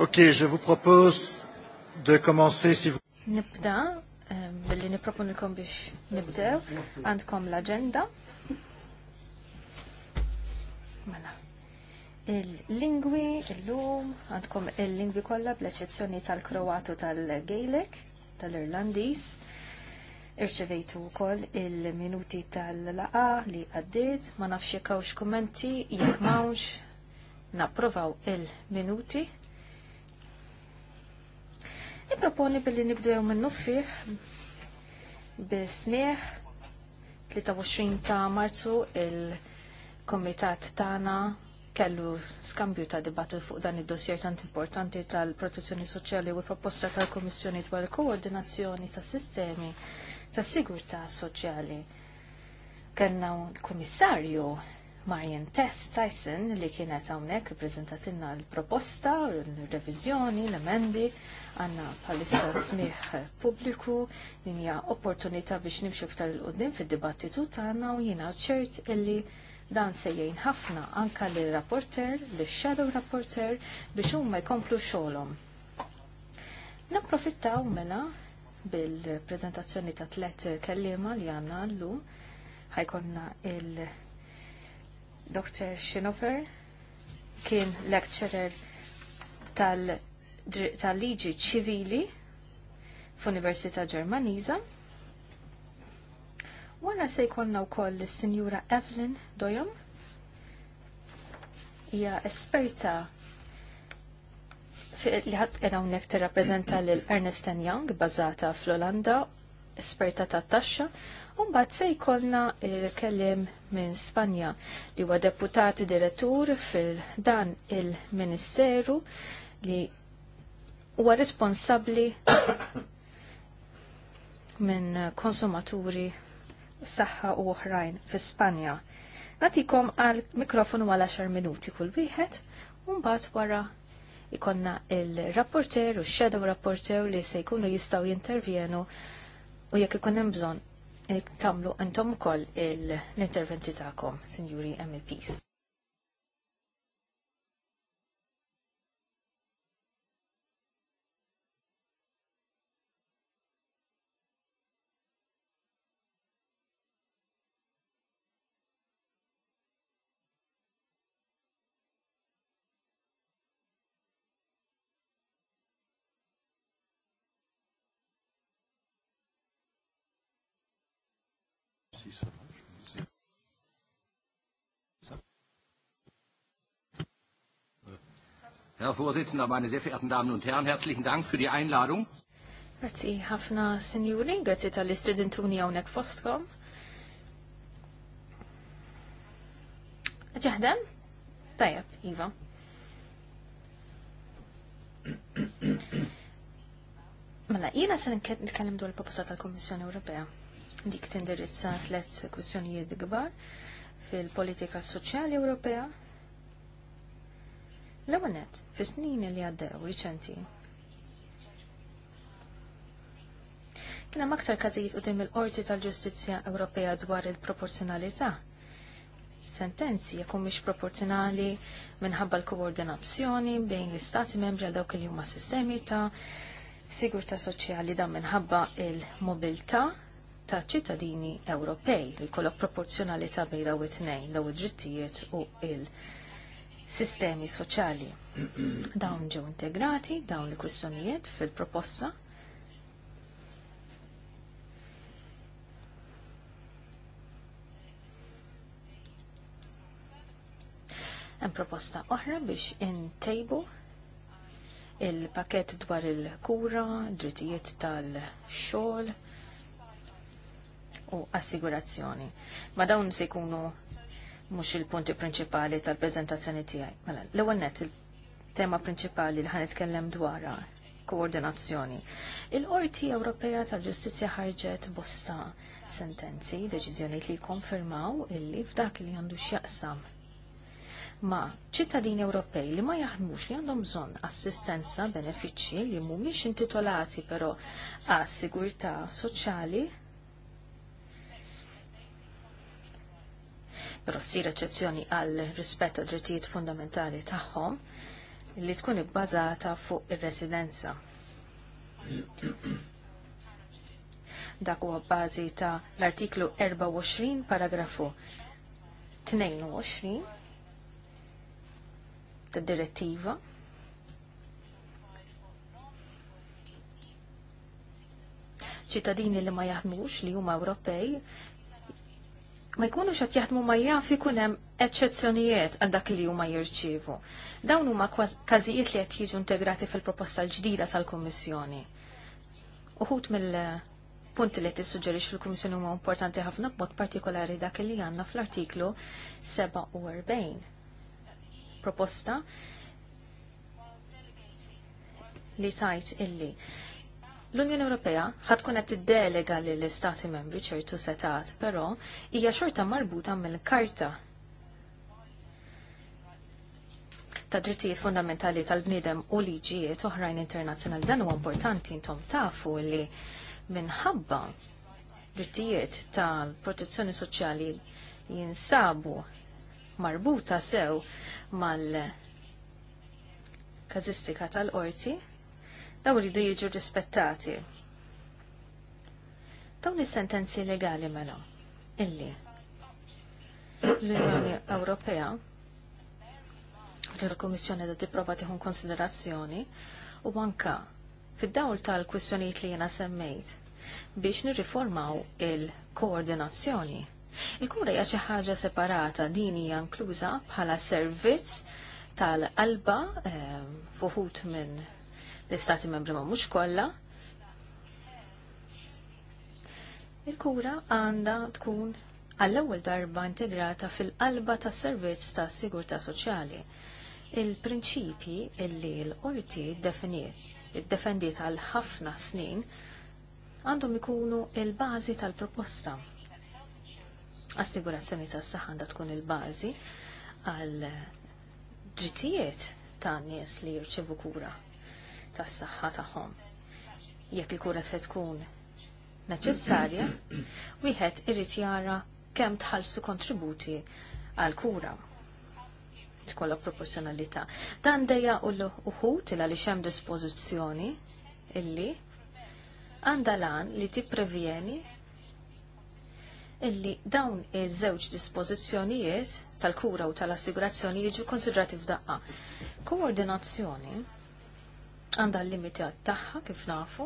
Ok, je vous propose de commencer si vous... Nibda, billi niproponikom biex nibdew, għandkom l-agenda. Mela. Il-lingwi, il-lum, għandkom il-lingwi kollha bl-eċezzjoni tal-Kroatu tal-Gaelic, tal-Irlandis. Irċevejtu wkoll il-minuti tal-laqa li għaddiet, ma nafxie kawx kommenti, jek jekk m'hawnx, napprovaw il-minuti Niproponi billi nibdew minnu fih bismieħ 23 ta' marzu il-komitat tana kellu skambju ta' dibattu fuq dan id-dossier tant importanti tal-protezzjoni soċjali u proposta tal-Komissjoni dwar il-koordinazzjoni tas sistemi tas sigurtà soċjali. Kenna l-Komissarju Marian Tess Tyson li kienet hawnhekk ippreżentatilna l-proposta, l-reviżjoni, l-emendi, għandna bħalissa smih pubbliku din hija opportunità biex nimxu iktar il qudiem fid-dibattitu tagħna u jiena ċert illi dan se jgħin ħafna anka l rapporter l shadow rapporter biex huma jkomplu xogħolhom. Napprofittaw mela bil-preżentazzjoni ta' tlet kellima li għandna llum ħajkonna il- Dr. Schinofer kien lecturer tal-liġi tal ċivili f'Università Ġermaniża. Wara se jkollna wkoll is-Sinjura Evelyn Doyom hija esperta li ħadd hawnhekk tirrappreżenta lil Ernest Young bażata fl-Olanda, esperta tat-taxxa Umbat se jkollna il-kellim minn Spanja li huwa deputati direttur fil-dan il-Ministeru li huwa responsabbli minn konsumaturi saħħa u oħrajn fi Spanja. Natikom għal mikrofonu għal 10 minuti kull wieħed, u mbagħad wara ikonna il-rapporter u shadow rapporter li se jkunu jistgħu jintervjenu u jekk ikun hemm bżonn Eh, tamlu intom ukoll l-interventi tagħkom, Sinjuri MEPs. Herr Vorsitzender, meine sehr verehrten Damen und Herren, herzlichen Dank für die Einladung. Grazzi ħafna sinjuri, grazzi tal-istudentuni għonek fostkom. Ġaħdem? Tajab, Iva. Mela, jena sen nitkellem dwar il-proposta tal-Kommissjoni Ewropea dik tindirizza tliet kwistjonijiet kbar fil-politika soċjali Ewropea. L-ewwel nett, fis-snin li għaddew riċenti. Kien hemm aktar każijiet qudiem il-Qorti tal-Ġustizzja Ewropea dwar il-proporzjonalità. Sentenzi jekk mhix proporzjonali minħabba l-koordinazzjoni bejn l-istati membri għal dawk li huma sistemi ta' sigurtà soċjali dan minħabba il-mobilità ta' ċittadini Ewropej li kollok proporzjonalità bejn daw it-tnejn daw id-drittijiet u il-sistemi soċjali. Dawn ġew integrati dawn il-kwistjonijiet fil-proposta Hemm proposta oħra biex intejbu il-pakett dwar il-kura, drittijiet tal-xogħol, u assigurazzjoni. Ma dawn se jkunu mhux il-punti prinċipali tal-preżentazzjoni tiegħi. Mela, l-ewwel net il-tema prinċipali li ħanitkellem dwar koordinazzjoni. Il-Qorti Ewropea tal-Ġustizzja ħarġet bosta sentenzi, deċiżjonijiet li jkonfermaw illi f'dak li għandu x'jaqsam ma' ċittadini Ewropej li ma jaħdmux li għandhom bżonn assistenza benefiċċji li mhumiex intitolati però għas sigurtà soċjali però ssir għal rispett għal drittijiet fundamentali tagħhom li tkun ibbażata fuq ir-residenza. Dak huwa bażi ta' l-artiklu 24 paragrafu 22 tad direttiva ċittadini li ma jaħdmux li huma Ewropej ma jkunux qed jaħdmu ma jaf ikun hemm eċċezzjonijiet għal dak li huma jirċievu. Dawn huma każijiet li qed jiġu integrati fil-proposta l-ġdida tal-Kummissjoni. Uħut mill-punti li tissuġġerix fil-Kummissjoni huma importanti ħafna b'mod partikolari dak li għandna fl-artiklu 47. Proposta li tajt illi L-Unjoni Ewropea ħad kunet qed tiddelega lill istati membri ċertu setat, però hija xorta marbuta mill-karta ta' drittijiet fundamentali tal-bniedem u liġijiet oħrajn internazzjonali dan huwa importanti intom tafu li minħabba drittijiet tal-protezzjoni soċjali jinsabu marbuta sew mal-kazistika tal-qorti daw du jiġu rispettati. Dawn is-sentenzi legali mela illi l-Unjoni Ewropea l komissjoni da tipprova tieħu konsiderazzjoni u anka fid-dawl tal-kwistjonijiet li jiena semmejt biex nirriformaw il-koordinazzjoni. Il-kura hija xi ħaġa separata din hija inkluża bħala servizz tal-qalba ehm, fuħut minn l-istati membri ma mux kollha. Il-kura għandha tkun għall-ewwel darba integrata fil-qalba tas-servizz tas-sigurtà soċjali. Il-prinċipji illi l-qorti id-defendiet għal ħafna snin għandhom ikunu il-bażi tal-proposta. Assigurazzjoni tas-saħħa għandha tkun il-bażi għal drittijiet ta' nies li jirċevu kura tas-saħħa tagħhom. Jekk il-kura se tkun neċessarja, wieħed irid jara kemm tħallsu kontributi għal kura tkollha proporzjonalità. Dan dejja u l-uħut il għaliex hemm dispożizzjoni illi għandha lan li tipprevjeni illi dawn iż-żewġ dispożizzjonijiet tal-kura u tal-assigurazzjoni jiġu konsidrati f'daqqa. Koordinazzjoni għandha l-limitat tagħha kif nafu.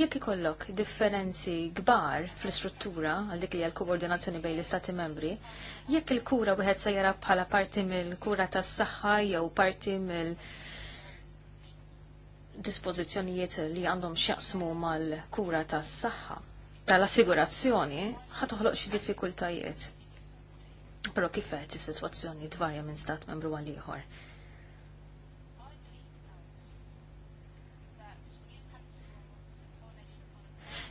Jekk ikollok differenzi kbar fl-istruttura għal dik li l-koordinazzjoni bejn l-istati membri, jekk il-kura wieħed se jara bħala parti mill-kura tas-saħħa jew parti mill- dispożizzjonijiet li għandhom xjaqsmu mal-kura tas-saħħa tal-assigurazzjoni ħatoħloq xi diffikultajiet. Però kif qed is-sitwazzjoni tvarja minn stat membru għal ieħor.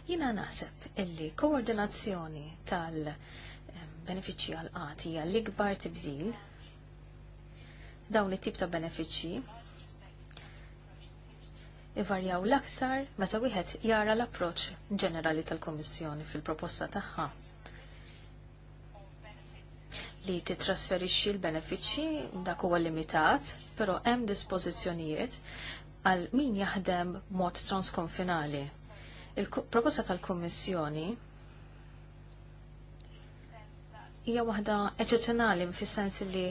Jina naħseb illi koordinazzjoni tal-benefiċċji għal-qati l ikbar tibdil dawn it-tip ta' benefiċċji ivarjaw l-aktar meta wieħed jara l-approċċ ġenerali tal-Kommissjoni fil-proposta tagħha li titrasferixxi l-benefiċċji dak huwa limitat, però hemm dispożizzjonijiet għal min jaħdem mod transkonfinali. Il-proposta tal-Kummissjoni hija waħda eċezzjonali fis-sens li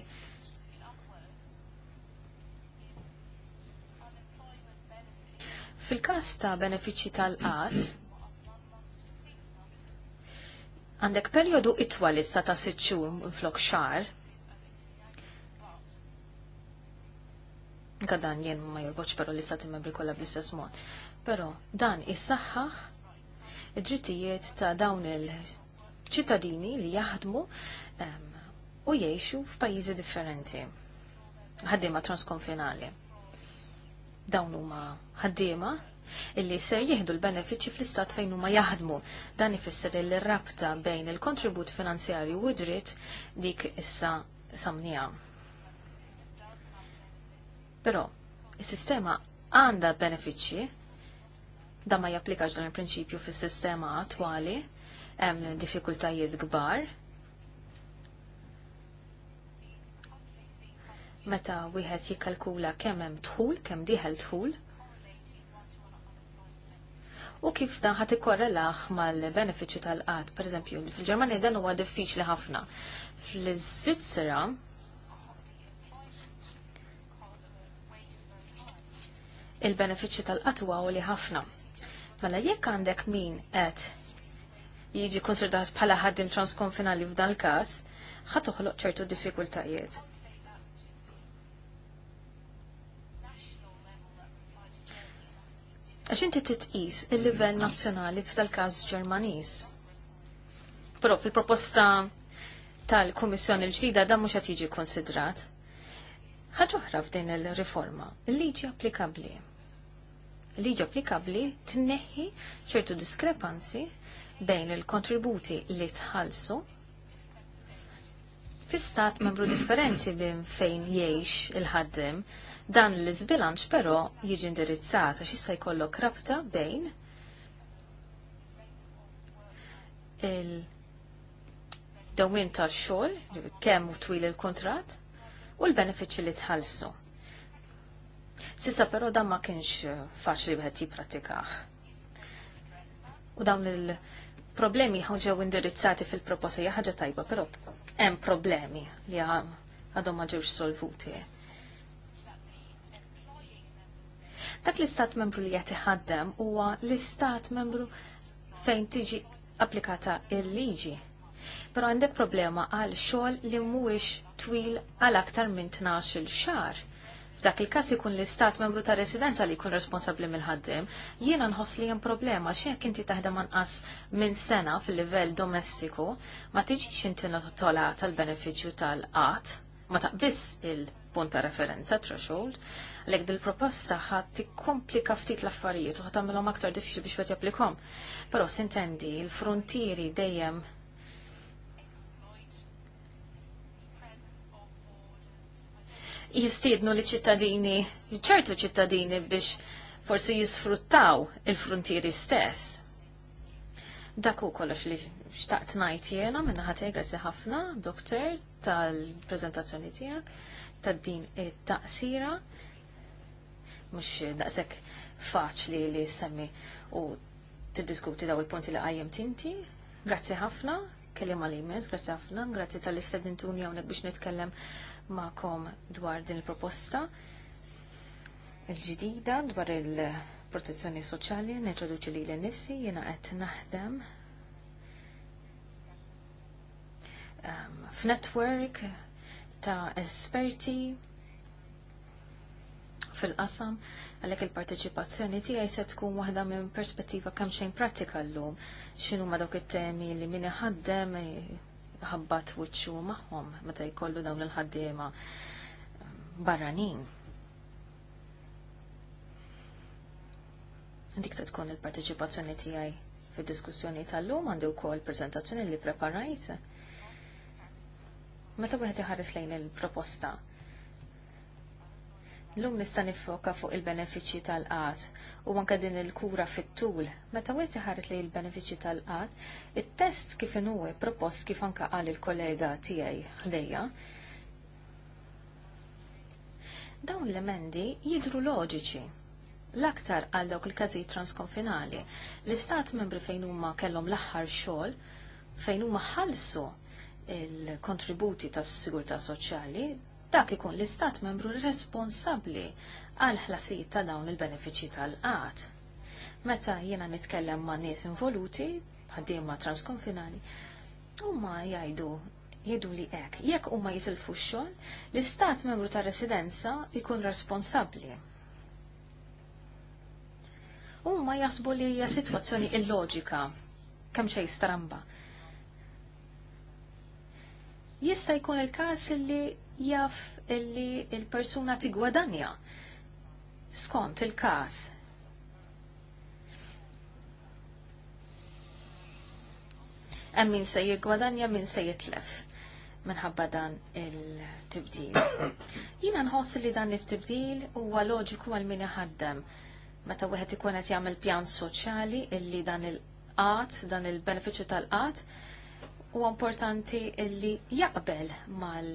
fil-każ ta' benefiċċji tal-qat għandek perjodu itwal issa ta' sitt xhur minflok xahar. Gadan jien ma jorbotx però li sa' membri kollha bl-istess mod. Però dan is-saħħaħ id-drittijiet ta' dawn il-ċittadini li jaħdmu u jiexu f'pajjiżi differenti. Ħaddiema transkonfinali. Dawn huma ħaddiema illi se jieħdu l-benefiċi fl-istat fejn huma jaħdmu. Dan ifisser l rabta bejn il-kontribut finanzjarju u dritt dik issa samnija. Però, is-sistema għandha benefiċċji Da ma japplikax dan il-prinċipju fis-sistema attwali, hemm diffikultajiet kbar. Meta wieħed jikkalkula kemm hemm dħul, kemm dieħel dħul, u kif dan ħat ikorrelaħ mal-benefiċċju tal-qatt. pereżempju, fil-Ġermanja dan huwa diffiċli ħafna. Fl-Iżvizzera il-benefiċċju tal-qatt huwa għoli ħafna. Mela jekk għandek min qed jiġi konsidrat bħala ħaddim transkonfinali f'dan il-każ, ħadd toħloq ċertu diffikultajiet. Għax inti titqis il-livell nazzjonali f'dal każ Ġermaniż. Però fil-proposta tal-Kummissjoni l-ġdida dan mhux qed jiġi konsidrat. Ħaġa oħra f'din il-riforma, il-liġi applikabbli liġi applikabli tneħħi ċertu diskrepanzi bejn il-kontributi li tħallsu fi stat membru differenti bim fejn jgħix il-ħaddim. Dan l-izbilanċ però jiġi indirizzata x'issa jkollok rabta bejn il- dawin ta' xol, kemm u twil il-kontrat, u l-benefiċi li tħallsu. Sissa però dan ma kienx eh, faċli bħed jipratikaħ. U dawn il-problemi ħoġew indirizzati fil-proposta hija tajba, però hemm problemi li għadhom ma ġewx solvuti. Dak l-istat membru li qed iħaddem huwa l-istat membru fejn tiġi applikata il-liġi. Però għandek problema għal xogħol li mhuwiex twil għal aktar minn 12 xahar F'dak il-każ ikun l-istat membru ta' residenza li jkun responsabbli mill-ħaddiem, jiena nħoss li hemm problema jekk inti taħdem anqas minn sena fil-livell domestiku, ma tiġix inti tola tal-benefiċċju tal-qatt, ma taqbiss il-punt ta' referenza threshold, lek dil-proposta ħat tikkomplika ftit l-affarijiet u ħat tagħmilhom aktar diffiċli biex qed japplikhom. Però sintendi, il-frontieri dejjem jistiednu li ċittadini, ċertu ċittadini biex forsi jisfruttaw il-frontieri stess. Dak u kollox li xtaqt najt jena minna ħatej grazzi ħafna, doktor, tal-prezentazzjoni tijak, tad-din taqsira mux daqsek faċli li semmi u tiddiskuti daw il-punti li għajem tinti. Grazzi ħafna, kellim għal imes grazzi ħafna, grazzi tal-istedintuni għonek biex nitkellem ma'kom dwar din il-proposta il-ġdida dwar il-protezzjoni soċjali nintroduċi li l-nifsi jena qed naħdem um, f'network ta' esperti fil-qasam għalhekk il-parteċipazzjoni tiegħi se tkun waħda minn perspettiva kemm xejn pratika llum x'inhuma ma dawk it-temi li min iħaddem ħabbat wiċċu magħhom meta jkollu dawn il-ħaddiema ehm, barranin. Dik se tkun il-parteċipazzjoni tiegħi fid-diskussjoni tal-lum għandi wkoll preżentazzjoni li preparajt. Meta wieħed iħares lejn il-proposta Lum nista' nifoka fuq il-benefiċċji tal-qat u anke din il-kura fit-tul. Meta wieħed iħares li l-benefiċċji tal-qat, it-test kif inhu propost kif anke qal il-kollega tiegħi ħdejja. Dawn l-emendi jidhru loġiċi l-aktar għal dawk il-każijiet transkonfinali. L-istat membri fejn huma kellhom l-aħħar xogħol fejn huma ħallsu il-kontributi tas sigurtà soċjali, dak ikun l-istat membru responsabbli għal ħlasijiet ta' dawn il-benefiċi tal-qat. Meta jiena nitkellem ma' nies involuti, ħaddiema transkonfinali, huma jgħidu jgħidu li hekk, jekk huma jitilfu x-xogħol, l-istat membru ta' residenza jkun responsabbli. Huma jaħsbu li hija sitwazzjoni illoġika kemm xejn stramba. Jista' jkun il-każ li jaf illi il-persuna tigwadanja skont il-kas. Hemm min se jigwadanja min se jitlef minħabba dan il-tibdil. Jina nħoss li dan il-tibdil huwa loġiku għal min iħaddem meta wieħed ikun qed jagħmel pjan soċjali illi dan il-qat, dan il-benefiċċju tal-qat, huwa importanti illi jaqbel mal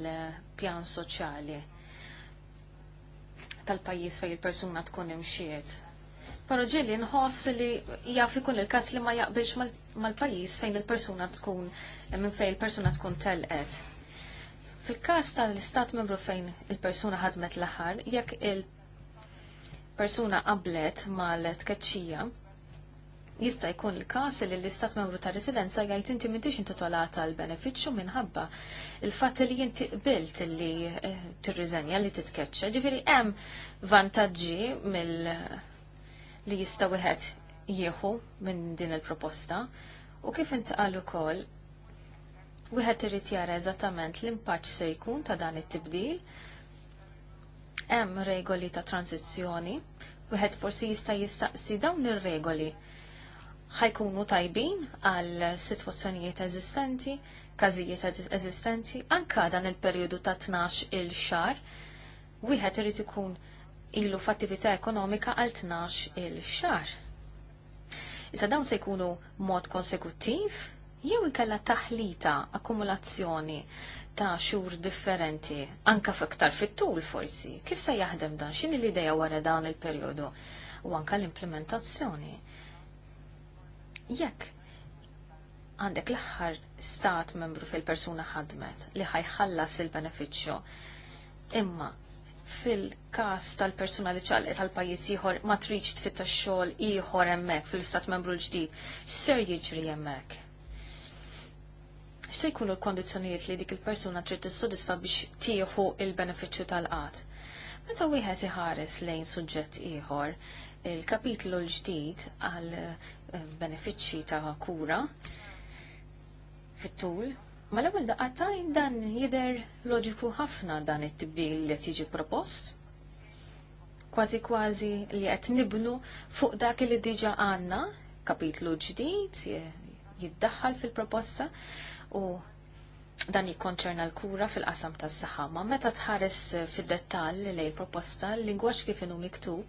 pjan soċjali tal-pajjiż fejn il-persuna tkun imxiet. Però ġieli nħoss li jaf ikun il-każ li ma jaqbilx mal-pajjiż fejn il-persuna tkun minn fejn il-persuna tkun telqet. Fil-każ tal-istat membru fejn il-persuna ħadmet l-aħħar, jekk il-persuna qablet mal-tkeċċija, Jista' jkun il-każ li l-istat membru ta' residenza jgħid inti m'intix intitolata għal benefiċċju minħabba il-fatt li inti qbilt li eh, tirriżenja li titkeċċa. Ġifieri hemm vantaġġi mill li jista' wieħed jieħu minn din il-proposta u kif intqal ukoll wieħed irid jara eżattament l-impatt se jkun ta' dan it-tibdil hemm regoli ta' transizzjoni, wieħed forsi jista' jistaqsi dawn ir-regoli ħajkunu tajbin għal sitwazzjonijiet eżistenti, każijiet eżistenti, anka dan il-perjodu ta' 12 il-xar, wieħed irid ikun ilu f'attività ekonomika għal 12 il-xar. Issa dawn se jkunu mod konsekuttiv jew inkella taħlita akkumulazzjoni ta' xhur differenti, anka f'iktar fit-tul forsi, kif se jaħdem dan, x'inhi l-idea wara dan il-perjodu u anka l-implementazzjoni. Jekk għandek l-aħħar stat membru fil-persuna ħadmet li ħajħallas il beneficio Imma fil-kas tal-persuna li ċalqet tal-pajis ieħor ma tridx tfitta xogħol ieħor hemmhekk fil-stat membru l-ġdid, x'ser jiġri hemmhekk? X'se jkunu l-kondizzjonijiet li dik il-persuna trid tissodisfa biex tieħu il-benefiċċju tal-qatt? Meta wieħed iħares lejn suġġett ieħor, il-kapitlu l-ġdid għal eh, benefiċċji ta' kura fit-tul. Ma l-ewwel daqatajn dan jidher loġiku ħafna dan it-tibdil li qed jiġi propost. Kważi kważi li qed nibnu fuq dak li diġà għandna kapitlu ġdid jiddaħħal fil-proposta u dan jikkonċerna l-kura fil-qasam tas saħħa Ma meta tħares fid-dettall lejn il proposta l-lingwaġġ kif inhu miktub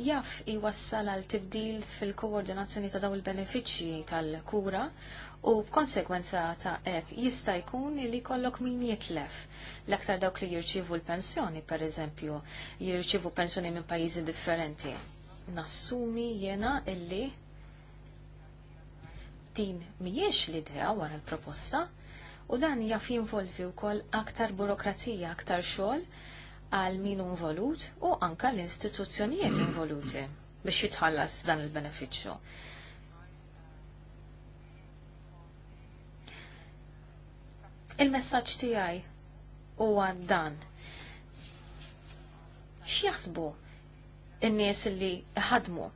jaf iwassal għal tibdil fil-koordinazzjoni ta' daw il-benefiċċji tal-kura u b'konsegwenza ta' ek jista' jkun li kollok min jitlef. L-aktar dawk li jirċivu l-pensjoni, per eżempju, jirċivu pensjoni minn pajjiżi differenti. Nassumi jena illi din mhijiex l-idea wara l-proposta, u dan jaf jinvolvi wkoll aktar burokrazija, aktar xogħol għal min involut u anka l-istituzzjonijiet involuti biex jitħallas dan il-beneficju. Il-messaġġ tiegħi huwa dan. X'jaħsbu in-nies li ħadmu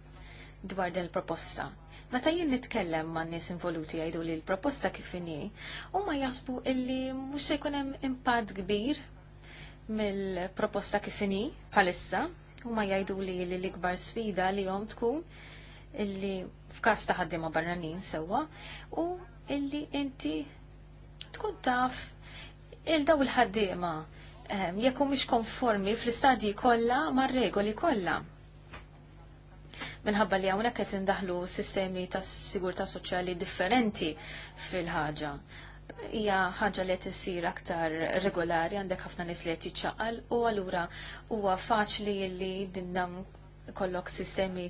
dwar din il-proposta? Meta jien nitkellem ma' nies involuti jgħidu li l-proposta kif inhi, huma jaħsbu illi mhux se jkun hemm impatt kbir mill-proposta kifini palissa huma jgħidu li l-ikbar sfida li jom tkun illi f'kas ta' ħaddiema barranin sewwa u illi inti tkun taf il-daw il-ħaddiema ehm, jekk mhux konformi fl-istadji kollha mar-regoli kollha. Minħabba li hawnhekk qed indaħlu sistemi ta' sigurtà soċjali differenti fil-ħaġa hija ħaġa li qed issir aktar regolari għandek ħafna nies li qed jiċċaqal u allura huwa faċli li dinnam kollok sistemi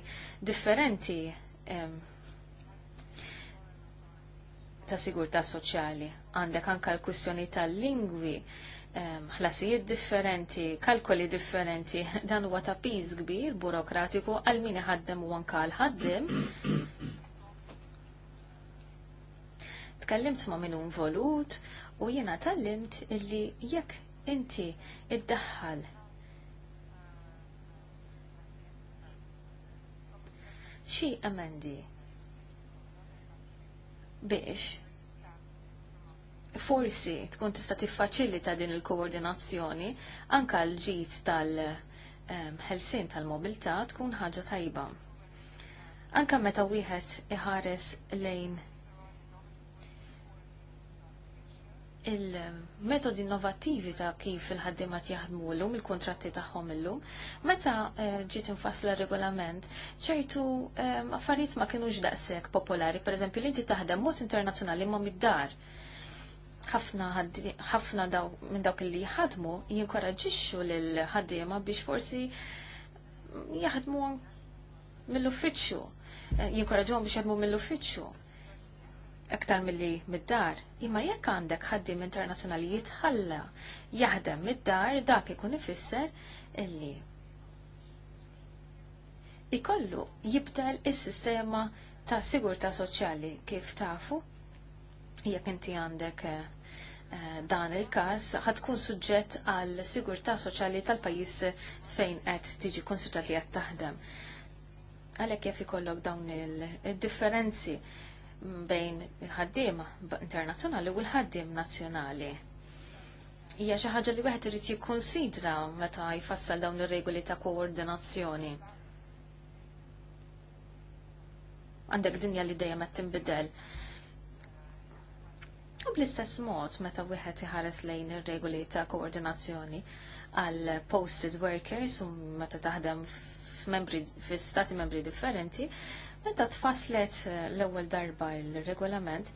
differenti em, ta' sigurtà soċjali. Għandek anke l-kwistjoni tal-lingwi ħlasijiet differenti, kalkoli differenti, dan huwa ta' piż kbir burokratiku għal min ħaddem u anka l ħaddem tkellimt ma' minnu involut u jena tallimt illi jekk inti iddaħħal xi emendi biex forsi tkun tista' tiffaċilita din il-koordinazzjoni anke l-ġid tal-ħelsin ehm, tal-mobilità tkun ħaġa tajba anka meta wieħed iħares lejn il-metodi innovativi ta' kif il-ħaddimat jaħdmu l-lum, il-kontratti tagħhom illum, meta eh, ġiet infassla regolament, ċertu eh, affarijiet ma kienu daqshekk popolari, eżempju, li inti taħdem mod internazzjonali ma mid-dar. Ħafna minn dawk li jħadmu jinkoraġixxu l ħaddiema biex forsi mm, jaħdmu mill-uffiċċju, eh, jinkoraġġuhom biex jaħdmu mill-uffiċċju aktar milli mid-dar, imma jekk għandek ħaddim internazzjonali jitħalla jaħdem mid-dar, dak ikun ifisser illi ikollu jibdel is-sistema ta' sigurta soċjali kif tafu jekk inti għandek eh, eh, dan il-każ ħatkun suġġett għal sigurta soċjali tal-pajjiż fejn qed tiġi konsidrat li qed taħdem. Għalhekk jekk ikollok dawn il-differenzi. il differenzi bejn il-ħaddim internazzjonali u l-ħaddim nazzjonali. Hija xi ħaġa li wieħed irid jikkunsidra meta jfassal dawn ir-regoli ta' koordinazzjoni. Għandek dinja li dejjem qed tinbidel. U bl-istess mod meta wieħed iħares lejn ir-regoli ta' koordinazzjoni għal posted workers u meta taħdem f'stati membri differenti, Meta tfaslet eh, l-ewwel darba l regolament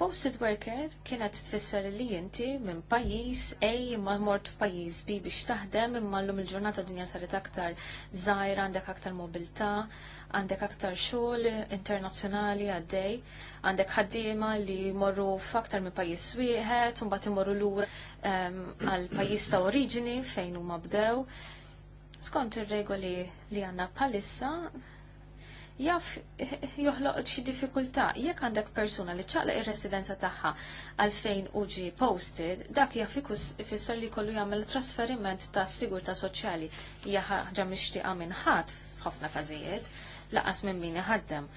Posted worker kienet tfisser li inti minn pajjiż A ma mort f'pajjiż B biex taħdem imma llum il-ġurnata dinja saret aktar żgħir għandek aktar mobilità, għandek aktar xogħol internazzjonali għaddej, għandek ħaddiema li morru f'aktar minn pajjiż wieħed u mbagħad imorru lura ehm, għal pajjiż ta' oriġini fejn huma bdew skont ir-regoli li għandna bħalissa jaf joħloq xi diffikultà. Jekk għandek persuna li ċaqlaq ir-residenza tagħha għalfejn uġi posted, dak jaf ifisser li kollu jagħmel trasferiment ta' sigurta soċjali hija ħaġa mixtieqa minn ħadd f'ħafna każijiet, laqas minn min iħaddem.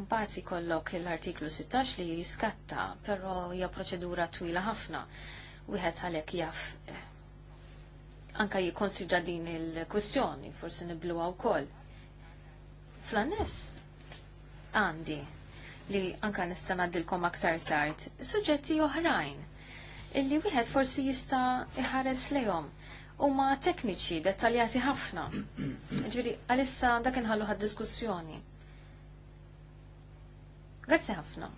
Mbagħad ikollok l-artiklu 16 li jiskatta, però hija proċedura twila ħafna. Wieħed għalhekk jaf eh, anka jikkonsidra din il-kwistjoni, forsi niblu wkoll. kol. annes għandi li anka nista' dilkom aktar tard suġġetti oħrajn illi wieħed forsi jista' iħares lejhom huma tekniċi dettaljati ħafna. Ġviri, għalissa dak inħallu ħad diskussjoni. Grazzi ħafna.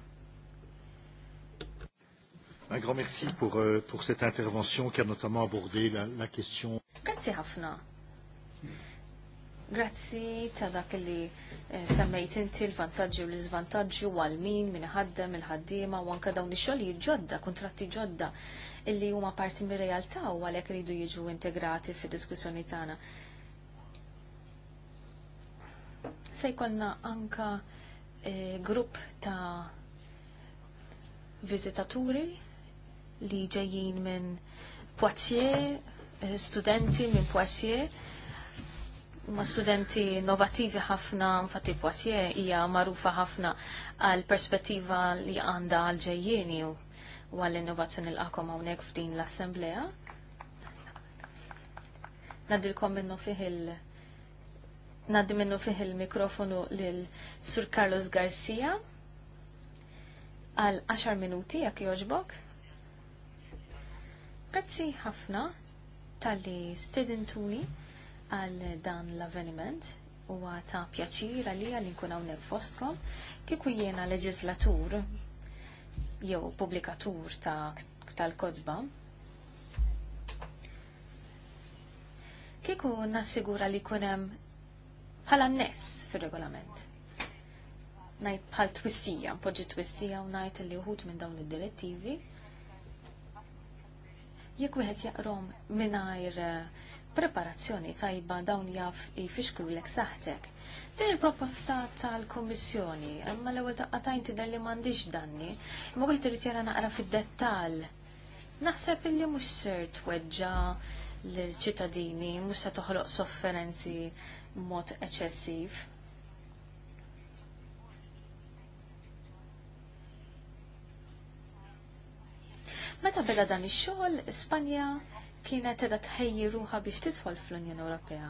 Un grand merci pour, euh, pour cette intervention qui a notamment abordé la, la question. Grazie ħafna. Grazzi ta' dak li eh, semmejt inti l-vantaġġi u l-iżvantaġġi u għal min minn ħaddem il-ħaddiema u anke dawn ix-xogħlijiet ġodda, kontratti ġodda illi huma parti mir-realtà u għalhekk iridu jiġu integrati fid-diskussjoni tagħna. Se jkollna anka eh, grupp ta' viżitaturi li ġejjin minn Poitiers, eh, studenti minn Poitiers, ma studenti innovativi ħafna, infatti Poitiers hija magħrufa ħafna għal perspettiva li għandha għal ġejjieni u għall innovazzjoni l akom hawnhekk f'din l-assemblea. Nadilkom minnu fih il- minnu fih il-mikrofonu lil Sur Carlos Garcia għal 10 minuti jak jogħġbok. Grazzi ħafna tal-li stedintuni għal dan l-avveniment u ta' pjaċir għalija li nkun hawnhekk fostkom kieku jiena leġislatur jew pubblikatur ta' tal-kodba. Kieku nassigura li kunem hemm bħala ness fir-regolament. Najt bħal twissija, poġġi twissija u najt li uħut minn dawn id-direttivi jekk wieħed jaqrom mingħajr eh, preparazzjoni tajba dawn jaf jfixklu l saħtek. Din il-proposta tal-Kommissjoni, imma l-ewwel daqqatajn tidher li m'għandix danni, imma wieħed irid jara naqra fid-dettall. Naħseb illi mhux ser tweġġa lill-ċittadini, mhux se toħloq sofferenzi b'mod eċċessiv. Meta bella dan ix-xogħol, Spanja kienet edha tħejji ruħa biex tidħol fl-Unjoni Ewropea.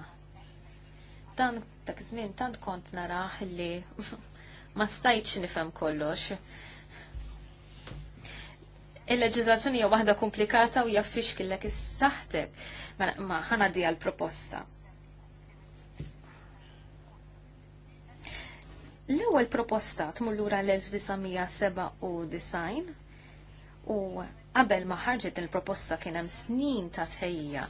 Dan dak iż-żmien tant kont narah li ma stajtx nifhem kollox. Il-leġizlazzjoni hija waħda komplikata u jaf tfixkillek is-saħtek ma ħana di l proposta L-ewwel proposta tmur lura l-1997 u Qabel ma ħarġet il-proposta kien hemm snin ta' tħejja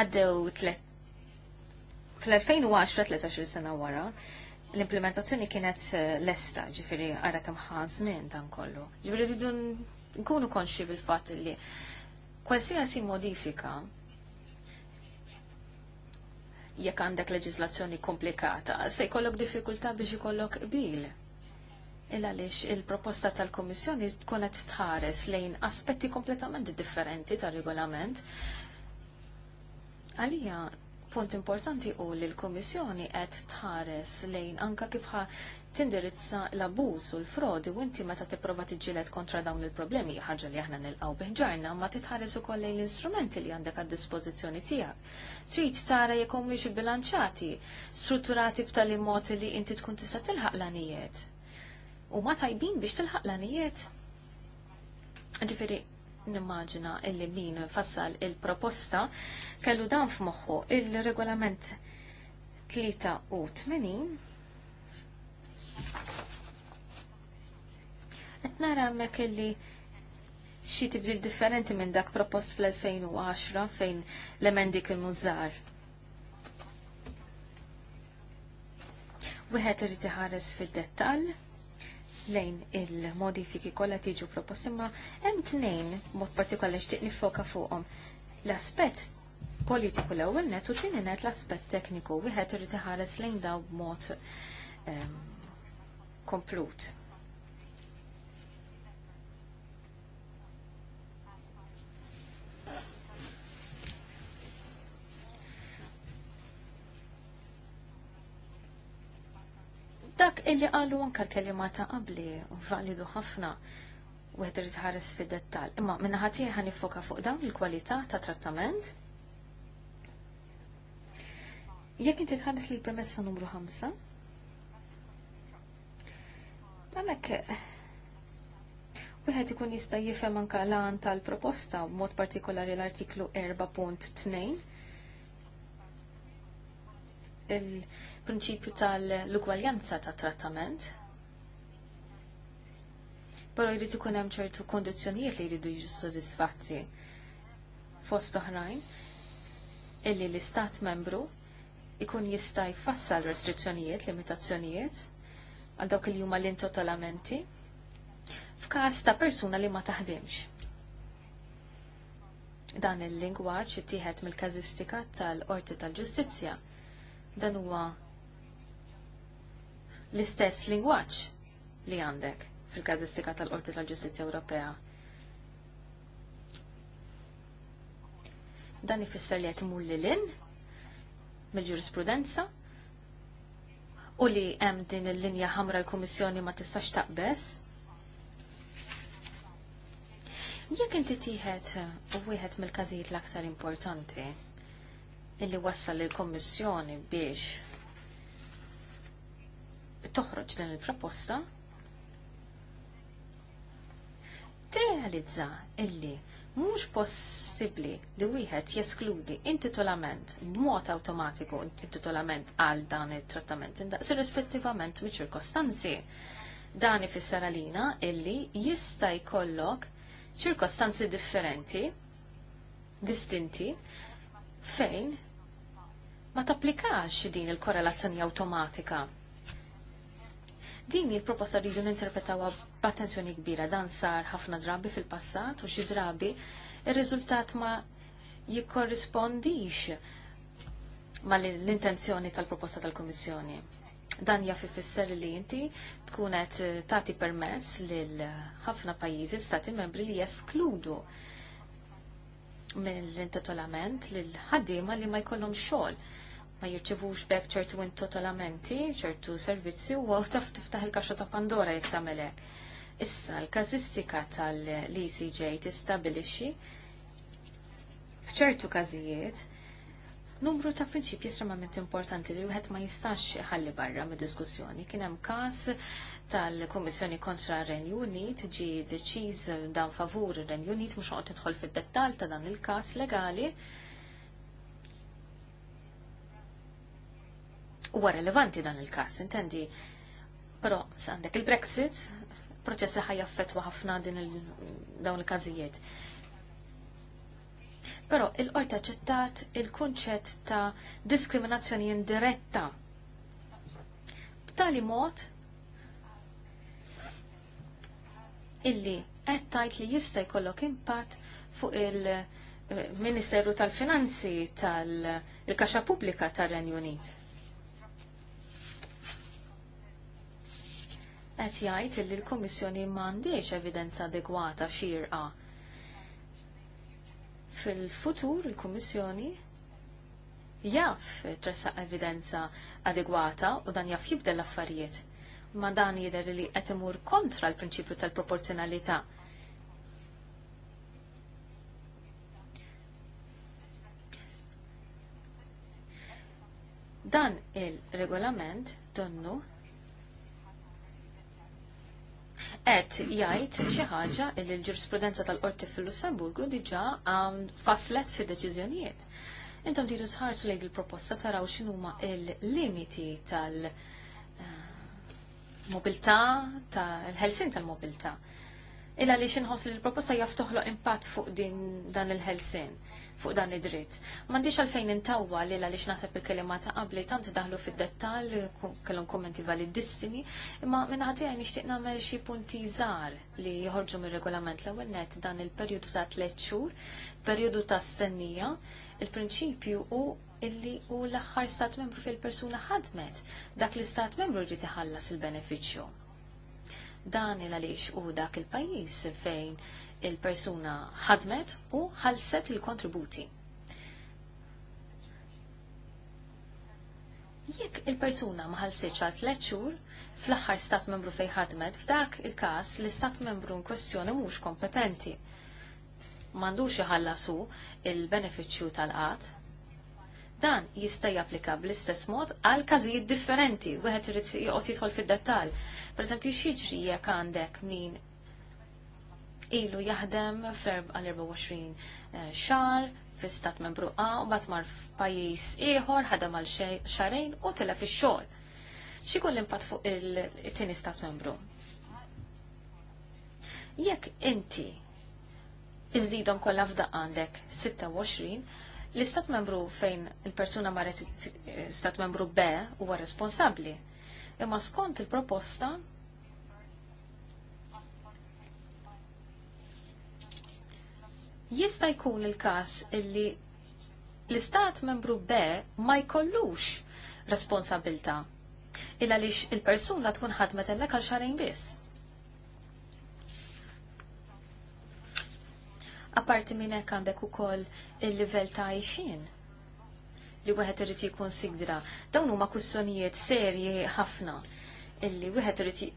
għaddew fl-2010 13 sena wara l-implementazzjoni kienet eh, lesta, ġifiri għara kem ħazmin dan kollu. Ġifiri rridu nkunu konxi bil-fat li kwalsiasi modifika jekk għandek leġislazzjoni komplikata, se jkollok diffikultà biex ikollok bil il għaliex il-proposta tal komissjoni tkun qed tħares lejn aspetti kompletament differenti tar-regolament. Għalija punt importanti u li l komissjoni qed tħares lejn anka kifħa tindirizza l-abuż u l-frodi u inti meta tipprova tiġġieled kontra dawn il-problemi ħaġa li aħna nilqgħu biħġarna ma titħares ukoll lejn l-istrumenti li għandek għad-dispożizzjoni tiegħek. Trid tara jekk mhumiex bilanċati, strutturati b'tali mod li inti tkun tista' tilħaq l-anijiet u ma tajbin biex tilħaq l-għanijiet. Ġifiri, nimmaġina illi min fassal il-proposta kellu dan f'moħħu il-regolament 83 Qed nara mek illi xi tibdil differenti minn dak propost fl-2010 fejn l-emendi il mużar. Wieħed irid iħares fid-dettall lejn il-modifiki kollha tiġu proposti ma hemm tnejn mod partikolari xtieq nifoka fuqhom. L-aspett politiku l-ewwel net u tieni net l-aspett tekniku wieħed irid iħares lejn daw b'mod ehm, komplut. Dak illi qalu anka l-kelima ta' qabli validu ħafna u għedri ħares fi dettal. Imma minna ħatija ħan nifoka fuq dawn il-kwalità ta' trattament. Jekk inti tħares li l premessa numru 5, Għamek, Wieħed ikun jista' jifhem anke l-għan tal-proposta b'mod partikolari l-artiklu 4.2 il-prinċipju tal-ugwaljanza ta' trattament. Però jrid ikun hemm ċertu kondizzjonijiet li jridu jiġu sodisfatti fost oħrajn illi l-istat membru ikun jista' jfassal restrizzjonijiet, limitazzjonijiet għal dawk li huma l-intotolamenti f'każ ta' persuna li ma taħdimx. Dan il-lingwaġġ ittieħed mill-każistika tal-Qorti tal-Ġustizzja dan huwa l-istess lingwaġġ li għandek fil-kazistika tal-Qorti tal-Ġustizzja Ewropea. Dan ifisser li qed imur lilin mill-ġurisprudenza u li hemm din il-linja ħamra l-Kummissjoni ma tistax taqbess. Jekk inti tieħed wieħed mill-każijiet l-aktar importanti illi wassal il-Kommissjoni biex toħroġ din il-proposta tirrealizza illi mhux possibbli li wieħed jeskludi intitolament b'mod awtomatiku intitolament għal dan it-trattament se rispettivament miċ-ċirkostanzi. Dan ifisser għalina illi jista' jkollok ċirkostanzi differenti, distinti, fejn ma tapplikax din il-korrelazzjoni awtomatika. Din il-proposta rridu ninterpretaw b'attenzjoni kbira dan sar ħafna drabi fil-passat u xi drabi ir-riżultat ma jikkorrispondix ma l-intenzjoni tal-proposta tal kummissjoni Dan jaf ifisser li inti tkun qed tagħti permess lil ħafna pajjiżi stati membri li jeskludu mill-intitolament lil ħaddiema li ma jkollhom xogħol ma jirċivux bekk ċertu intotolamenti, ċertu servizzi u għaw tiftaħ il-kaxxa ta' Pandora jek tamelek. Issa, l-kazistika tal-ECJ tistabilixi fċertu kazijiet numru ta' prinċipji estremament importanti li wieħed ma jistax ħalli barra mid diskussjoni kien hemm każ tal-Kummissjoni kontra Renju Unit ġi deċiż dan favur Renju Unit mhux qed tidħol fid-dettall ta' dan il-każ legali huwa relevanti dan il-każ, intendi. Però għandek il-Brexit, proċess li ħajaffetwa ħafna din dawn il-każijiet. Però il-qorti aċċettat il-kunċett ta' diskriminazzjoni indiretta. B'tali mod illi qed tajt li jista' jkollok impatt fuq il- Ministeru tal-Finanzi tal-Kaxa Pubblika tar renju Unit. qed jgħid li l-Kummissjoni m'għandix evidenza adegwata xirqa. Fil-futur il-Kummissjoni jaf tressaq evidenza adegwata u dan jaf jibda l-affarijiet. Ma dan jidher li qed imur kontra l-prinċipju tal-proporzjonalità. Dan il-regolament donnu qed jgħid xi ħaġa li l-ġurisprudenza tal-qorti fil-Lussemburgu diġà um, faslet fi deċiżjonijiet. Intom diru tħarsu lejn il-proposta taraw x'inhuma il-limiti tal- eh, mobilità, tal helsin tal-mobilità illa li xinħos li l-proposta jaftuħlo impatt fuq din dan il-ħelsin, fuq dan id-dritt. Mandiċ għalfejn intawa li la li xnaħseb il-kelima ta' qabli tant daħlu fid dettal kellhom kommenti validissimi, imma minna ħati għaj nishtiq namel xie punti zar li jħorġu mir regolament l ewwel net dan il-periodu ta' tliet xur, periodu ta' stennija, il-prinċipju u illi u l-axħar stat membru fil-persuna ħadmet, dak li stat membru jrid iħallas il-beneficju dan il għaliex u dak il-pajjiż fejn il-persuna ħadmet u ħalset il-kontributi. Jekk il-persuna ma għal tliet xhur fl-aħħar stat membru fejn ħadmet, f'dak il-każ l-istat membru in kwestjoni mhux kompetenti. M'għandux iħallasu il-benefiċċju tal-qatt Dan jista' japplika bl-istess mod għal każijiet differenti, wieħed irid joqgħod jidħol fid-dettall. Pereżempju x'jiġri jekk għandek min ilu jaħdem għal 24 eh, xahar fi stat membru A u bat mar f'pajjiż ieħor ħadem għal xarejn u tela fix-xogħol. X'ikun l-impatt fuq it-tieni stat membru? Jekk inti iżidhom kollha f'daq għandek 26, L-istat membru fejn il-persuna marret stat membru B huwa responsabbli. Imma skont il-proposta jista' jkun il-każ illi l-istat membru B ma jkollux responsabilta il għaliex il-persuna tkun ħadmet hemmhekk għal xarejn biss. Apparti minn hekk għandek ukoll il-livell ta' għajxin li wieħed irid sigdra. Dawn huma kussonijiet serji ħafna illi wieħed irid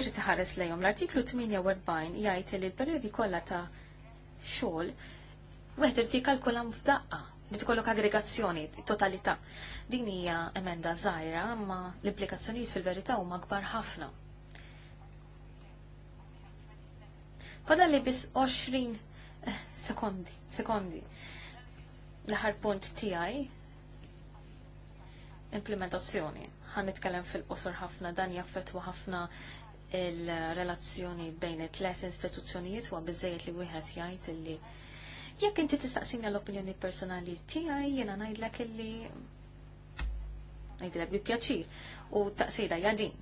irrid ħares lejhom. L-artiklu 48 jgħid li l-perjodi kollha ta' xogħol wieħed irid jikkalkulam f'daqqa li tkollok aggregazzjoni, totalità. Din hija emenda żgħira, ma l-implikazzjonijiet fil-verità huma kbar ħafna. Fadal li bis 20 eh, sekondi, sekondi. L-ħar punt tiegħi implementazzjoni. għan nitkellem fil-qosor ħafna dan jaffetwa ħafna il-relazzjoni bejn it-tlet istituzzjonijiet u għabizzejiet li wieħed jgħid illi jekk inti tistaqsina l-opinjoni personali tiegħi jiena ngħidlek illi ngħidlek bi pjaċir u taqsira hija din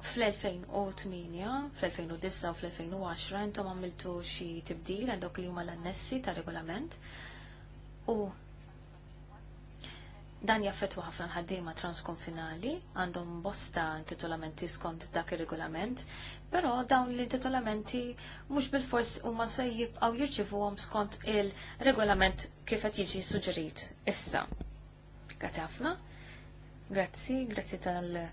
fl-2008, fl-2009 u fl-2010 intom għamiltu xi tibdil għandok li huma l-annessi ta' regolament u Dan jaffetwa ħafna ħaddiema transkonfinali għandhom bosta intitolamenti skont dak ir-regolament, però dawn l-intitolamenti mhux bil-fors huma se jibqgħu jirċivuhom skont il-regolament kif qed jiġi suġġerit issa. Grazzi ħafna. Grazzi, grazzi tal-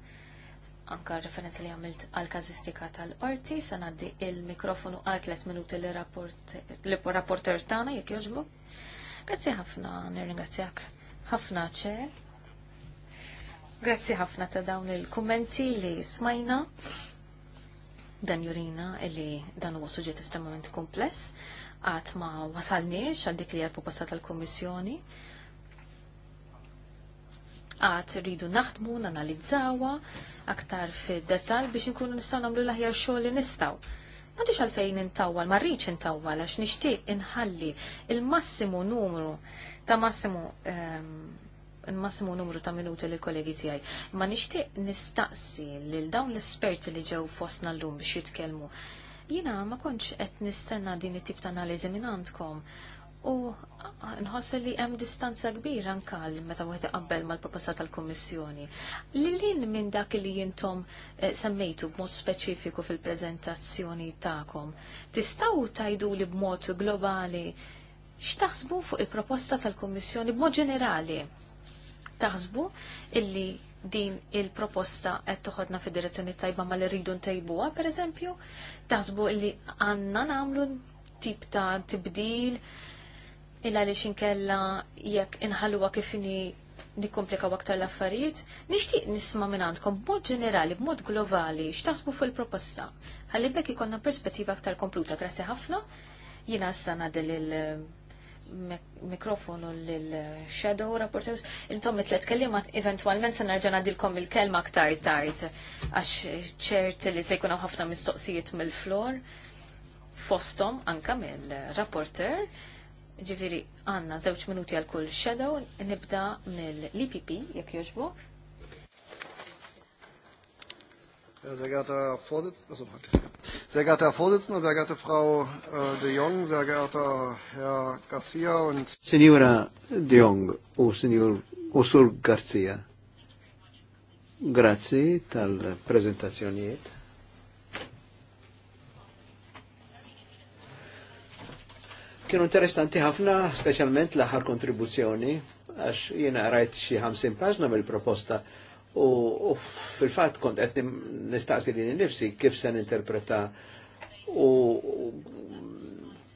anka referenza li għamilt għal kazistika tal-orti, għaddi il-mikrofonu għal 3 minuti l-rapporter tana, jek joġbu. Grazzi ħafna, nirringrazzjak ħafna ċe. Grazzi ħafna ta' dawn il-kommenti li smajna. Dan jurina li dan huwa suġġett estremament kompless, għat ma wasalniex għal dik li għal proposta tal-Kommissjoni għat rridu naħdmu, nanalizzawa aktar fid-detal biex nkunu nistgħu nagħmlu l-aħjar xogħol li nistaw. Għadix għalfejn intawwal, ma rridx intawwal għax nixtieq inħalli il-massimu numru ta' massimu ehm, il-massimu numru ta' minuti li kollegi tiegħi. Ma nixtieq nistaqsi lil dawn l-esperti li ġew fostna llum biex jitkellmu. Jina ma kontx qed nistenna din it-tip ta' analizi minn għandkom U nħossa li hemm distanza kbira nkal meta wieħed iqabbel mal-proposta tal-Kummissjoni. Lilin minn dak li jintom eh, semmejtu b'mod speċifiku fil-preżentazzjoni tagħkom, tistgħu tajdu li b'mod globali x'taħsbu fuq il-proposta tal-Kummissjoni b'mod ġenerali? Taħsbu illi din il-proposta qed toħodna fid-direzzjoni tajba ma li rridu ntejbuha pereżempju, taħsbu li għandna nagħmlu tip ta' tibdil illa li xinkella jekk inħalluwa kifini nikkomplikaw waktar l-affarijiet, nixtieq nisma' minn għandkom b'mod ġenerali, b'mod globali, x'tasbu fuq il-proposta. Ħalli bekk ikonna perspettiva aktar kompluta, grazzi ħafna. Jiena issa ngħaddi lil eh, mikrofonu lil-shadow eh, rapporters, intom mitlet kellimat eventualment se nerġa' ngħadilkom il-kelma aktar tard għax ċert li se jkunu ħafna mistoqsijiet mill-flor fostom anka mill-rapporter. Ġifiri, għanna zewċ minuti għal kull shadow, nibda mill-IPP, jek joġbok. Sehr geehrter Herr Vorsitzender, sehr geehrter Herr Vorsitzender, sehr geehrte Frau äh, de Jong, sehr geehrter Herr Garcia und... Signora de Jong, o Signor Osur Garcia, grazie tal-prezentazzjonijiet Kienu interessanti ħafna, specialment l-aħħar kontribuzzjoni, għax jiena rajt xi 50 paġna mill-proposta u fil-fatt kont qed nistaqsi li nifsi kif se ninterpreta u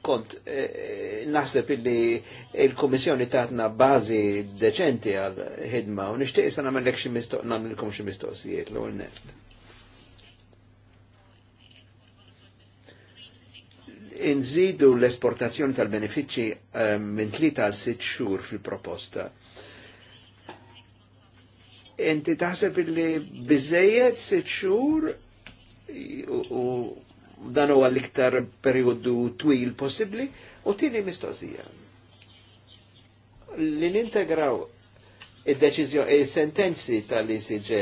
kont e, e, naħseb illi il-Komissjoni tatna bażi deċenti għal ħidma u nixtieq issa nagħmellek xi mistoq nagħmlilkom xi mistoqsijiet l-ewwel inżidu l-esportazzjoni tal-benefiċċji ehm, minn tlita għal sitt xhur fil-proposta. Inti taħseb li biżejjed sitt xhur u dan huwa l-iktar perjodu twil possibbli u tieni mistoqsija. Li nintegraw id-deċiżjoni, sentenzi tal-ECJ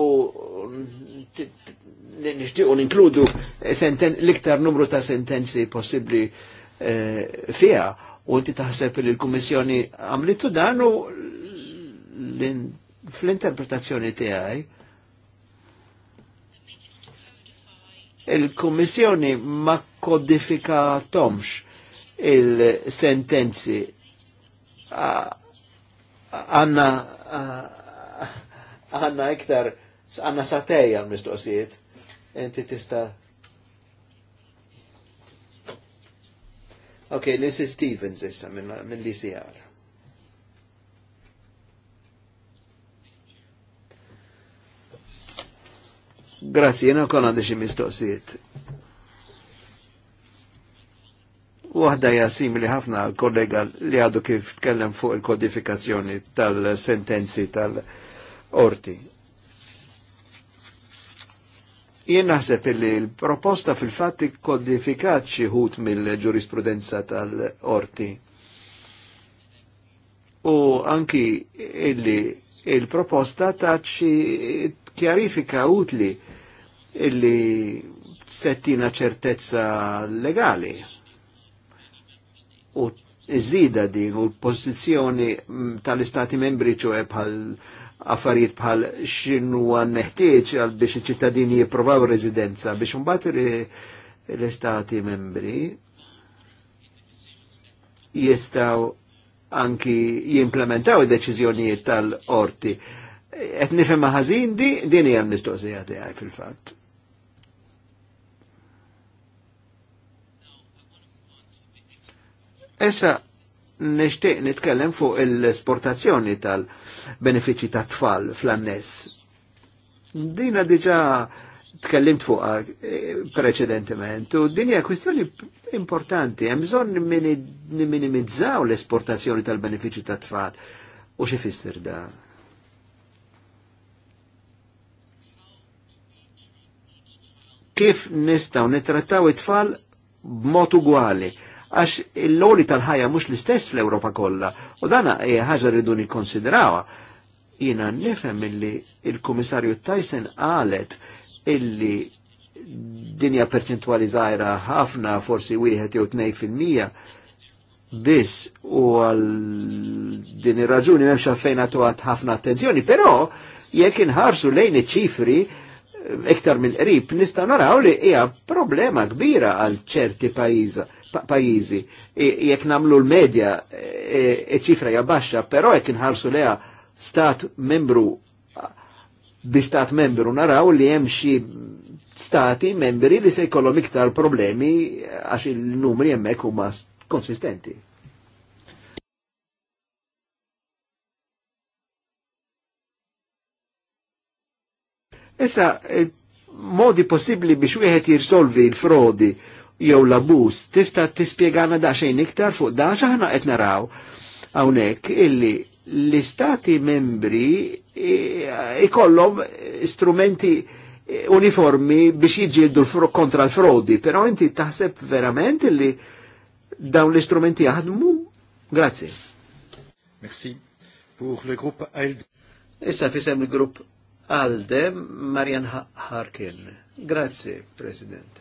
u nixtiequ ninkludu l-iktar numru ta' sentenzi possibbli eh, fija u inti taħseb li l-Kummissjoni għamlitu dan u fl-interpretazzjoni tiegħi il-Kummissjoni ma kodifikatomx il-sentenzi għanna għanna iktar għanna satejja mistoqsijiet Enti tista' Ok, Lizzie Stevens issa minn min l-ICR. Grazie, jena kon għandi xie mistoqsijiet. Waħda hija simili ħafna kollega li għadu kif tkellem fuq il-kodifikazzjoni tal-sentenzi tal-orti. Jien naħseb li l-proposta fil-fatt ikkodifikat xi ħut mill-ġurisprudenza tal-qorti. U anki illi il-proposta ta' xi kjarifika utli illi settina ċertezza legali. U iżida din u l-pożizzjoni tal-istati membri ċoħe bħal affarijiet bħal xinu għan neħtieġ għal biex iċ-ċittadini jiprovaw residenza biex mbagħad l-istati membri jistaw anki jimplementaw il deċiżjonijiet tal-orti. Et nifem maħazin di din hija l-mistoqsija tiegħi fil-fatt. Essa, nishtiq nitkellem fuq l-esportazzjoni tal-benefiċi ta' tfal fl-annes. Dina diġa tkellimt fuqa eh, preċedentement u din hija kwistjoni importanti, hemm bżonn minimizzaw l-esportazzjoni tal-benefiċi ta' tfal. U xi fisser da? Kif nistgħu nittrattaw it-tfal b'mod ugwali? għax il-loli tal-ħajja mhux l-istess fl-Ewropa kollha u dana ħagġa ħaġa rridu nikkonsidrawha. Jiena nifem illi il-Kummissarju Tyson qalet illi dinja perċentwali żgħira ħafna forsi wieħed jew tnej fil-mija biss u għal din ir-raġuni m'hemmx għalfejn għatuat ħafna attenzjoni, però jekk inħarsu lejn iċ-ċifri eh, iktar mill-qrib nista' naraw li hija problema kbira għal ċerti pajjiża pajizi. Jek namlu l-medja, ċifra e, e, pero jek nħarsu leja stat membru bi stat membru naraw li hemm xi stati membri li se jkollhom iktar problemi għax il-numri hemmhekk huma konsistenti. Issa, e, modi possibli biex wieħed jirsolvi l-frodi jew l-abuż. Tista' tispjegana xejn iktar fuq xi x'aħna qed naraw hawnhekk illi l-istati membri ikollhom strumenti uniformi biex jiġildu kontra l-frodi, però inti taħseb verament li dawn l-istrumenti jaħdmu? Grazie. Merci. Pour le groupe ALDE. Issa fisem il-grupp ALDE, Marian Harkin. Grazie, President.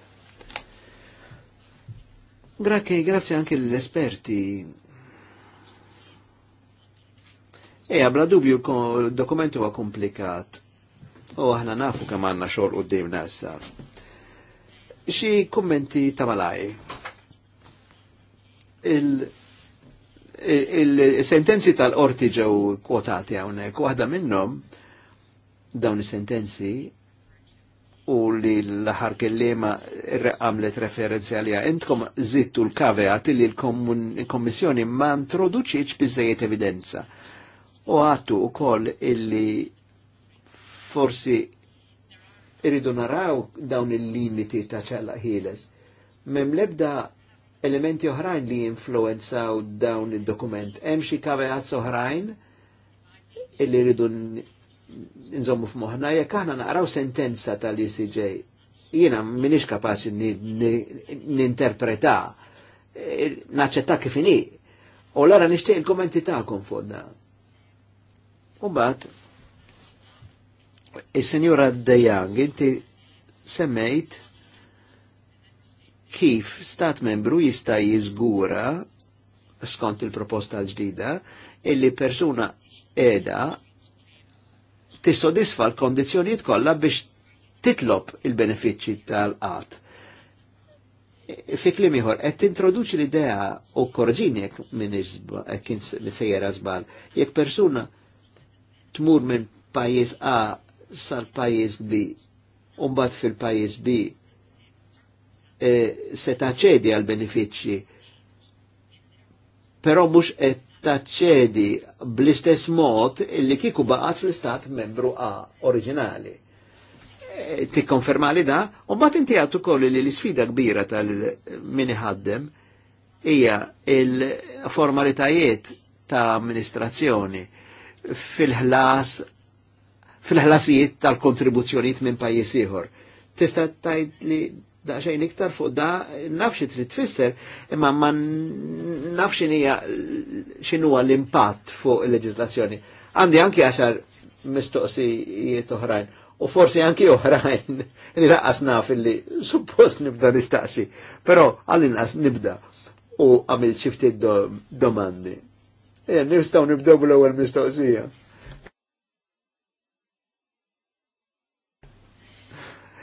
Grazie, grazie anche agli esperti. E għabla dubbio il va huwa O Oh aħna nafu kemm għandna xogħol dim nassa. Xi kummenti ta' malaj. Il-sentenzi il, tal-qorti ġew kwotati hawnhekk, waħda minnhom dawn is-sentenzi u li l-ħar kellima għamlet referenzja li għentkom zittu l-kaveat li l-Kommissjoni ma introduċiċ bizzejiet evidenza. U għattu u koll illi forsi irridu naraw dawn il-limiti ta' ċalla ħiles. Mem lebda elementi oħrajn li influenzaw dawn il-dokument. Hemm xi kaveat oħrajn illi rridu nżommu f'moħna, jekk aħna naqraw sentenza tal-ICJ, jiena minix kapaċi ninterpreta, e, naċċetta kif U l għara nixtieq il-kommenti tagħkom fuq dan. Umbagħad is-Sinjura Dejang, inti semmejt kif stat membru jista' jiżgura skont il-proposta l-ġdida illi persuna edha tissodisfa l-kondizjoniet kollha biex titlob il-benefiċċji tal qat Fik klim ieħor qed introduċi l-idea u korġini jekk minn sejjera żbal, jekk persuna tmur minn pajjiż A sal-pajjiż B u mbagħad fil-pajjiż B eh, se taċedi għal benefiċċji però mhux qed taċċedi bl-istess mod li kiku baqat fl-istat membru A oriġinali. E, ti konfermali da, u bat inti għattu kolli li l-sfida kbira tal-mini ħaddem hija il-formalitajiet ta' amministrazzjoni fil-ħlas fil-ħlasijiet tal-kontribuzzjoniet minn pajjiż ieħor. Tista' tajt li Da xejn iktar fuq da nafxi trid tfisser, imma ma nafxi nija xinuwa l-impatt fuq il leġislazzjoni Għandi anki għaxar mistoqsijiet oħrajn, u forsi anki oħrajn li laqqas naf illi suppost nibda nistaqsi, pero għall-inqas nibda u għamil xifti domandi. Nistaw nibdew bl-ewwel mistoqsija.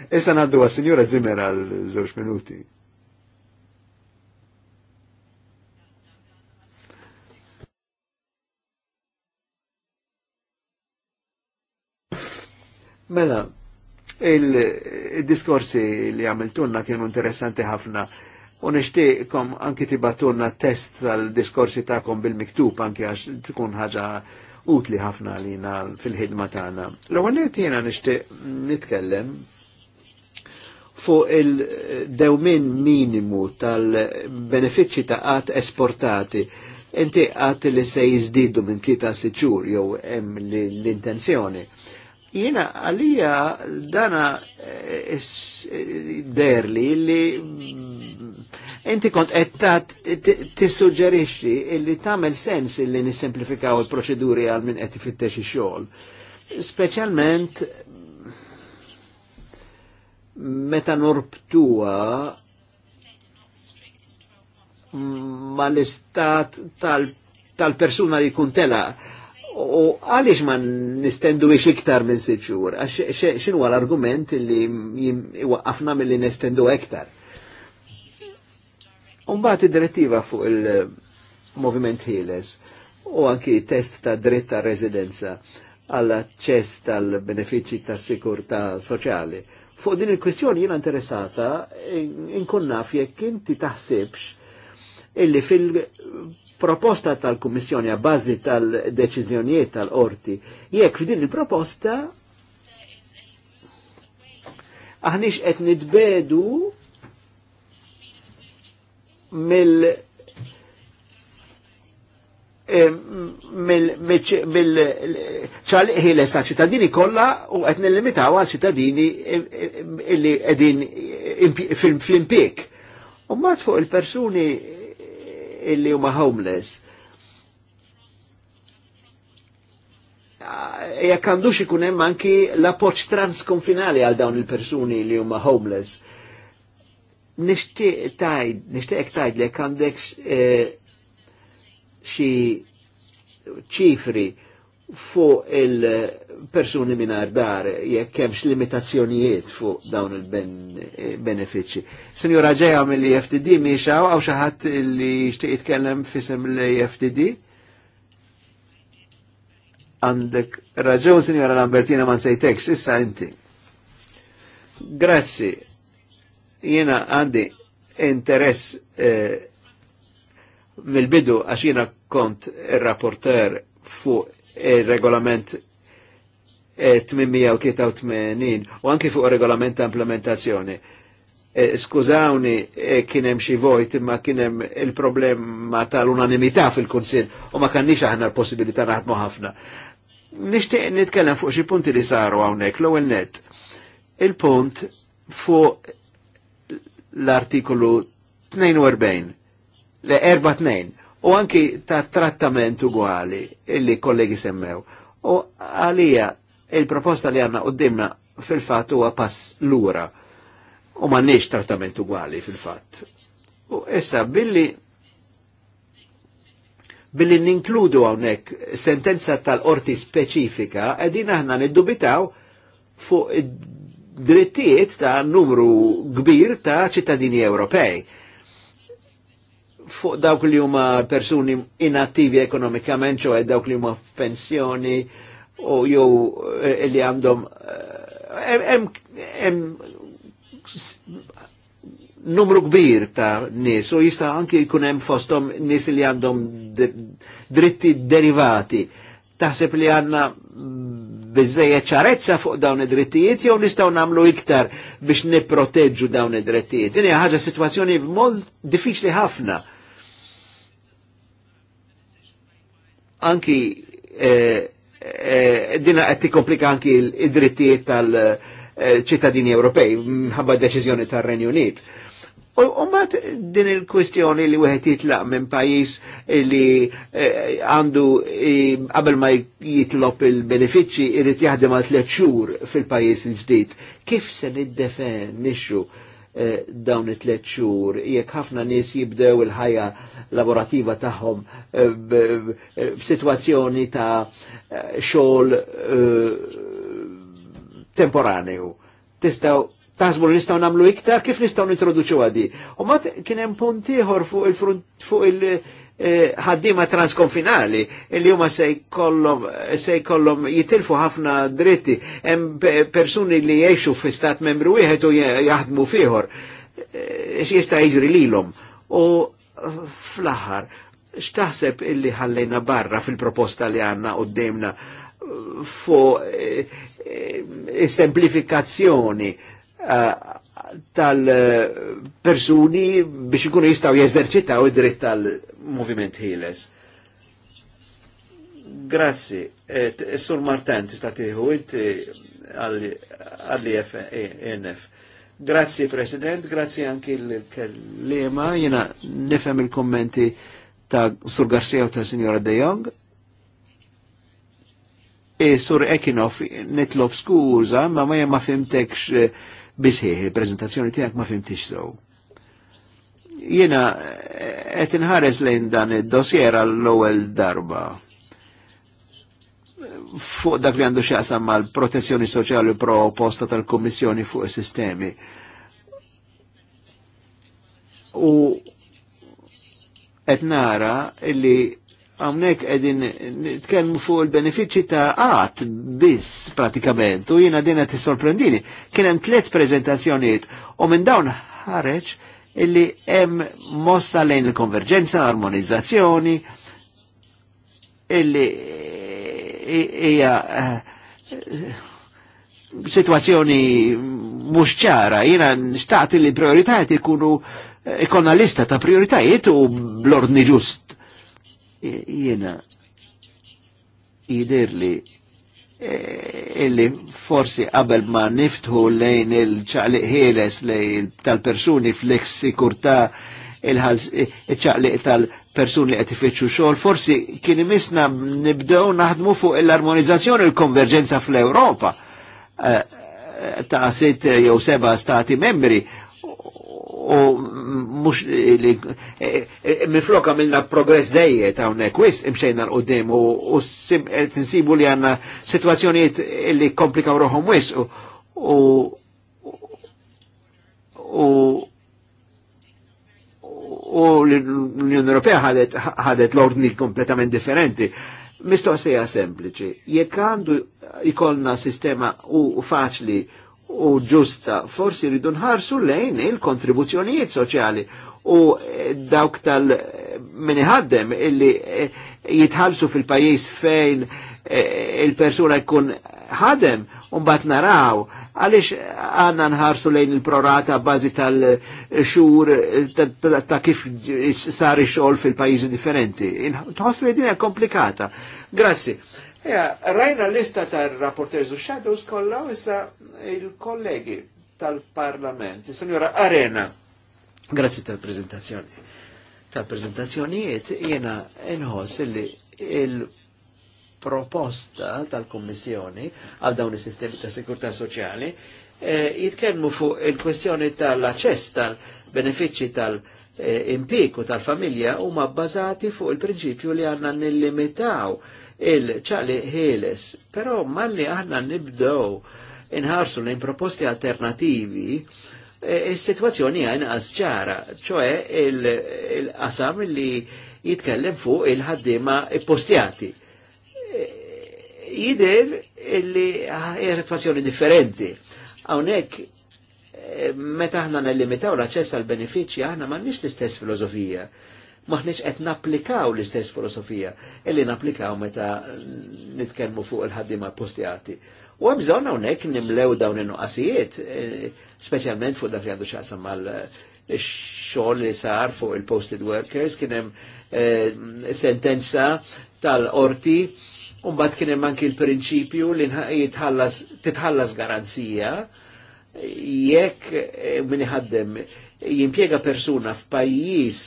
Issa naddu għas-Sinjora Zimmer għal żewġ minuti. Mela, il-diskorsi li għamiltunna kienu interessanti ħafna. U nishtiqkom anki tibatunna test tal-diskorsi ta'kom bil-miktub anki għax tkun ħaġa utli ħafna li fil-ħidma tagħna. L-ewwel jiena nixtieq nitkellem fuq il-dewmin minimu tal benefiċi ta' għat esportati. Inti għat li se jizdidu minn tlita siċur jew hemm l-intenzjoni. Jena għalija dana eh, eh, derli li mm, inti kont t-sugġerixi illi tagħmel sens illi nisimplifikaw il-proċeduri għal min qed fit-teċi xogħol Speċjalment meta norbtuwa ma l-istat tal-persuna li kuntela u għalix ma nistendu biex iktar minn sitt xin x'inhu l-argument li għafna mill-li nistendu iktar. Umbagħad id-direttiva fuq il movement Hiles u anki test ta' dritta residenza għall-aċċess tal-benefiċċji ta' sikurtà ta soċjali Fuq din il-kwistjoni jina interessata inkunna in naf jekk inti taħsibx illi fil-proposta tal-Kummissjoni bazi tal-deċiżjonijiet tal-qorti, jekk f'din il-proposta aħniex qed nitbedu mill mill-ċalq ħiles ċittadini kolla u għet nil-limitaw għal ċittadini illi għedin fil impik U mat fuq il-persuni illi huma homeless. Ah, jekk għandux ikun hemm anki l-appoġġ transkonfinali għal dawn il-persuni li huma homeless. Nixtieq tajd, nixtieq tajd li għandek eh, xi ċifri fuq il-persuni minar dar, jekk hemmx limitazzjonijiet fuq dawn il-benefiċċji. Sinjora ġeja mill-IFTD miex hawn għaw xi ħadd li jixtieq jitkellem f'isem l-IFTD? Għandek raġun, Sinjora Lambertina, ma nsejtekx, issa inti. Grazzi, jiena għandi interess eh, mill-bidu għax jiena kont il-rapporter fuq il-regolament 883 u anki fuq il-regolament ta' implementazzjoni. E, skużawni e, kienem xi vojt imma kienem il-problema tal-unanimità fil-Kunsil u ma kanniex aħna l-possibilità naħdmu ħafna. Nixtieq nitkellem fuq xi punti li saru hawnhekk l-ewwel net. Il-punt fuq l-artikolu 42 le 42 u anki ta' trattament uguali illi kollegi semmew. U għalija il-proposta li għanna dimna fil-fat huwa pass lura u m'għandniex trattament uguali fil-fatt. U issa billi billi ninkludu hawnhekk sentenza tal-qorti speċifika qegħdin aħna niddubitaw fuq id-drittijiet ta' numru kbir ta' ċittadini Ewropej fuq dawk li huma persuni inattivi ekonomikament, ċoħe dawk li huma pensjoni u jew eh, li għandhom hemm eh, numru kbir ta' nis u jista' anki jkun hemm fosthom nis li għandhom dritti derivati. Taħseb li għandna bizzejja ċarezza fuq dawn id-drittijiet jew nistgħu nagħmlu iktar biex nipproteġġu dawn id-drittijiet. Din hija ħaġa sitwazzjoni diffiċli ħafna anki eh, eh, dina qed tikkomplika anki l-drittijiet tal-ċittadini eh, Ewropej minħabba deċiżjoni tar-Renju Unit. U mbagħad din il-kwestjoni li wieħed jitlaq minn pajjiż li għandu qabel ma jitlob il-benefiċċji irid jaħdem għal tliet xhur fil-pajjiż il-ġdid. Kif se niddefenixxu? Eh, dawn it-tlet xhur, jekk ħafna nies jibdew il-ħajja lavorativa tagħhom eh, b'sitwazzjoni eh, ta' xogħol temporanew. Tistgħu taħsbu li nistgħu nagħmlu iktar, kif nistgħu nintroduċu għadi. U mat punt ieħor fuq il-front, fuq il-, fu il ħaddima transkonfinali li huma se jkollhom jitilfu ħafna dritti hemm persuni li jgħixu fi stat membru wieħed u jaħdmu fieħor e, x'jista' jiġri lilhom. U fl-aħħar x'taħseb illi ħallejna barra fil-proposta li għandna qudiemna fuq e, e, semplifikazzjoni tal-persuni biex ikunu jistgħu jeżerċitaw id-dritt moviment ħieles. Grazzi, e, Sur Martin tista' tieħu inti e, għall-IFNF. E grazzi President, grazzi anki l-kellima, jena nifhem il-kommenti ta' Sur Garcia u ta' Signora De Jong. E sur Ekinov nitlob skuża, ma ma jemma fimtekx bisħiħi, il-prezentazzjoni tiegħek ma fimtix zow. So. Jiena eh, qed inħares lejn dan id-dossier għall-ewwel darba fuq dak li għandu xaqsam mal protezzjoni soċjali proposta tal-Kommissjoni fuq is-sistemi. U qed nara li hawnhekk qegħdin nitkellmu fuq il-benefiċċji ta' qatt biss pratikament u jiena din qed tissorprendini. Kien hemm tliet preżentazzjonijiet u minn dawn ħareġ illi hemm mossa lejn il-konverġenza, l-armonizzazzjoni, illi eh, hija eh, situazzjoni mhux ċara, jiena nixtaqt li prioritajiet ikunu eh, ikonna lista ta' prioritajiet u bl-ordni ġust. Jiena jidher li Eh, illi forsi qabel ma niftħu lejn il-ċaqliq ħieles lejn tal-persuni flex sikurta il-ċaqliq tal-persuni qed ifittxu xogħol, forsi kien imisna nibdew naħdmu fuq l-armonizzazzjoni l-konverġenza fl-Ewropa eh, ta' sitt jew seba' stati membri u mux li e, e, e, minflok għamilna progress ta' għawnek, wis imxejna l-qoddim u tinsibu li għanna situazzjoniet li komplikaw roħom wis u u l-Unjoni Ewropea ħadet l-ordni kompletament differenti Mistoqsija sempliċi, jekk għandu ikolna sistema u faċli u ġusta, forsi rridu nħarsu lejn il-kontribuzzjonijiet soċjali u eh, dawk tal eh, ħaddem illi eh, jitħalsu fil-pajis fejn il-persuna jkun ħadem unbat naraw għalix għanna nħarsu lejn il-prorata bazi tal-xur ta' kif sari xol fil-pajizi differenti. Tħossu li dinja komplikata. Grazzi. Rajna lista tal-rapporters u shadows kolla issa il-kollegi tal-parlament. il-senjora Arena, grazzi tal-prezentazzjoni. Tal-prezentazzjonijiet jena nħoss li il- proposta tal-Kommissjoni għal dawn is-sistemi ta' sikurtà soċjali eh, jitkellmu fuq il-kwestjoni tal-aċċess tal-benefiċċji tal-impiku tal-familja huma bbażati fuq il-prinċipju li għandna nillimitaw il-ċali ħieles. Però malli aħna nibdew inħarsu lejn proposti alternativi eh, is-sitwazzjoni għajna ċara, ċoħe il-qasam li jitkellem fuq il-ħaddima postjati jider illi hija situazzjoni differenti. Hawnhekk eh, meta aħna nellimitaw l-aċċess għal benefiċċji aħna m'għandniex l-istess filosofija. Maħniex qed napplikaw l-istess filosofija illi napplikaw meta nitkellmu fuq il-ħaddiema postjati. U hemm bżonn hawnhekk nimlew dawn in-nuqqasijiet, eh, speċjalment fuq dak li għandu x'aqsam mal eh, xogħol li sar fuq il-posted workers kien hemm sentenza tal-orti Umbat kien hemm anki l-prinċipju li titħallas garanzija jekk eh, min ħaddem jimpjega persuna f'pajjiż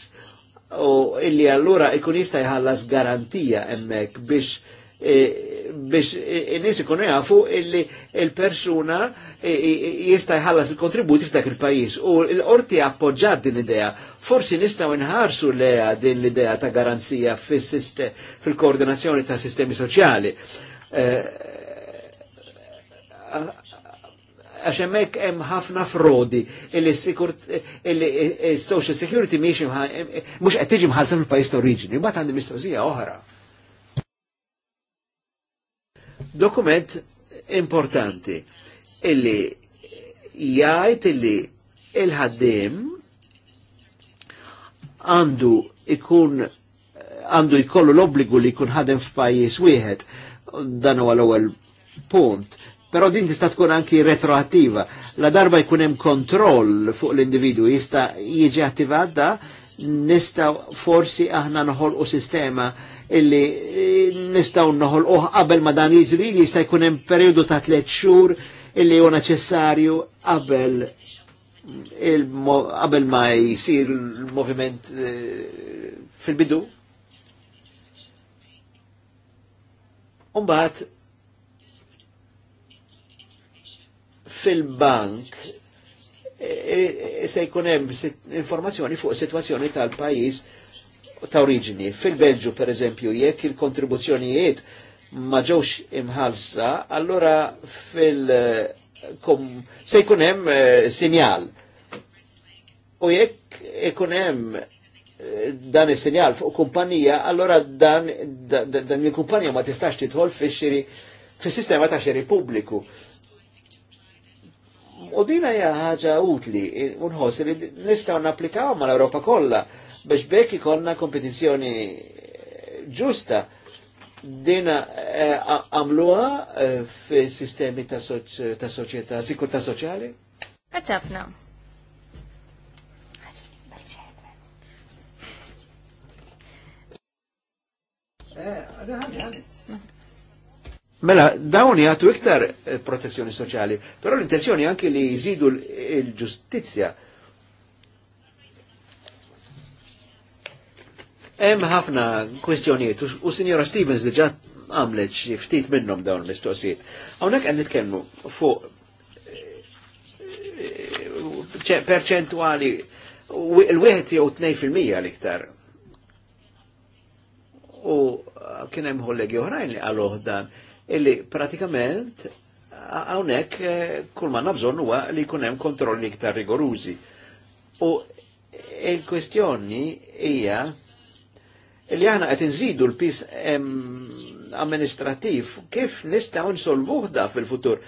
u illi allura ikun jista' jħallas garantija hemmhekk biex eh, biex n-nis ikonu jafu illi il-persuna jista jħallas il-kontributi f'dak il-pajis. U l-orti appoġġat din l-idea. Forsi nistaw nħarsu l-idea din l-idea ta' garanzija fil-koordinazzjoni ta' sistemi soċjali. Eh, għax hemmhekk hemm ħafna frodi illi s-social security mhux qed tiġi mħallsa mill-pajjiż ta' oriġini, mbagħad għandi mistoqsija oħra Dokument importanti illi jgħid illi il-ħaddim għandu ikun għandu jkollu l-obbligu li jkun ħadem f'pajjiż wieħed dan huwa l-ewwel punt. Però din tista' tkun anki retroattiva. La darba jkun hemm kontroll fuq l-individu jista' jiġi attivat da nista' forsi aħna noħolqu sistema illi eh, nistaw noħol uħ qabel ma dan jiġri jista' jkun hemm periodu ta' tliet xhur illi huwa neċessarju qabel qabel ma jsir il-moviment eh, fil-bidu. Umbat fil-bank eh, se jkun hemm informazzjoni fuq is-sitwazzjoni tal-pajjiż ta' oriġini. Fil-Belġu, per eżempju, jekk il-kontribuzzjonijiet ma ġewx imħalsa, allora fil- se jkun hemm eh, sinjal. U jekk ikun hemm eh, dan is-sinjal fuq kumpanija, allora dan, dan, dan il-kumpanija ma tistax tidħol fix-xiri fis-sistema ta' xiri pubbliku. U dina hija ħaġa utli, eh, unħoss li nistgħu napplikaw mal-Ewropa kollha biex bekk ikonna kompetizjoni ġusta dina eh, għamluħa eh, fi sistemi ta' soċieta, sikur ta' soċiali? Għatafna. Mela, dawn jgħatu iktar eh, protezzjoni soċiali, pero l-intenzjoni anki li jżidu l-ġustizja. l ġustizja Hemm ħafna kwestjoniet u Sinjora Stevens diġà għamlet xi ftit minnhom dawn l-istoqsijiet. Hawnhekk qed nitkellmu fuq eh, eh, perċentwali l-wieħed jew tnejn fil-mija l-iktar. U kien hemm ħollegi oħrajn li qalu dan illi pratikament hawnhekk eh, kull ma nabżonn huwa li jkun hemm kontrolli iktar rigorużi. U il-kwestjoni hija li aħna qed inżidu l-pis amministrativ kif nistgħu nsolvuh da fil-futur.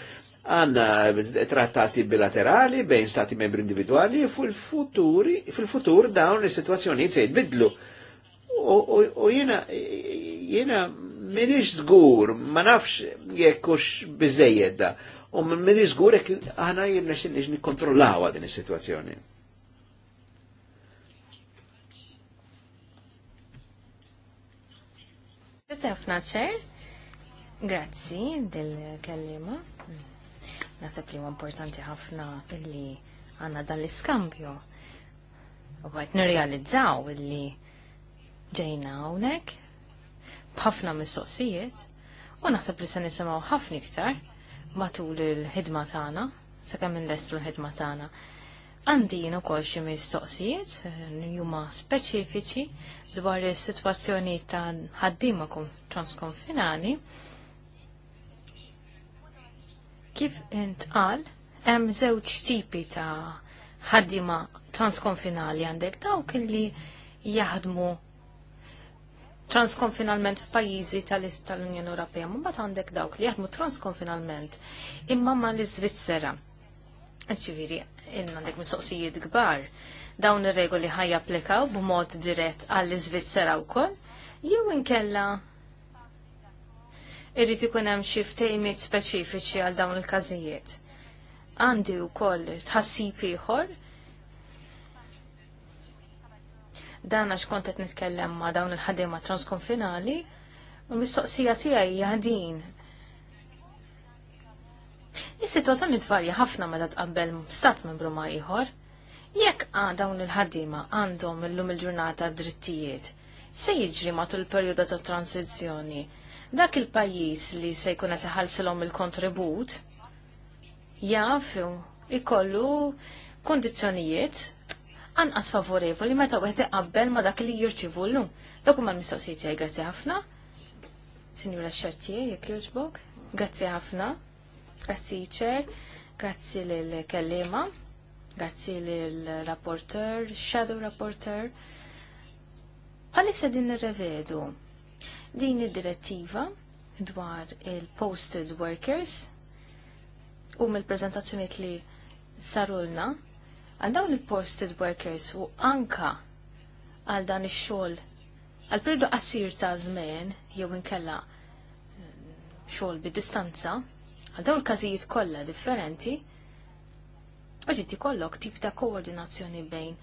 Għanna trattati bilaterali bejn stati membri individuali fil-futur dawn is-sitwazzjonijiet se jitbidlu. U jiena jiena minix żgur, ma nafx jekk hux biżejjed da. U minix żgur jekk aħna jirnexxin nix nikkontrollaw din is-sitwazzjoni. ħafna ċer. Grazzi dil-kellima. Nasab li importanti ħafna illi għanna dan l-iskambju. U għajt nirrealizzaw illi ġejna hawnhekk b'ħafna mistoqsijiet u naħseb li se nisimgħu ħafna iktar matul il-ħidma tagħna, sakemm l-ħidma tagħna. Għandi kol ukoll xi mistoqsijiet eh, huma speċifiċi dwar is-sitwazzjoni ta' ħaddiema transkonfinali. Kif intqal hemm żewġ tipi ta' ħaddima transkonfinali għandek dawk li jaħdmu transkonfinalment f'pajjiżi tal-Unjoni Ewropea, ma mbagħad għandek dawk li jaħdmu transkonfinalment imma mal-Iżvizzera. Ġifieri, in għandek mistoqsijiet kbar. Dawn ir-regoli ħaj applikaw b'mod dirett għall-Iżvizzera wkoll jew inkella irrid ikun hemm xi ftehimiet speċifiċi għal dawn il-każijiet. Għandi wkoll tħassib ieħor dan għax kont qed nitkellem ma' dawn il-ħaddiema transkonfinali u l-mistoqsija tiegħi hija din Is-sitwazzjoni tvarja ħafna meta tqabbel stat membru ma' ieħor. Jekk dawn il-ħaddiema għandhom illum il-ġurnata drittijiet, se jiġri matul il-perjodu ta' transizzjoni dak il-pajjiż li se jkun qed iħallsilhom il-kontribut jaf ikollu kondizzjonijiet anqas favorevoli meta wieħed iqabbel ma dak li jirċivu llum. Dak huma l-mistoqsijiet tiegħi grazzi ħafna. Sinjura Xartier, jekk jogħġbok, grazzi ħafna. Grazzi ċer, grazzi l-kellima, grazzi l-rapporter, shadow rapporter. se din nirrevedu din id-direttiva dwar il-posted workers u mill-prezentazzjoniet li sarulna għal dawn il-posted workers u anka għal dan ix-xogħol għal periodu qasir ta' żmien jew inkella eh, xogħol bid-distanza Għal dawn il-każijiet kollha differenti, rrid ikollok tip ta' koordinazzjoni bejn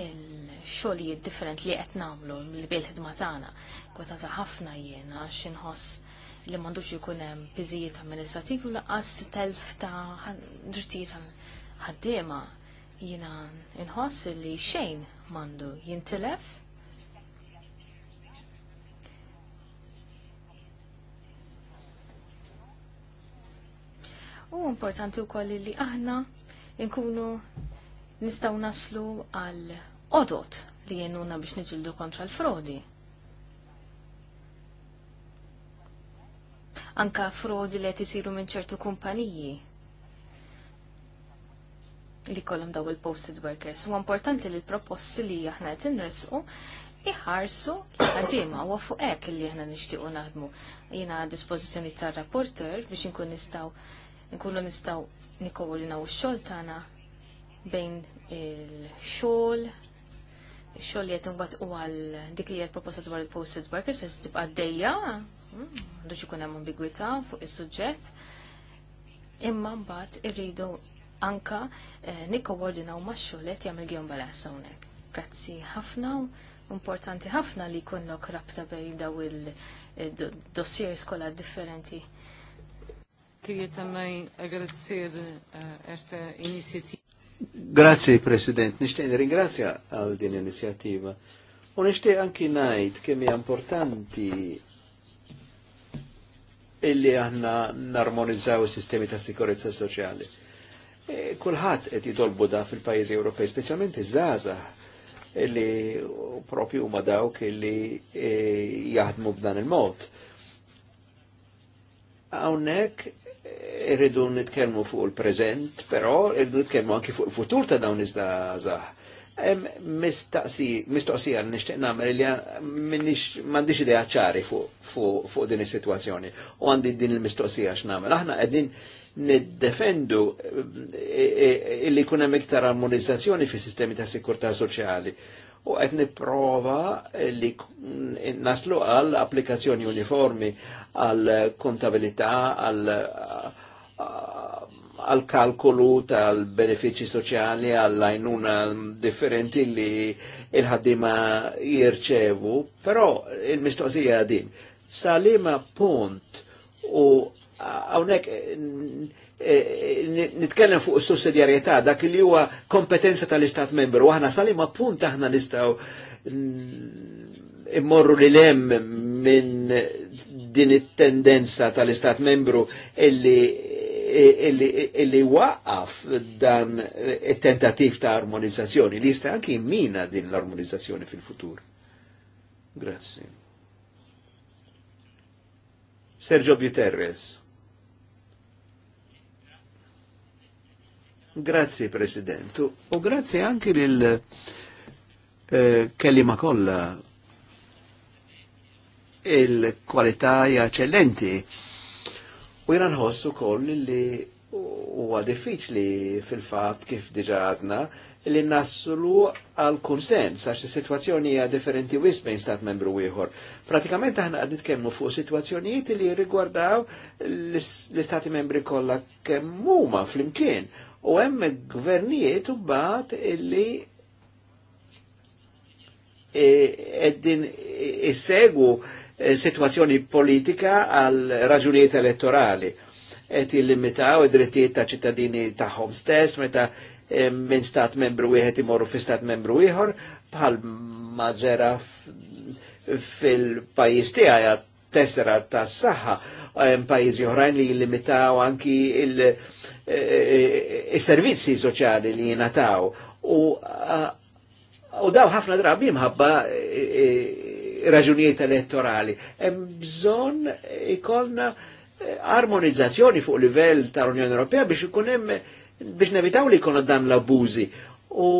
il-xogħlijiet differenti li qed nagħmlu bil-ħidma tagħna. Kweta ħafna jiena għax inħoss li m'għandux ikun hemm biżijiet amministrativi laqas telf ta' drittijiet ħaddiema jiena inħoss li xejn m'għandu jintilef u importanti wkoll li aħna inkunu nistgħu naslu għal odot li jenuna biex niġildu kontra l-frodi. Anka frodi li qed isiru minn ċertu kumpaniji li kollum daw il-posted workers. U importanti li l-proposti li aħna qed inresqu l-ħadima u fuq hekk li aħna nixtiequ naħdmu. Jiena dispożizzjoni tar-rapporter biex inkun nistgħu nkunu nistaw nikolinaw x-xol tana bejn il-xol, xogħol li qed u għal dik li hija proposta dwar il-posted workers se tibqa' għaddejja, hmm, għandux ikun hemm ambigwità fuq is-suġġett. Imma mbagħad irridu anka eh, nikkoordinaw u xogħol qed jagħmel gihom balassa hawnhekk. Grazzi ħafna, importanti ħafna li kun lok rabta bejn daw il-dossiers eh, kollha differenti. Queria também agradecer eh, esta iniciativa. Grazie President, nishtiq ringrazzja għal din inizjattiva. U nishtiq anki najt kemm hija importanti illi għanna narmonizzaw il sistemi ta' sikurezza soċjali. Kulħat e, Kulħadd qed jitolbu da fil-pajjiżi Ewropej, speċjalment iż-żgħażagħ illi propju huma dawk illi e, jaħdmu b'dan il-mod. Hawnhekk irridu nitkellmu fuq il-preżent, però irridu nitkellmu anki fuq il-futur ta' dawn iż-żgħażagħ. Mistoqsija nixtieq nagħmel li m'għandix idea ċari fuq din is-sitwazzjoni u għandi din il għax namel. Aħna qegħdin niddefendu eh, eh, eh, illi jkun hemm iktar armonizzazzjoni fis-sistemi ta' sikurta' soċjali u qed nipprova li naslu għal applikazzjoni uniformi għal kontabilità għal għal kalkolu tal benefici soċjali għal għajnuna differenti li il-ħaddima jirċevu, però il-mistoqsija din, salima punt u Hawnhekk eh, eh, nitkellem fuq is-sussidjarjetà dak li huwa kompetenza tal-Istat membru u aħna salim appunt aħna nistaw mm, immorru li lem minn din it-tendenza tal-Istat membru illi illi, waqqaf dan il-tentativ ta' armonizzazzjoni li jista' anki mina din l-armonizzazzjoni fil-futur. Grazie. Sergio Buterres. Grazzi, Presidentu. U grazzi anki lil eh, kellima kollha il-kwalità eccellenti. U jena nħossu koll li huwa diffiċli fil-fat kif diġadna li nassulu għal kunsens għax situazzjoni hija differenti wis bejn stat membru ieħor. Pratikament aħna qed nitkellmu fuq sitwazzjonijiet li rigwardaw l-istati membri kollha kemm huma flimkien U hemm gvernijiet u bat illi eddin issegu e, situazzjoni politika għal raġunijiet elettorali. Et illimitaw id-drittijiet ta' ċittadini tagħhom stess meta e, minn stat membru wieħed imorru fi stat membru ieħor bħal maġera fil-pajjiż tiegħi tessera tas-saħħa hemm pajjiżi oħrajn li jillimitaw anki il- il-servizzi eh, eh, eh, soċjali li jinataw u u daw ħafna drabi mħabba raġunijiet elettorali. Hemm bżonn ikollna armonizzazzjoni fuq livell tal-Unjoni Ewropea biex ikun hemm biex nevitaw li jkunu dan l-abbużi. U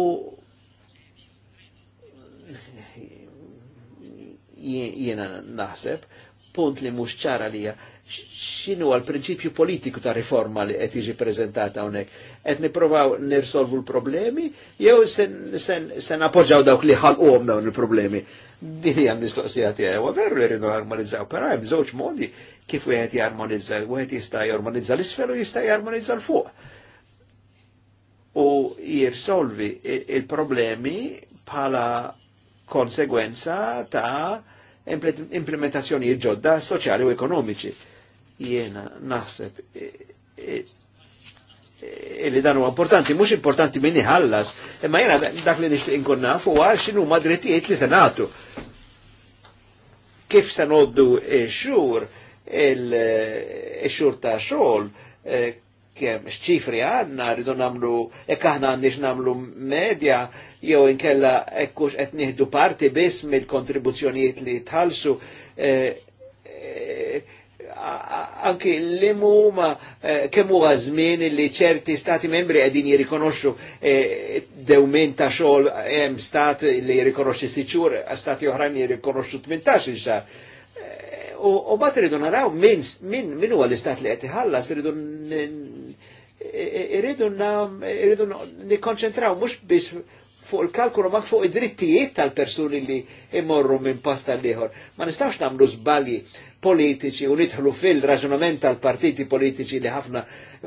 jiena naħseb punt li mhux ċara lija xinu għal prinċipju politiku ta' riforma li qed jiġi prezentata hawnhekk. Għet nipprovaw nirsolvu l-problemi jew se appoġaw dawk li ħalquhom dawn il-problemi. Din hija mistoqsija tiegħi huwa veru jridu jarmonizzaw, però hemm żewġ modi kif wieħed jarmonizza, wieħed jista' jarmonizza l-isfel u jista' jarmonizza l-fuq. U jirsolvi il-problemi bħala konsegwenza ta' implementazzjoni ġodda soċjali u ekonomiċi Jiena naħseb e, e, e, li dan huwa importanti, mhux importanti minni ħallas. imma jena dak li nixtieq inkun naf għal x'inhu ma li se nagħtu. Kif se noddu xur xhur il-xhur ta' xogħol kem xċifri għanna, rridu namlu, ek aħna għannix nagħmlu medja, jew inkella ekkux qed nieħdu parti biss mill-kontribuzzjonijiet li tħalsu anki l-limu ma eh, kemmu għazmin li ċerti stati membri għedin jirikonoxu eh, dewmin ta' xol jem eh, stat li jirrikonoxxi siċur, stati uħran jirikonoxu 18 xar. U bat rridu naraw minn min u għal istat li qed iħallas, rridu irridu nikkonċentraw mhux biss fuq il-kalkulu mak fuq id-drittijiet tal-persuni li imorru minn pasta liħor. Ma nistax namlu zbalji politiċi u nidħlu fil-raġunament tal-partiti politiċi li ħafna,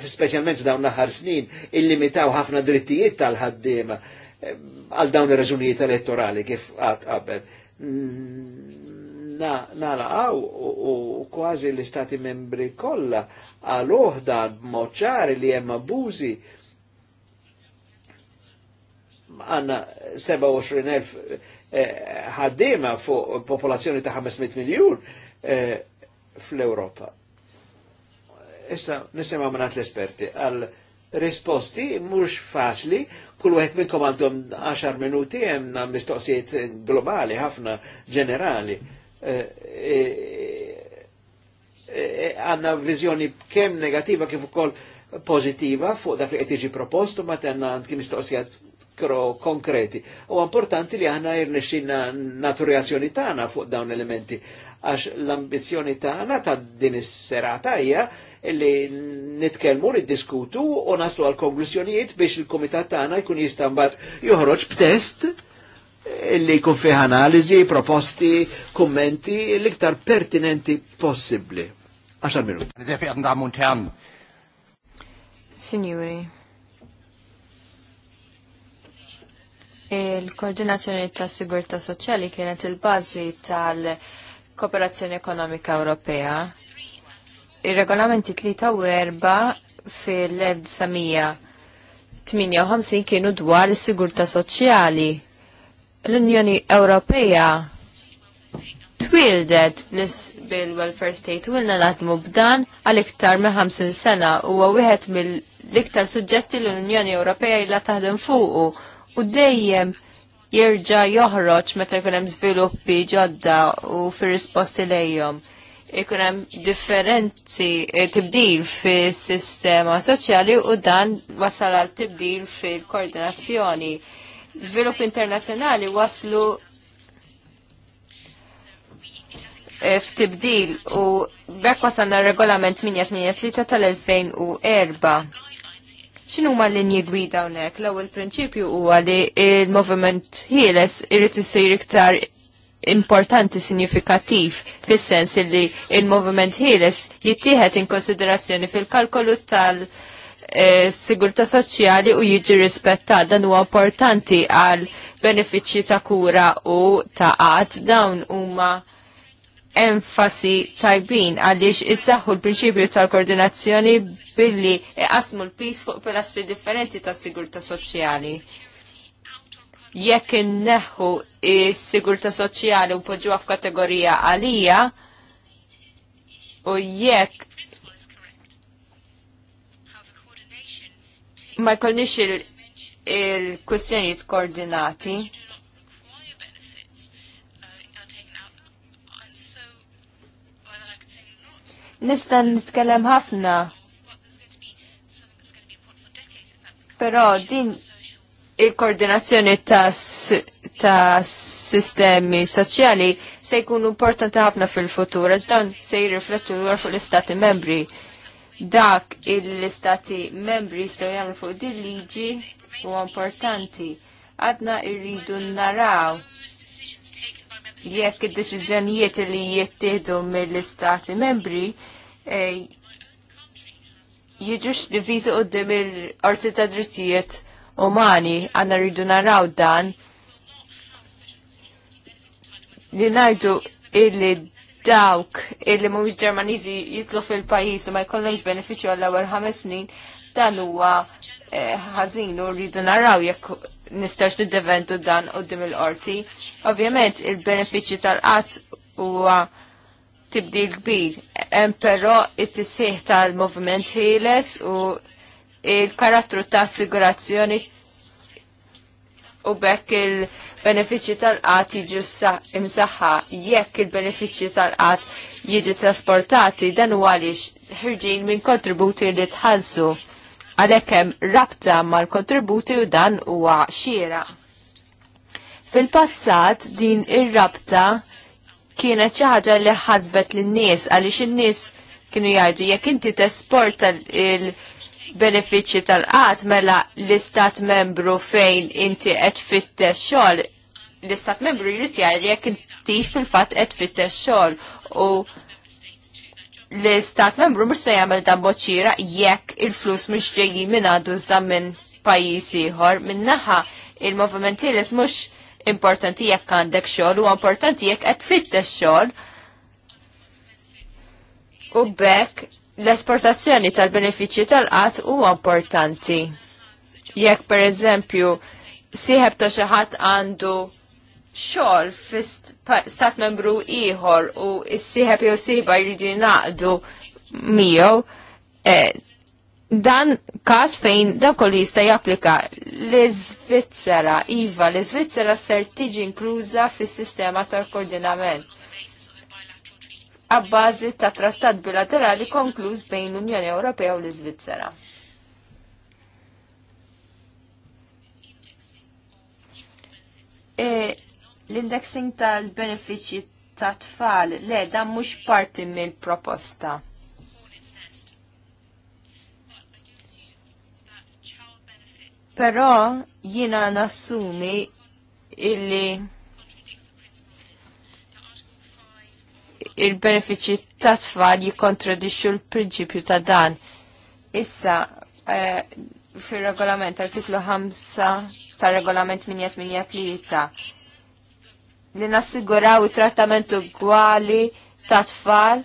specialment dawn naħar aħħar snin, illimitaw ħafna drittijiet tal ħaddim ehm, għal dawn il raġunijiet elettorali kif għad qabel. Mm, nalaqaw u kważi l-istati membri kolla għal uħda moċari li jemma buzi għanna 27.000 eh, ħaddima fuq popolazzjoni ta' 500 miljon, eh, fl-Europa. Issa nisema minnat l-esperti għal risposti mhux faċli, kull għet minnkom għandhom 10 minuti hemm mistoqsijiet globali ħafna ġenerali. Eh, eh, eh, għanna vizjoni kem viżjoni kemm negativa kif ukoll pozitiva fuq dak li qed jiġi proposto ma tenna għandki mistoqsijiet konkreti. U importanti li aħna jirnexxina naturazzjoni tagħna fuq dawn elementi għax l-ambizjoni tagħna ta' din is-serata hija li nitkellmu niddiskutu u naslu għal konklużjonijiet biex il-kumitat tagħna jkun jistambat joħroġ b'test li jkun fih analiżi, proposti, kummenti l-iktar pertinenti possibbli. 10 minuti. Sehr verehrten Damen Signori. Il-koordinazzjoni ta' sigurta soċjali kienet il-bażi tal- kooperazzjoni ekonomika Ewropea. Ir-regolamenti tlieta u fil-1958 kienu dwar is-sigurtà soċjali. L-Unjoni Ewropea twildet bil-welfare state u għilna naħdmu b'dan għal-iktar me 50 sena u għawihet mill-iktar suġġetti l-Unjoni Ewropea illa taħdem fuqu u dejjem jirġa joħroġ meta jkun hemm żviluppi ġodda u fir-risposti lejhom. Ikun hemm differenzi eh, tibdil fis-sistema soċjali u dan wasal għal tibdil fil-koordinazzjoni. Żvilupp internazzjonali waslu eh, f'tibdil u bekk wasalna regolament 883 tal-2004 xinu ma linji gwida hawnhekk? L-ewwel prinċipju huwa li il-moviment ħieles irid isir iktar importanti signifikativ fis-sens li il-moviment ħieles jittieħed in konsiderazzjoni fil-kalkolu tal- eh, sigurta soċjali u jiġi rispettat dan huwa importanti għal benefiċċji ta' kura u ta' għad dawn huma enfasi tajbin għaliex issaħħu l-prinċipju tal-koordinazzjoni billi iqasmu l-pis fuq pilastri differenti tas sigurta soċjali. Jekk inneħħu is-sigurta soċjali u poġġuha f'kategorija għalija u jekk ma jkollniex il-kwistjonijiet koordinati. Nista' nitkellem ħafna. Però din il-koordinazzjoni ta', ta sistemi soċjali se jkunu importanti ħafna fil-futur, għax dan se jirriflettu l fuq l-istati membri. Dak il-istati membri jistgħu jagħmlu fuq din liġi huwa importanti. Għadna irridu naraw jekk id-deċiżjonijiet li jittieħdu mill-istati membri e, jiġux diviżi qudiem il-qorti ta' drittijiet umani għandna rridu naraw dan li ngħidu illi dawk illi mhumiex Ġermaniżi jitlu fil-pajjiż u ma jkollhomx benefiċċju għall-ewwel ħames snin dan huwa e, ħażin u rridu naraw jekk nistax niddeventu dan u dim il-qorti. Ovvjament, il-benefiċi tal-qatt huwa tibdil kbir, hemm però it-tisħiħ tal-movement ħieles u il-karattru ta' assigurazzjoni u bekk il-benefiċi tal-qat jiġu imsaħħa jekk il-benefiċi tal-qat jiġu trasportati dan u għaliex ħirġin minn kontributi li tħazzu għalhekk hemm rabta mal-kontributi u dan huwa xiera. Fil-passat din ir-rabta kienet xi ħaġa li ħasbet lin-nies għaliex in-nies kienu jgħidu jekk inti tesporta il-benefiċċji tal-qatt mela l-istat membru fejn inti qed fittex xogħol l-istat membru jrid jgħid jekk intix fil-fatt qed fittex xogħol u l-istat membru mux se jagħmel ta' boċira jekk il-flus mhux ġejjin minn għadu iżda minn pajjiż ieħor min-naħa, il-moviment ħieles mhux importanti jekk għandek xogħol u importanti jekk qed fittex xogħol. U bekk l-esportazzjoni tal-benefiċċji tal-qatt huwa importanti. Jekk pereżempju sieħeb ta' xi ħadd għandu xogħol fi stat membru ieħor u s-sieħeb jew sieba jridu jnaqdu miegħu e, dan kas fejn da kolli jista japplika l-Svizzera, Iva, l-Svizzera ser tiġi inkluża fis sistema tal-koordinament. Abbażi ta' trattat bilaterali konkluż bejn l-Unjoni Ewropea u l-Svizzera. E, L-indexing tal-benefiċi ta' tfal, le, da mhux parti mill-proposta. Però jina nassumi illi il-benefiċi ta' tfal jikontradixxu l-prinċipju ta' dan. Issa, eh, fil-regolament, artiklu 5 ta' regolament minjat minjat li jitza, li nassiguraw it-trattament ugwali ta' tfal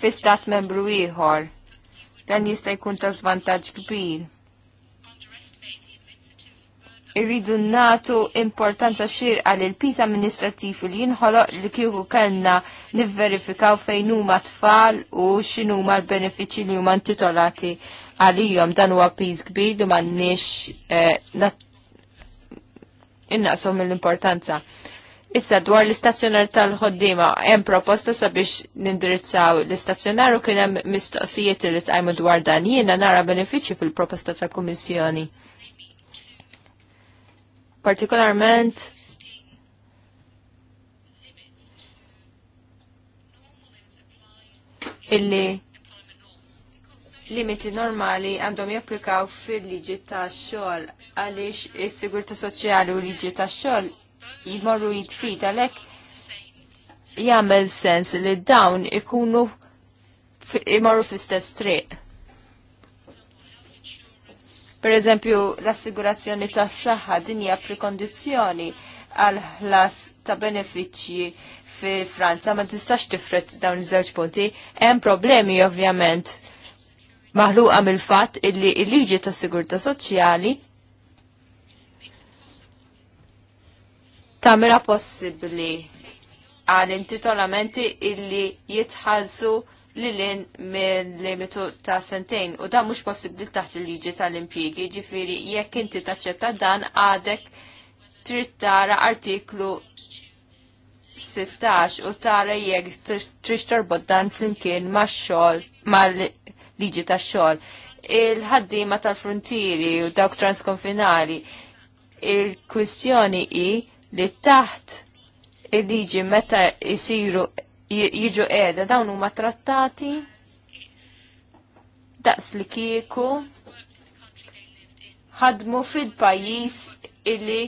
fi stat membru ieħor. Dan jista' jkun ta' żvantaġġ kbir. Irridu natu importanza xirqa li l-pis amministrativ li jinħoloq li kieku kellna nivverifikaw fejn huma tfal u x'inhuma l-benefiċċji li huma intitolati għalijom dan huwa piż kbir li m'għandniex eh, innaqshom mill-importanza. Issa dwar l-istazzjonar tal-ħoddima hemm proposta sabiex nindirizzaw l-istazzjonar u kien hemm mistoqsijiet li tqajmu dwar dan jiena nara benefiċċju fil-proposta tal-Kummissjoni. Partikolarment illi limiti normali għandhom japplikaw fil-liġi ta' xogħol għaliex is-sigurta soċjali u liġi ta' xogħol jmorru jitfid għalhekk jagħmel sens li dawn ikunu imorru fl-istess triq. Per eżempju, l-assigurazzjoni tas saħħa din hija prekondizzjoni għal ħlas ta' benefiċċji fil Franza ma tistax tifret dawn iż-żewġ punti. Hemm problemi ovvjament maħluqa mill-fatt illi il-liġi ta' sigurta soċjali tamra possibli għal intitolamenti illi jitħazzu lilin mill-limitu ta' sentejn u da' mux possibli taħt il-liġi tal-impjegi ġifiri jekk inti taċċetta dan għadek trid tara artiklu 16 u tara jekk trix torbod dan flimkien ma' xogħol mal liġi tax-xogħol. Il-ħaddiema tal-frontieri u dawk transkonfinali il-kwistjoni i li taħt il-liġi meta jisiru jiġu qiegħda dawn huma trattati daqs li kieku ħadmu fil-pajjiż illi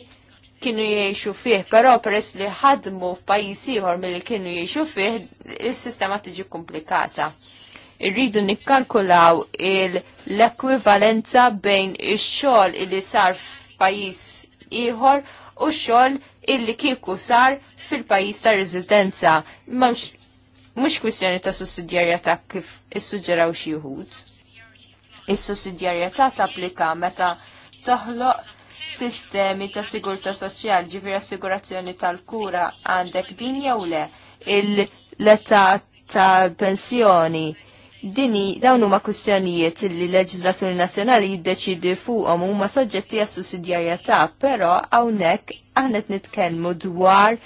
kienu jiexu fih, pero peress li ħadmu f'pajjiż ieħor milli kienu jiexu fih, is-sistema tiġi komplikata irridu nikkalkulaw l-ekwivalenza bejn ix-xogħol li sar f'pajjiż ieħor u x-xogħol illi kieku sar fil-pajjiż ta' residenza. Mhux kwistjoni ta' sussidjarjetà kif issuġġeraw xi wħud. Is-sussidjarjetà tapplika meta toħloq sistemi ta' sigurta soċjal, ġifir assigurazzjoni tal-kura għandek din jew le, il-letta ta' pensjoni, Dini dawn huma kwistjonijiet li l-leġislaturi nazzjonali jiddeċidi fuqhom huma soġġetti għas sussidjarjetà, però hawnhekk aħna qed nitkellmu dwar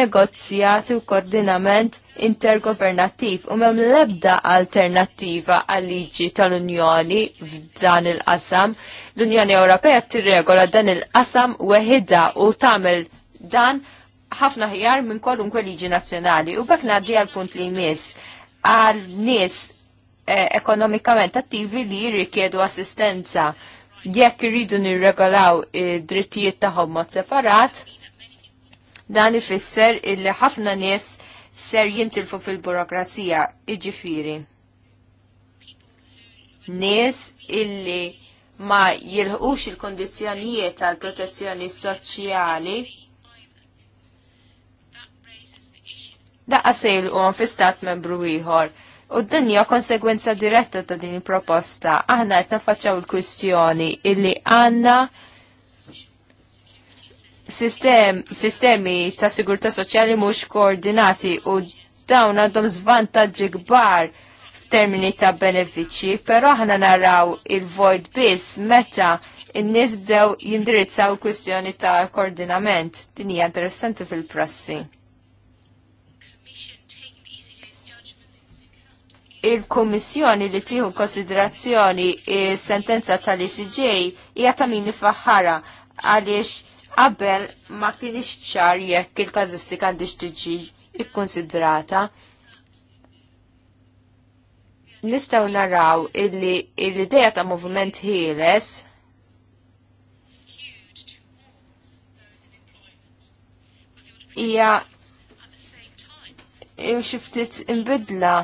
negozjat u koordinament intergovernattiv u mem l-ebda alternattiva għal liġi tal-Unjoni f'dan il-qasam. L-Unjoni Ewropea tirregola dan il-qasam weħida u tagħmel dan ħafna ħjar minn kwalunkwe liġi nazzjonali u bekk ngħaddi għal punt li jmiss għal nies Eh, ekonomikament attivi li jirrikjedu assistenza jekk irridu nirregolaw id-drittijiet eh, tagħhom mod separat, dan ifisser illi ħafna nies ser jintilfu fil-burokrazija, iġifiri. Nies illi ma jilħux il-kondizjonijiet tal protezzjoni soċjali daqqa sejl u fi stat membru ieħor U din hija konsegwenza diretta ta' din il-proposta. Aħna qed nafaċċaw il-kwistjoni illi għandna sistem, sistemi ta' sigurtà soċjali mhux koordinati u dawn għandhom żvantaġġi kbar f'termini ta' benefiċċji, però aħna naraw il-vojt biss meta in-nies bdew jindirizzaw kwistjoni ta' koordinament. Din hija interessanti fil-prassi. il-Komissjoni li tieħu konsiderazzjoni sentenza tal-ICJ hija ta' faħħara għaliex qabel ma kienix ċar jekk il-każistika għandix tiġi ikkonsidrata. Nistgħu naraw illi l-idea ta' moviment ħieles hija xi ftit imbidla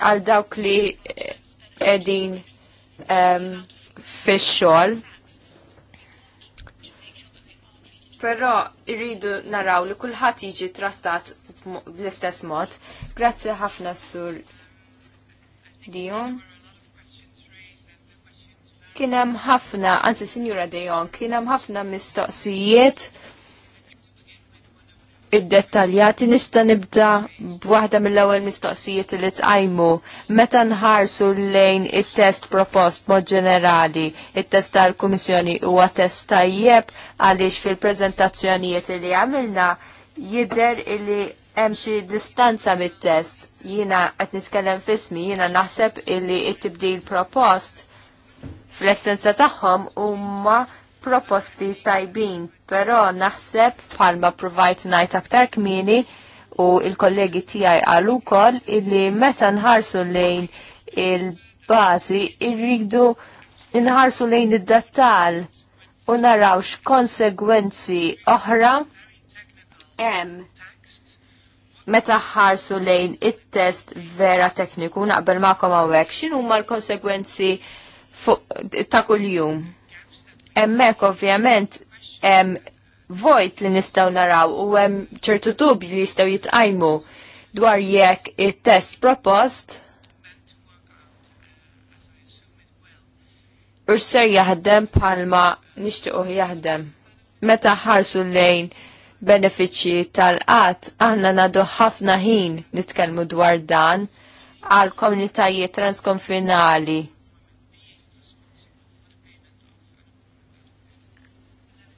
għal dawk li edin um, fix-xogħol. Però irridu naraw li kulħadd jiġi trattat bl-istess mod. Grazzi ħafna sur Dion. Kien hemm ħafna, anzi Sinjura Dion, kien hemm ħafna mistoqsijiet id-dettaljati nista' nibda b'waħda mill-ewwel mistoqsijiet li tqajmu meta nħarsu lejn it-test propost mod ġenerali, it-test tal-Kummissjoni huwa test tajjeb għaliex fil-preżentazzjonijiet li għamilna jidher li hemm xi distanza mit-test. Jiena qed nitkellem fismi, jiena naħseb illi it tibdil propost fl-essenza tagħhom huma proposti tajbin, pero naħseb palma provajt najt aktar kmini u il-kollegi tijaj għalu kol illi meta nħarsu lejn il-bazi irridu nħarsu lejn id-dattal u narawx konsegwenzi oħra em meta ħarsu lejn it-test vera tekniku naqbel ma' għawek xinu ma l-konsegwenzi ta' kull-jum Emmek ovvjament em vojt li nistaw naraw u hemm ċertu dubji li jistaw jitqajmu dwar jekk it-test propost urser jaħdem palma nixtiqu jaħdem. Meta ħarsu lejn benefiċċji tal-qatt, aħna nadu ħafna ħin nitkellmu dwar dan għal komunitajiet transkonfinali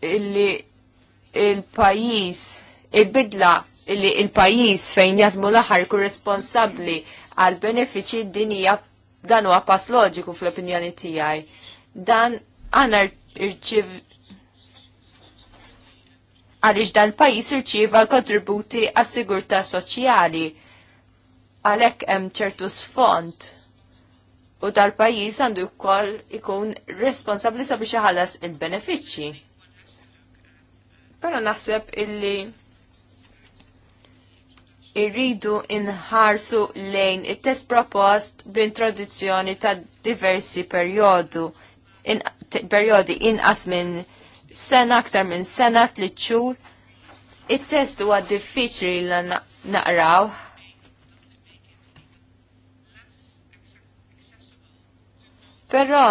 illi il-pajis, il-bidla illi il-pajis fejn jadmu l-aħar kur responsabli għal benefiċi d-dinija dan huwa pass loġiku fl-opinjoni tiegħi. Dan għana irċiv għaliex dan pajis irċiva l-kontributi għas-sigurta soċjali għalhekk hemm ċertu sfond u dal-pajjiż għandu wkoll ikun responsabbli sabiex iħallas il-benefiċċji. Pero naħseb illi irridu inħarsu lejn it-test propost b'introduzzjoni ta' diversi perjodu in, periodi inqas minn sena aktar minn sena xhur, It-test huwa diffiċli li naqraw. Però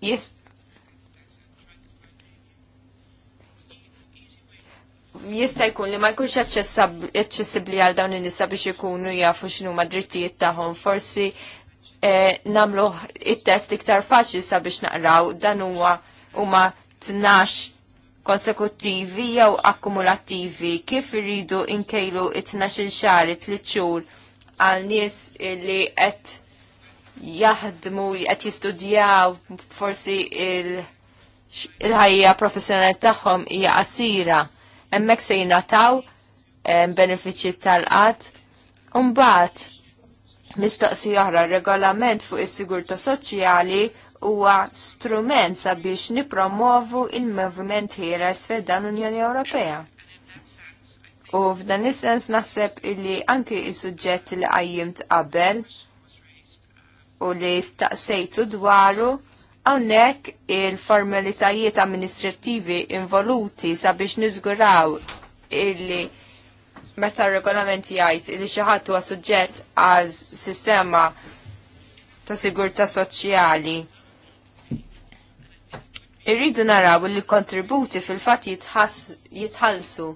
Yes. jista' jkun li ma jkunx aċċessibbli għal dawn in-nisa biex ikunu jafu x'inhu huma drittijiet tagħhom. Forsi eh, nagħmlu it-test iktar faċli sabiex naqraw dan huwa huma tnax konsekuttivi jew akkumulattivi kif irridu inkejlu it-tnax-il xahar it-tliet xhur għal nies li qed jaħdmu qed jistudjaw forsi il-ħajja professjonali tagħhom hija qasira. Hemmhekk se jingħataw benefiċċji tal-qatt. Mbagħad mistoqsi oħra regolament fuq is-sigurtà soċjali huwa strument sabiex nipromovu il-moviment ħieres fid dan l-Unjoni Ewropea. U f'dan is-sens naħseb illi anki is-suġġett li qajjimt qabel u li staqsejtu dwaru għonek il-formalitajiet amministrativi involuti sabiex nizguraw illi meta regolamenti jgħid li xi ħadd huwa suġġett għal sistema ta' sigurtà soċjali. Irridu naraw li l-kontributi fil-fatt jitħallsu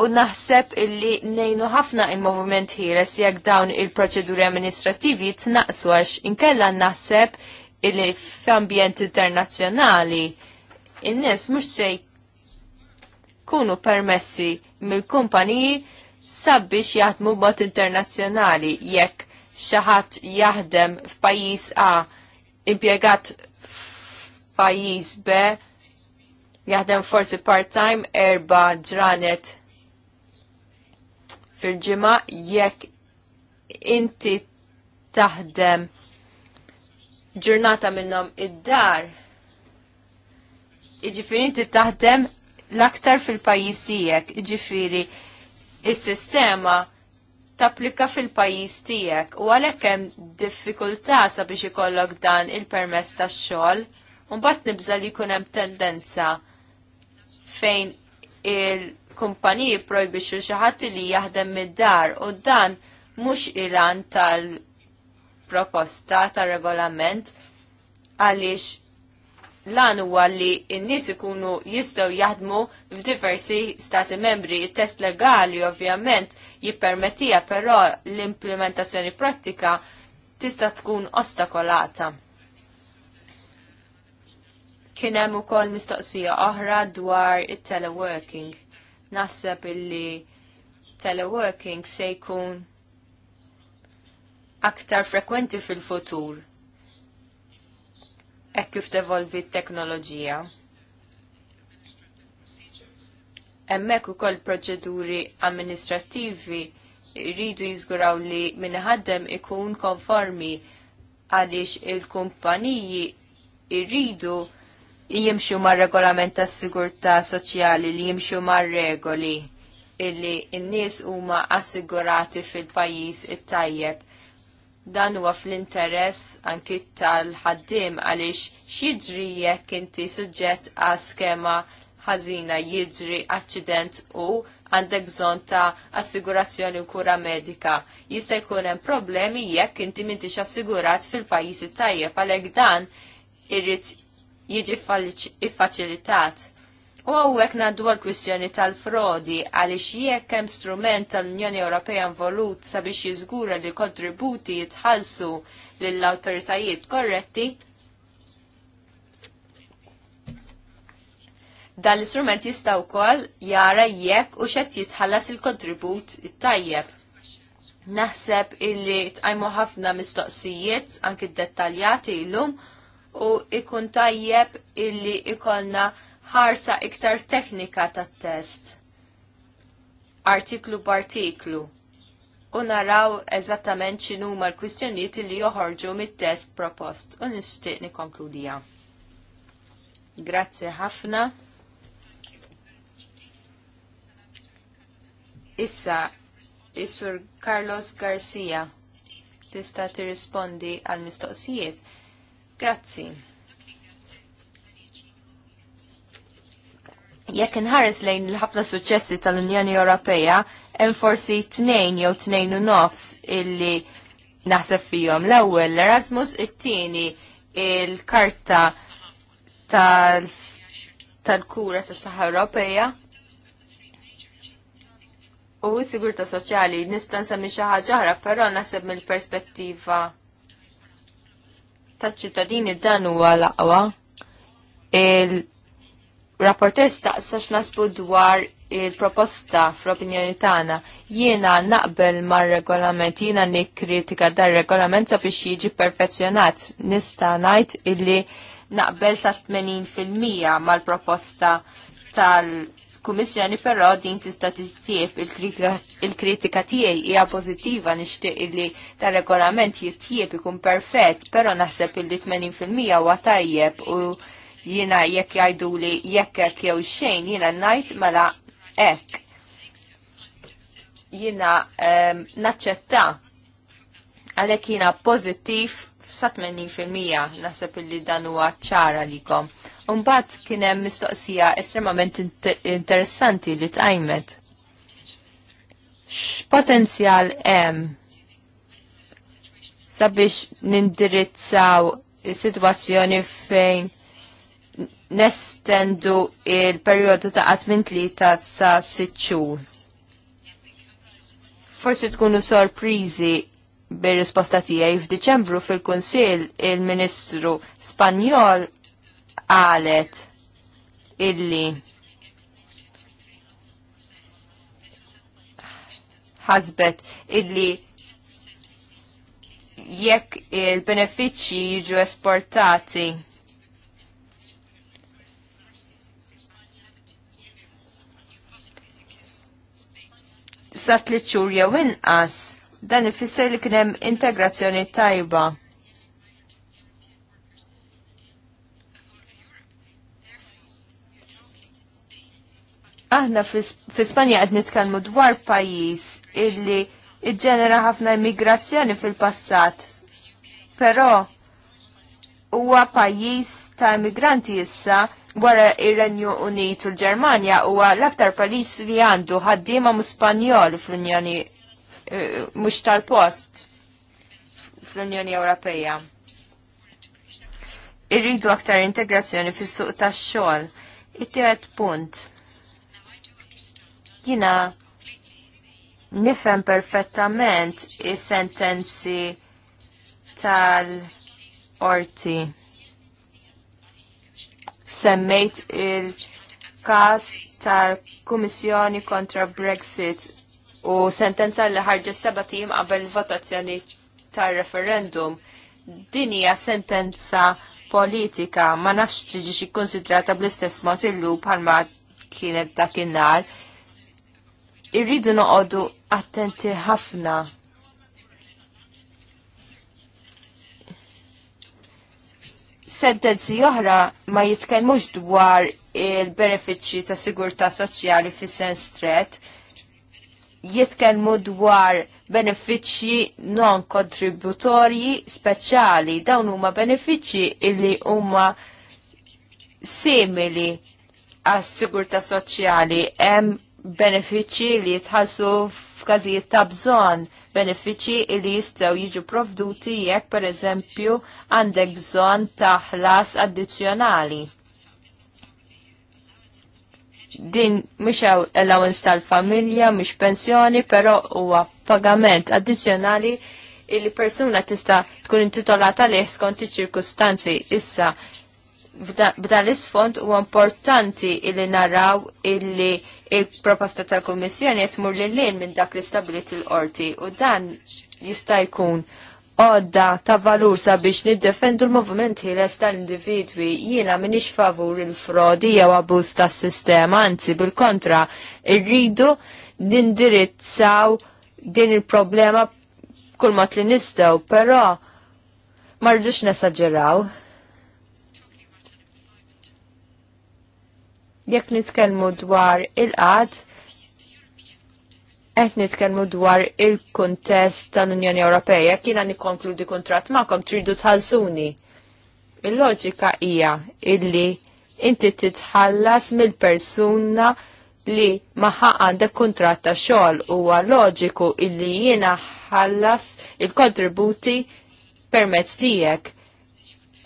u naħseb illi nejnu ħafna il-movement ħieles jekk dawn il-proċeduri amministrativi t-naqsu għax inkella naħseb illi f'ambjent internazzjonali in-nies mhux se jkunu permessi mill-kumpaniji sabiex jaħdmu mod internazzjonali jekk xi ħadd jaħdem f'pajjiż A impjegat f'pajjiż B jaħdem forsi part-time erba ġranet fil-ġimgħa jekk inti taħdem ġurnata minnhom id-dar. Iġifieri inti taħdem l-aktar fil-pajjiż tiegħek, iġifieri is-sistema tapplika fil-pajjiż tiegħek u għalhekk hemm diffikultà sabiex ikollok dan il-permess tax-xogħol, imbagħad nibża li jkun hemm tendenza fejn il- kumpaniji projbixu xi ħadd li jaħdem mid-dar u dan mhux ilan tal-proposta tar-regolament għaliex lan huwa li n-nies ikunu jistgħu jaħdmu f'diversi stati membri. Il-test legali ovvjament jippermettija però l-implementazzjoni prattika tista' tkun ostakolata. Kien hemm ukoll mistoqsija oħra dwar it-teleworking naħseb illi teleworking se jkun aktar frekwenti fil-futur. e kif tevolvi t-teknoloġija. Emmek u koll proċeduri amministrativi rridu jizguraw li minnħaddem ikun konformi għaliex il-kumpaniji irridu il jimxu mar-regolament tas sigurtà soċjali li jimxu mar-regoli illi n-nies huma assigurati fil-pajjiż it-tajjeb. Dan huwa fl-interess anki tal-ħaddim għaliex x'jiġri jekk inti suġġett għal skema ħażina jiġri aċċident u għandek bżon ta' assigurazzjoni u kura medika. Jista' jkun hemm problemi jekk inti m'intix assigurat fil-pajjiż tajjeb għalhekk dan irrid jiġi iffaċilitat. U għawek naddu għal-kwistjoni tal-frodi għal jekk hemm strument tal-Unjoni Ewropea involut sabiex jiżgura li kontributi jitħallsu lill-awtoritajiet korretti, dan l-istrument jista' wkoll jara jekk u xed jitħallas il-kontribut it-tajjeb. Naħseb illi tqajmu ħafna mistoqsijiet anki dettaljati illum u ikun tajjeb illi ikonna ħarsa iktar teknika tat test artiklu b'artiklu u naraw eżattament x'inhuma l-kwistjonijiet li joħorġu mit-test propost u nixtieq nikkonkludija. Grazzi ħafna. Issa, is-Sur Carlos Garcia tista' tirrispondi għall mistoqsijiet Grazzi. Jekk inħares lejn il ħafna suċċessi tal-Unjoni Ewropea, hemm forsi tnejn jew tnejn u nofs illi naħseb fihom. L-ewwel l-Erasmus, it-tieni il-karta tal-kura tas-saħħa Ewropea, U s-sigurta soċjali nista' nsemmi xi ħaġa ħra, però naħseb mill-perspettiva taċ-ċittadini dan huwa laqwa. Il-rapporter staqsa x'nasbu dwar il-proposta fl-opinjoni tagħna jiena naqbel mar-regolament jiena nikkritika dar-regolament sabiex jiġi perfezzjonat. Nista' ngħid illi naqbel sa 80% mal-proposta tal- kummissjoni però din tista' titjieb il-kritika tiegħi hija pożittiva nixtieq li tar-regolament jittieb ikun perfett, però naħseb illi 80% huwa tajjeb u jiena jekk jgħidu li jekk hekk jew xejn jiena ngħid mela hekk. Jiena ehm, naċċetta għalhekk jiena pożittiv sa 80% naħseb illi dan huwa ċara likom. Mbagħad kien hemm mistoqsija estremament interessanti li tqajmet. X'potenzjal hemm sabiex nindirizzaw is-sitwazzjoni fejn nestendu il-periodu ta' minn tlieta sa' sitt xhur. Forsi tkunu sorpriżi bir-risposta tiegħi f'Diċembru fil-Kunsill il-Ministru Spanjol qalet illi ħasbet illi jekk il-benefiċċji jiġu esportati sa tliet xhur jew inqas Dan ifisser li kien hemm integrazzjoni tajba. Aħna fi Spanja qed nitkellmu dwar pajjiż illi iġġenera ħafna immigrazzjoni fil-passat. Però huwa pajjiż ta' immigranti issa wara ir-Renju Unit u l-Ġermanja huwa l-aktar pajjiż li għandu ħaddiema mu Spanjol fl-Unjoni Eh, mhux tal-post fl-Unjoni Ewropea. Irridu aktar integrazzjoni fis-suq tax-xogħol. it punt. Jina nifhem perfettament is-sentenzi tal-orti. Semmejt il-każ tal-Kummissjoni kontra Brexit u sentenza li ħarġet seba' tim qabel votazzjoni tar-referendum. Din hija sentenza politika ma nafx tiġi xi konsidrata bl-istess mod illu bħalma kienet dakinhar. Irridu noqogħdu attenti ħafna sentenzi oħra ma jitkellmux dwar il-benefiċċji ta' sigurtà soċjali fis sens stret, jitkellmu dwar benefiċċji non kontributorji speċjali. Dawn huma benefiċċji illi huma simili għas-sigurta soċjali hemm benefiċċji li jitħassu f'każijiet ta' bżonn, benefiċċji li jistgħu jiġu provduti jekk pereżempju għandek bżonn ta' ħlas addizzjonali din mhux allowance tal-familja, mux pensjoni, però huwa pagament addizzjonali il persuna tista' tkun intitolata li skont ċirkustanzi issa b'dan l-isfond u importanti illi naraw illi il-proposta tal-Kommissjoni qed tmur lil lejn minn dak li stabilit l qorti u dan jista' jkun għodda ta' valur sabiex niddefendu l-movement ħiles tal-individwi jiena minix favur il-frodi jew abuż tas sistema anzi bil-kontra irridu nindirizzaw din il-problema kull mat li nistgħu, però ma rridux nesaġġeraw. Jekk nitkellmu dwar il-qad, qed nitkellmu dwar il-kuntest tal-Unjoni Ewropea, kien jiena nikkonkludi kuntratt magħkom tridu tħallsuni. Il-loġika hija illi inti titħallas mill-persuna li maħa għandek kuntratt ta' xogħol huwa loġiku illi jiena ħallas il-kontributi permezz tiegħek.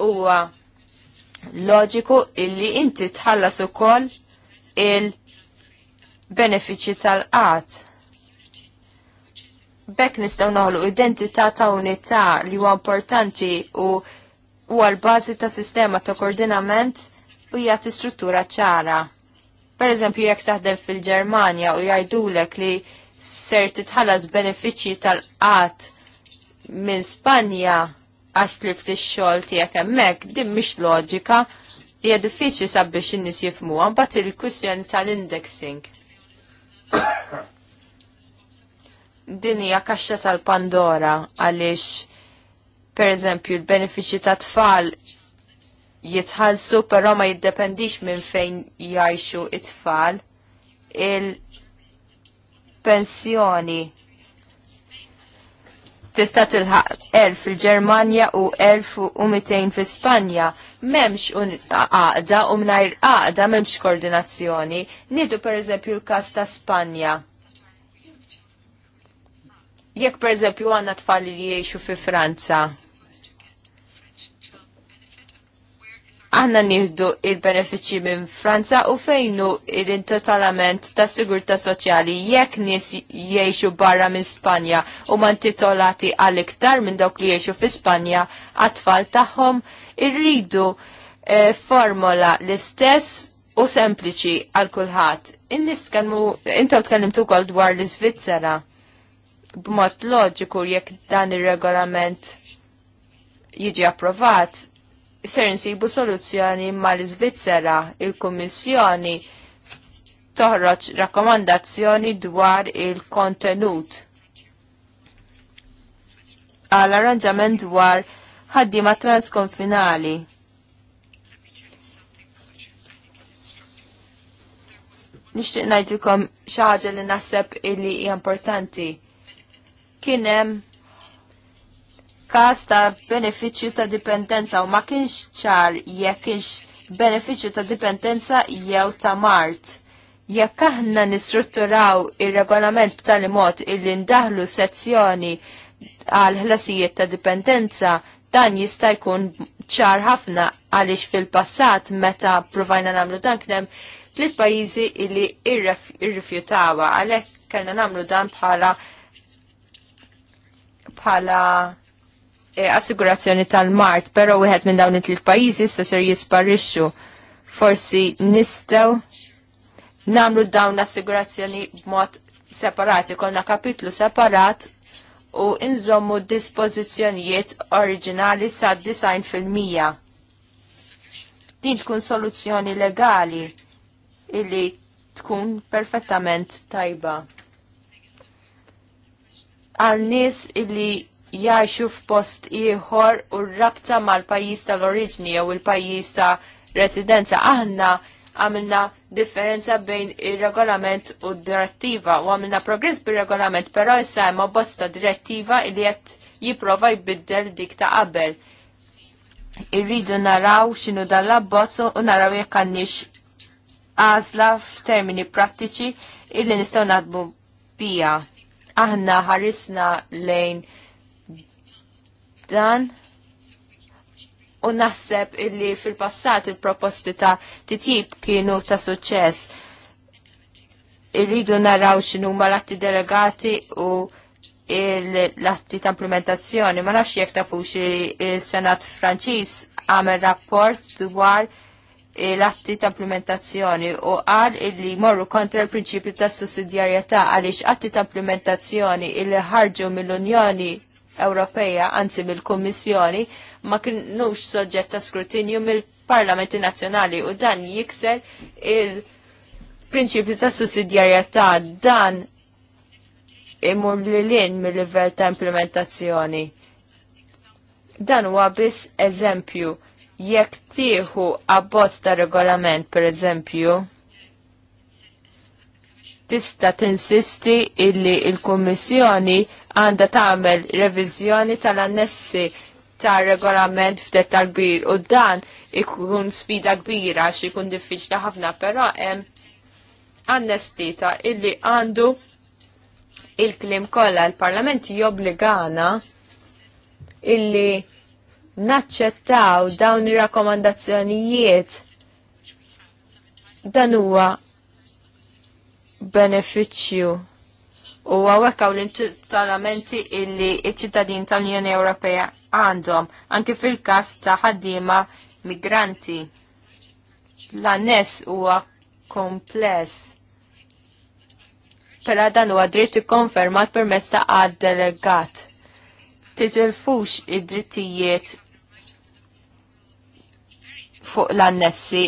Huwa loġiku illi inti tħallas ukoll il benefiċċji tal-qatt bekk nistgħu naħlu identità ta' unità li huwa importanti u huwa l-bażi ta' sistema ta' koordinament u jagħti struttura ċara. Per eżempju, jekk taħdem fil-Ġermanja u jgħidulek li ser titħallas benefiċċji tal qat minn Spanja għax li f'tix-xogħol tiegħek hemmhekk, din mhix loġika, hija diffiċli sabiex in-nies jifhmuha, mbagħad il-kwistjoni tal-indexing din hija kaxxa tal-Pandora għaliex pereżempju l-benefiċċji ta' tfal jitħallsu però ma jiddependix minn fejn jgħixu it-tfal il-pensjoni tista' tilħaq 1000 fil-Ġermanja u 1200 fil Spanja. M'hemmx għaqda u mingħajr għaqda m'hemmx koordinazzjoni. Nidu pereżempju l-każ ta' Spanja jekk per eżempju għanna tfal li jiexu fi Franza, għanna nieħdu il-benefiċi minn Franza u fejnu il-intitolament ta' sigurta soċjali jekk nies jiexu barra minn Spanja u man titolati għal-iktar minn dawk li jiexu fi Spanja għat-tfal tagħhom irridu e, formola l-istess u sempliċi għal kulħadd. Innis tkellmu intom tkellimtu wkoll dwar l-Iżvizzera b'mod loġiku jekk dan ir-regolament jiġi approvat, ser insibu soluzzjoni mal-Iżvizzera, il-Kummissjoni toħroġ rakkomandazzjoni dwar il-kontenut għal arranġament dwar ħaddima transkonfinali. Nixtieq ngħidilkom xi li naħseb illi hija importanti kienem kas ta' beneficju ta' dipendenza u ma kienx ċar jekk kienx beneficju ta' dipendenza jew ta' mart. Jekk aħna nistrutturaw ir-regolament b'tali mod illi ndaħlu sezzjoni għal ħlasijiet ta' dipendenza, dan jista' jkun ċar ħafna għaliex fil-passat meta provajna nagħmlu dan kien hemm tliet pajjiżi illi irrifjutawa għalhekk kellna nagħmlu dan bħala bħala e, assigurazzjoni tal-mart, pero wieħed minn dawn it-tliet pajjiżi issa ser jisparixxu. Forsi nistgħu namlu dawn assigurazzjoni b'mod separat, ikolna kapitlu separat u inżommu dispożizzjonijiet oriġinali sa' mija Din tkun soluzzjoni legali illi tkun perfettament tajba għal nies illi jgħixu f'post ieħor u rabta mal-pajjiż tal-oriġni jew il-pajjiż ta' residenza. Aħna għamilna differenza bejn ir-regolament u d-direttiva u għamilna progress bir-regolament, però issa hemm bosta direttiva li qed jipprova jbiddel dik ta' qabel. Irridu naraw x'inhu dalla l u naraw jekk għandix għażla f'termini prattiċi illi nistgħu nadmu bija aħna ħarisna lejn dan u naħseb illi fil-passat il-proposti ta' titjib kienu ta' suċċess. Irridu naraw xinu ma l-atti delegati u l-atti ta' implementazzjoni. Ma nafx jekk tafux il-Senat Franċiż għamel rapport dwar l-atti ta' implementazzjoni u għal illi morru kontra l-prinċipju ta' sussidjarjetà għaliex atti ta' implementazzjoni illi ħarġu mill-Unjoni Ewropeja, anzi mill-Kummissjoni, ma kinux soġġett ta' skrutinju mill-Parlamenti Nazzjonali u dan jikser il-prinċipju ta' sussidjarjetà dan imur li lin mill-livell ta' implementazzjoni. Dan huwa biss eżempju jekk tieħu abbozz ta' regolament per eżempju, tista' tinsisti illi il-Kummissjoni għandha tagħmel reviżjoni tal-annessi ta' regolament tal kbir u dan ikun sfida kbira għax ikun diffiċli ħafna però hemm annestita illi għandu il-klim kollha l-Parlament jobbligana illi naċċettaw dawn ir-rakkomandazzjonijiet dan huwa benefiċċju u għawek għaw l-intalamenti illi iċ-ċittadin tal-Unjoni Ewropea għandhom, anki fil-kas ta' ħaddima migranti. L-annes huwa kompless. Pera dan huwa dritti konfermat permezz ta' għad delegat. Titilfux id-drittijiet fuq l-annessi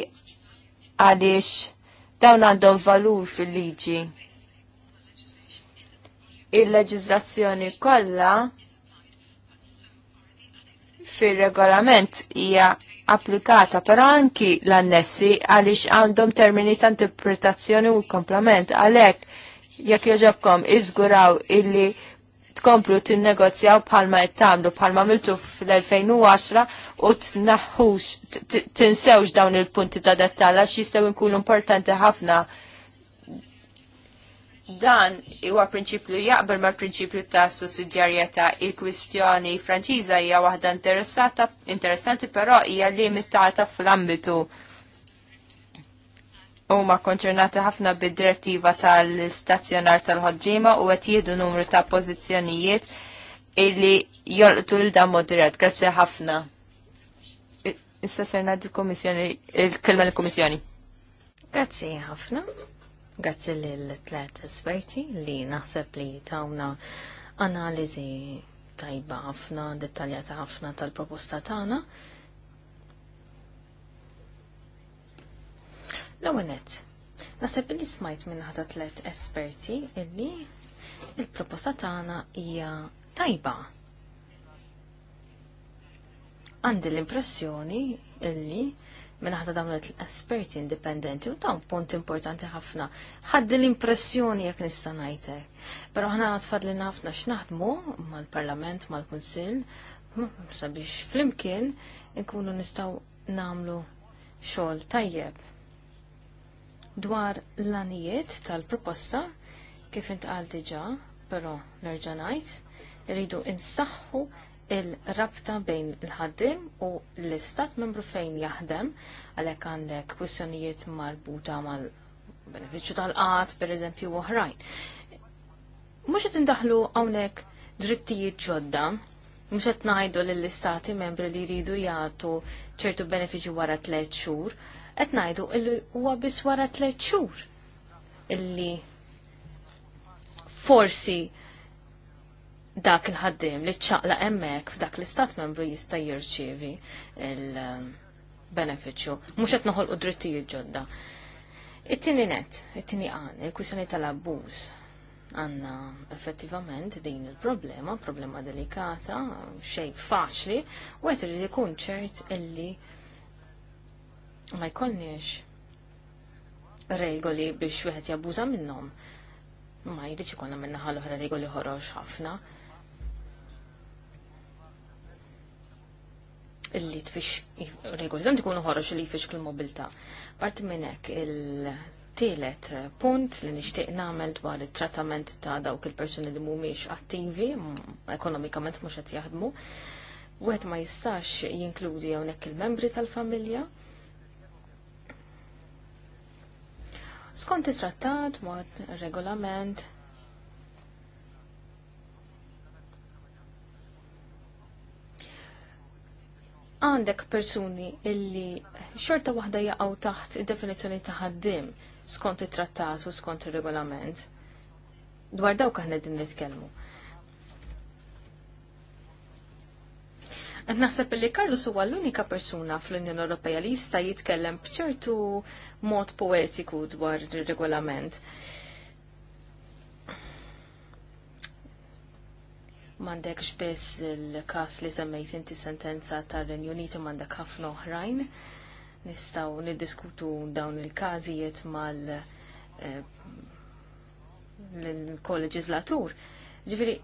għaliex dawn għandhom valur fil-liġi. Il-leġizlazzjoni kollha fil-regolament hija applikata però anki l-annessi għaliex għandhom termini ta' interpretazzjoni u komplement għalhekk jekk joġobkom iżguraw illi tkomplu tinnegozjaw bħalma qed tagħmlu palma miltu fl-2010 u tnaħħux tinsewx dawn il-punti ta' dettala, għax jistgħu nkunu importanti ħafna dan huwa prinċipju jaqbel mal prinċipju ta' sussidjarjetà il-kwistjoni Franċiża hija waħda interessata interessanti però hija limitata fl-ambitu ma konċernati ħafna bid-direttiva tal-stazzjonar tal-ħodġima u qed jiedu numru ta' pożizzjonijiet illi jolqtu l dan moderat. Grazzi ħafna. Issa ser il l-Kummissjoni il-kelma l-Kummissjoni. Grazzi ħafna. Grazzi l tlet esperti li naħseb li tawna analiżi tajba ħafna, dettaljata ħafna tal-proposta tagħna. Ta L-għonet, nasib li smajt minn ħata tlet esperti illi il-proposta tagħna hija tajba. Għandi l-impressjoni illi minn ħata dawn l-esperti indipendenti u dawn punt importanti ħafna. Ħaddi l-impressjoni jekk nista' ngħidlek. Però aħna tfadlin ħafna x'naħdmu mal-Parlament, mal-Kunsill, sabiex flimkien inkunu nistgħu nagħmlu xogħol tajjeb dwar l-anijiet tal-proposta kif intqal diġa, però nerġa' ngħid insaxħu insaħħu il-rabta bejn il-ħaddim u l-istat membru fejn jaħdem għalhekk għandek kwissjonijiet marbuta mal-benefiċċju tal-qat, pereżempju oħrajn. Mhux qed indaħlu hawnhekk drittijiet ġodda, mhux qed ngħidu lill-istati membri li jridu jagħtu ċertu benefiċċju wara tliet xhur, qed ngħidu li huwa biss wara tliet xhur illi forsi dak il-ħaddim li ċaqla emmek f'dak l-istat membru jista' jirċievi il-beneficju. Mhux qed noħolqu drittijiet ġodda. It-tieni net, it-tieni għan, il kwisjoni tal-abbuż għanna effettivament din il-problema, problema delikata, xej faċli, u għet ikun ċert illi ma jkollniex regoli biex wieħed jabbuża minnhom. Ma jridx ikollna minn naħa l-oħra regoli ħorox ħafna. Illi tfix regoli dan tkunu ħorox li jfix il-mobilità. Parti minn hekk il-tielet punt li nixtieq nagħmel dwar it-trattament ta' dawk il-persuni li mhumiex attivi ekonomikament mhux qed jaħdmu. Wieħed ma jistax jinkludi hawnhekk il-membri tal-familja, skont it-trattat mod regolament għandek persuni illi xorta waħda jaqgħu taħt id-definizzjoni ta' ħaddim skont it-trattat u skont ir-regolament. Dwar dawk aħna din nitkellmu. Qed naħseb li Karlus huwa l-unika persuna fl-Unjoni Ewropea li jista' jitkellem b'ċertu mod poetiku dwar ir-regolament. Mandek xbess il-kas li semmejt inti sentenza tar-Renju Unitu mandek ħafna oħrajn. Nistaw niddiskutu dawn il-każijiet mal eh, l-kolleġislatur. Ġifieri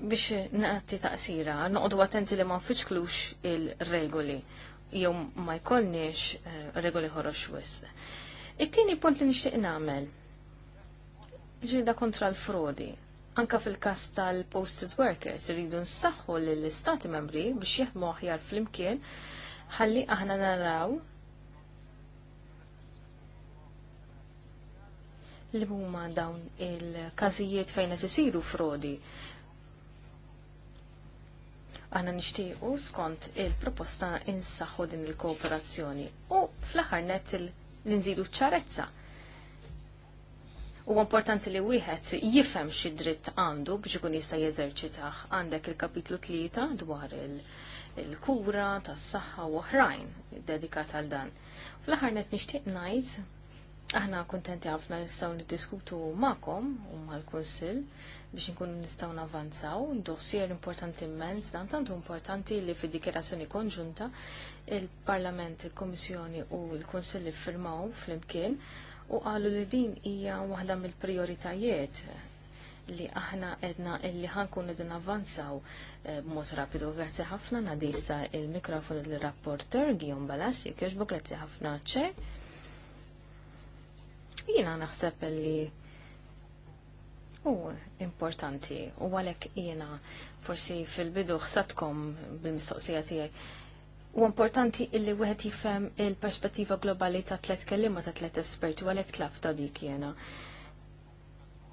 biex naqti taqsira, noqdu attenti li ma fiċklux il-regoli, jew ma jkollniex eh, regoli ħorox wess. It-tieni punt li nixtieq nagħmel ġilda kontra l-frodi. Anka fil-kas tal-posted workers rridu nsaħħu l istati membri biex jaħdmu aħjar fl-imkien ħalli aħna naraw li huma dawn il-każijiet fejn qed isiru frodi Aħna nixtiequ skont il-proposta insaħħu din il-kooperazzjoni u fl-aħħar net l-inżidu ċarezza. U importanti li wieħed jifhem xi dritt għandu biex ikun jista' jeżerċitah għandek il-kapitlu tlieta dwar il-kura tas-saħħa u oħrajn dedikat għal dan. Fl-aħħar net nixtieq ngħid aħna kuntenti ħafna nistgħu niddiskutu magħkom u mal-Kunsill biex nkunu nistgħu navanzaw, dossier importanti immens, dan tantu importanti li fid dikjerazzjoni konġunta il-Parlament, il komissjoni u l-Kunsill firmaw flimkien u qalu li din hija waħda mill-prioritajiet li aħna edna illi ħankun avvanzaw avanzaw eh, b'mod rapidu. Grazzi ħafna nadisa il-mikrofon il rapporter Gion Balas, jek grazzi ħafna ċer. Jina naħseb li u importanti u għalek jena forsi fil-bidu xsatkom bil-mistoqsija tijek, U importanti illi wieħed jifhem il-perspettiva globali ta' tlet kellima ta' tlet esperti u għalek tlaf ta' dik jena.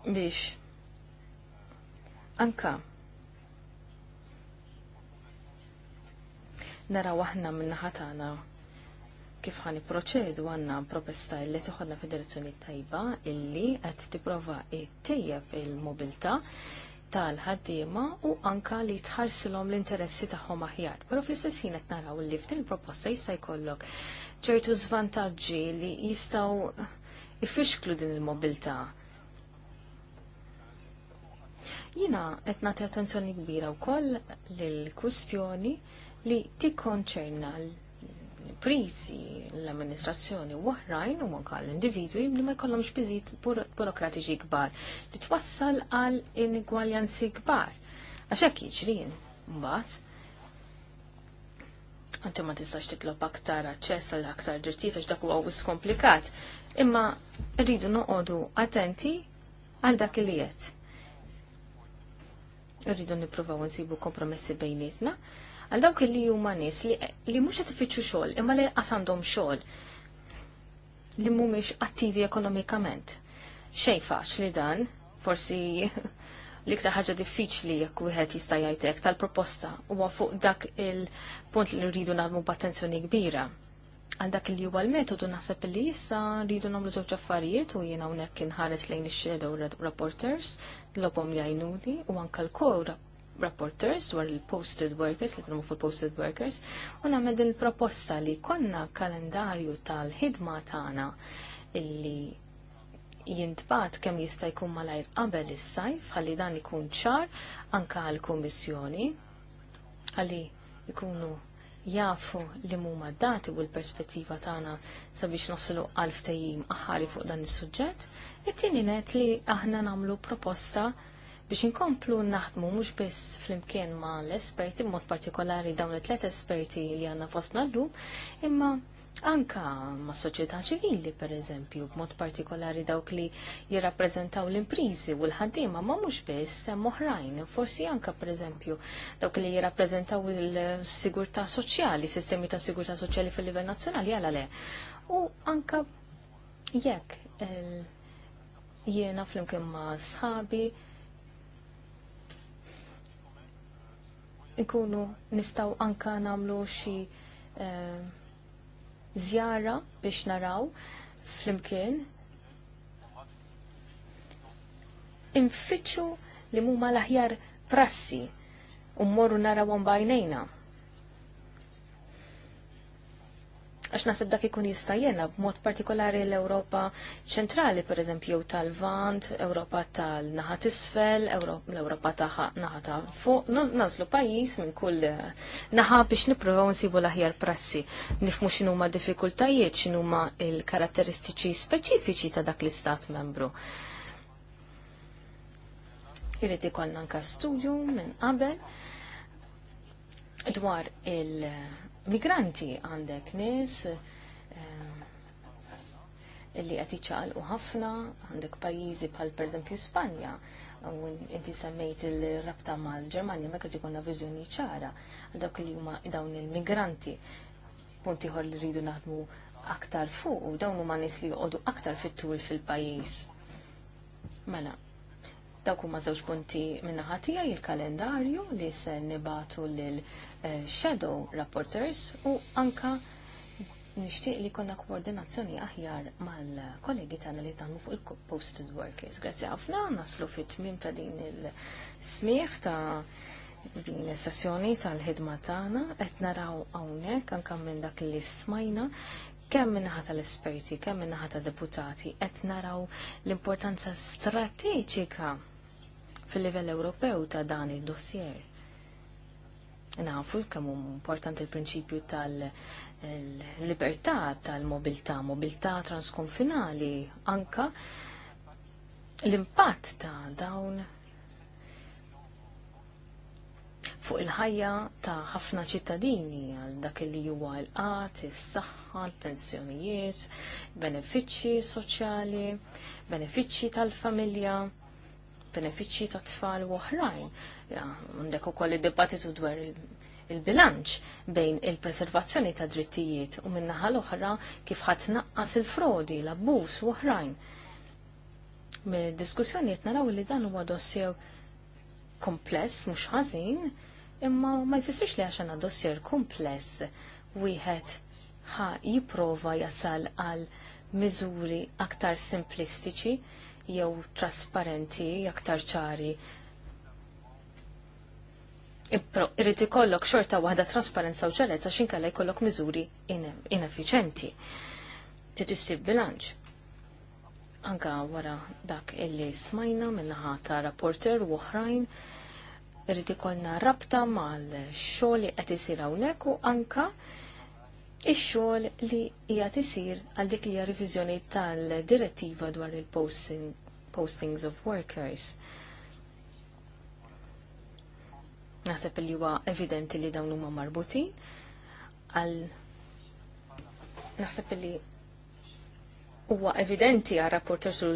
Biex anka naraw aħna minnaħatana tagħna kif ħani proċedu għanna proposta li toħodna federazzjoni tajba illi għed tiprofa tejjeb il-mobilta tal-ħaddiema u anka li tħarsilhom l-interessi tagħhom aħjar. Però fl-istess ħin qed naraw li f'din il-proposta jista' jkollok ċertu żvantaġġi li jistgħu ifixklu din il-mobilta. Jina qed nagħti attenzjoni kbira wkoll lill-kwistjoni li tikkonċerna l l-imprizi, l-amministrazzjoni u oħrajn u manka l-individwi li ma jkollhomx xbizit burokratiċi kbar li twassal għal inigwaljanzi kbar. Għax hekk jiġri mbagħad Anti ma tistax titlob aktar aċċess għal aktar drittijiet għax dak huwa wis komplikat. Imma rridu noqogħdu attenti għal dak li qed. Rridu nippruvaw nsibu kompromessi bejnietna għal dawk li huma nies li mhux qed ifittxu xogħol imma li qas għandhom xogħol li mhumiex attivi ekonomikament. Xejn faċli dan, forsi l-iktar ħaġa diffiċli jekk wieħed jista' jgħidlek tal-proposta huwa fuq dak il-punt li rridu nagħmlu b'attenzjoni kbira. Għal dak li huwa l-metodu naħseb li issa rridu nagħmlu żewġ affarijiet u jiena hawnhekk inħares lejn ix-shadow reporters l-obhom jgħinuni u anke l-kowra rapporteurs dwar il-posted workers, li tnumu fuq posted workers, u nagħmel din il-proposta li konna kalendarju tal-ħidma tagħna illi jintbat kemm jista' jkun malajr qabel is-sajf ħalli dan ikun ċar anka għall kummissjoni ħalli jkunu jafu li huma dati u l-perspettiva tagħna sabiex naslu għal ftehim aħari fuq dan is-suġġett, it-tieni li aħna nagħmlu proposta biex inkomplu naħdmu mhux biss flimkien ma l-esperti, mod partikolari dawn it-tlet esperti li għandna fostna llum, imma anka ma soċjetà ċivili per eżempju, b'mod partikolari dawk li jirrappreżentaw l-imprizi u l-ħaddiema ma mhux biss hemm oħrajn, forsi anka per eżempju dawk li jirrappreżentaw il-sigurtà soċjali, sistemi ta' sigurtà soċjali fil-livell nazzjonali għala le. U anka jekk eh, jiena flimkien ma' sħabi, ikunu nistaw anka namlu xi eh, zjara biex naraw flimkien. Infittxu li mumma l-aħjar prassi u morru narawhom bajnejna. għax nasib dak ikun jista' jiena b'mod partikolari l-Ewropa ċentrali pereżempju tal-Vant, Ewropa tal-Naħat Isfel, l-Ewropa ta' naħa ta' fuq, nażlu pajjiż minn kull eh, naħa biex nippruvaw nsibu l-aħjar prassi, nifmu x'inhuma diffikultajiet, x'inhuma il-karatteristiċi speċifiċi ta' dak l-istat membru. Irrid ikollna anka studju minn qabel dwar il- migranti għandek nies għati eh, qed u ħafna għandek pajjiżi bħal pereżempju Spanja u inti semmejt il-rabta mal-Ġermanja ma ġi konna viżjoni ċara għal dawk li huma dawn il-migranti. punti ieħor li rridu naħdmu aktar fuq u dawn huma nis li joqogħdu aktar fit-tul fil-pajjiż. Mela, Dawk huma żewġ punti minnaħa tiegħi il-kalendarju li se nibatu lil eh, shadow rapporters u anka nixtieq li konna koordinazzjoni aħjar mal-kollegi tagħna li tagħmlu fuq il-posted workers. Grazzi ħafna naslu fit tmim ta' din il-smieħ ta' din is-sessjoni tal-ħidma tagħna qed naraw hawnhekk anke minn dak li smajna kemm minnaħa tal-esperti, kemm minnaħa tal-deputati, qed naraw l-importanza strateġika fil-livell Ewropew ta' dan il-dossier. Nafu kemm importanti il-prinċipju tal-libertà tal-mobilità, mobilità transkonfinali, anka l-impatt ta' dawn fuq il-ħajja ta' ħafna ċittadini għal dak li huwa l-qat, is-saħħa, l-pensjonijiet, benefiċċji soċjali, benefiċċji tal-familja benefiċċji ta' tfal u oħrajn. Għandek ukoll id-dibattitu dwar il-bilanċ bejn il-preservazzjoni ta' drittijiet u minnaħa l-oħra kif ħadd naqqas il-frodi, l-abbuż u oħrajn. Mid-diskussjoni qed naraw li dan huwa dossier kompless mhux ħażin, imma ma jfissirx li għaxan dossier kompless wieħed ħa jipprova jasal għal miżuri aktar simplistiċi jew trasparenti aktar ċari. Irrit ikollok xorta waħda trasparenza u ċarezza x'inkella jkollok miżuri ineffiċenti. Trid issib bilanċ. Anka wara dak illi smajna minnaħa ta' rapporter u oħrajn irrid ikollna rabta mal-xogħol li qed isir hawnhekk u anka ix-xogħol li hija tisir għal dik li hija riviżjoni tal-direttiva dwar il-postings of workers. Naħseb li huwa evidenti li dawn huma marbutin għal naħseb li huwa evidenti għal rapporters u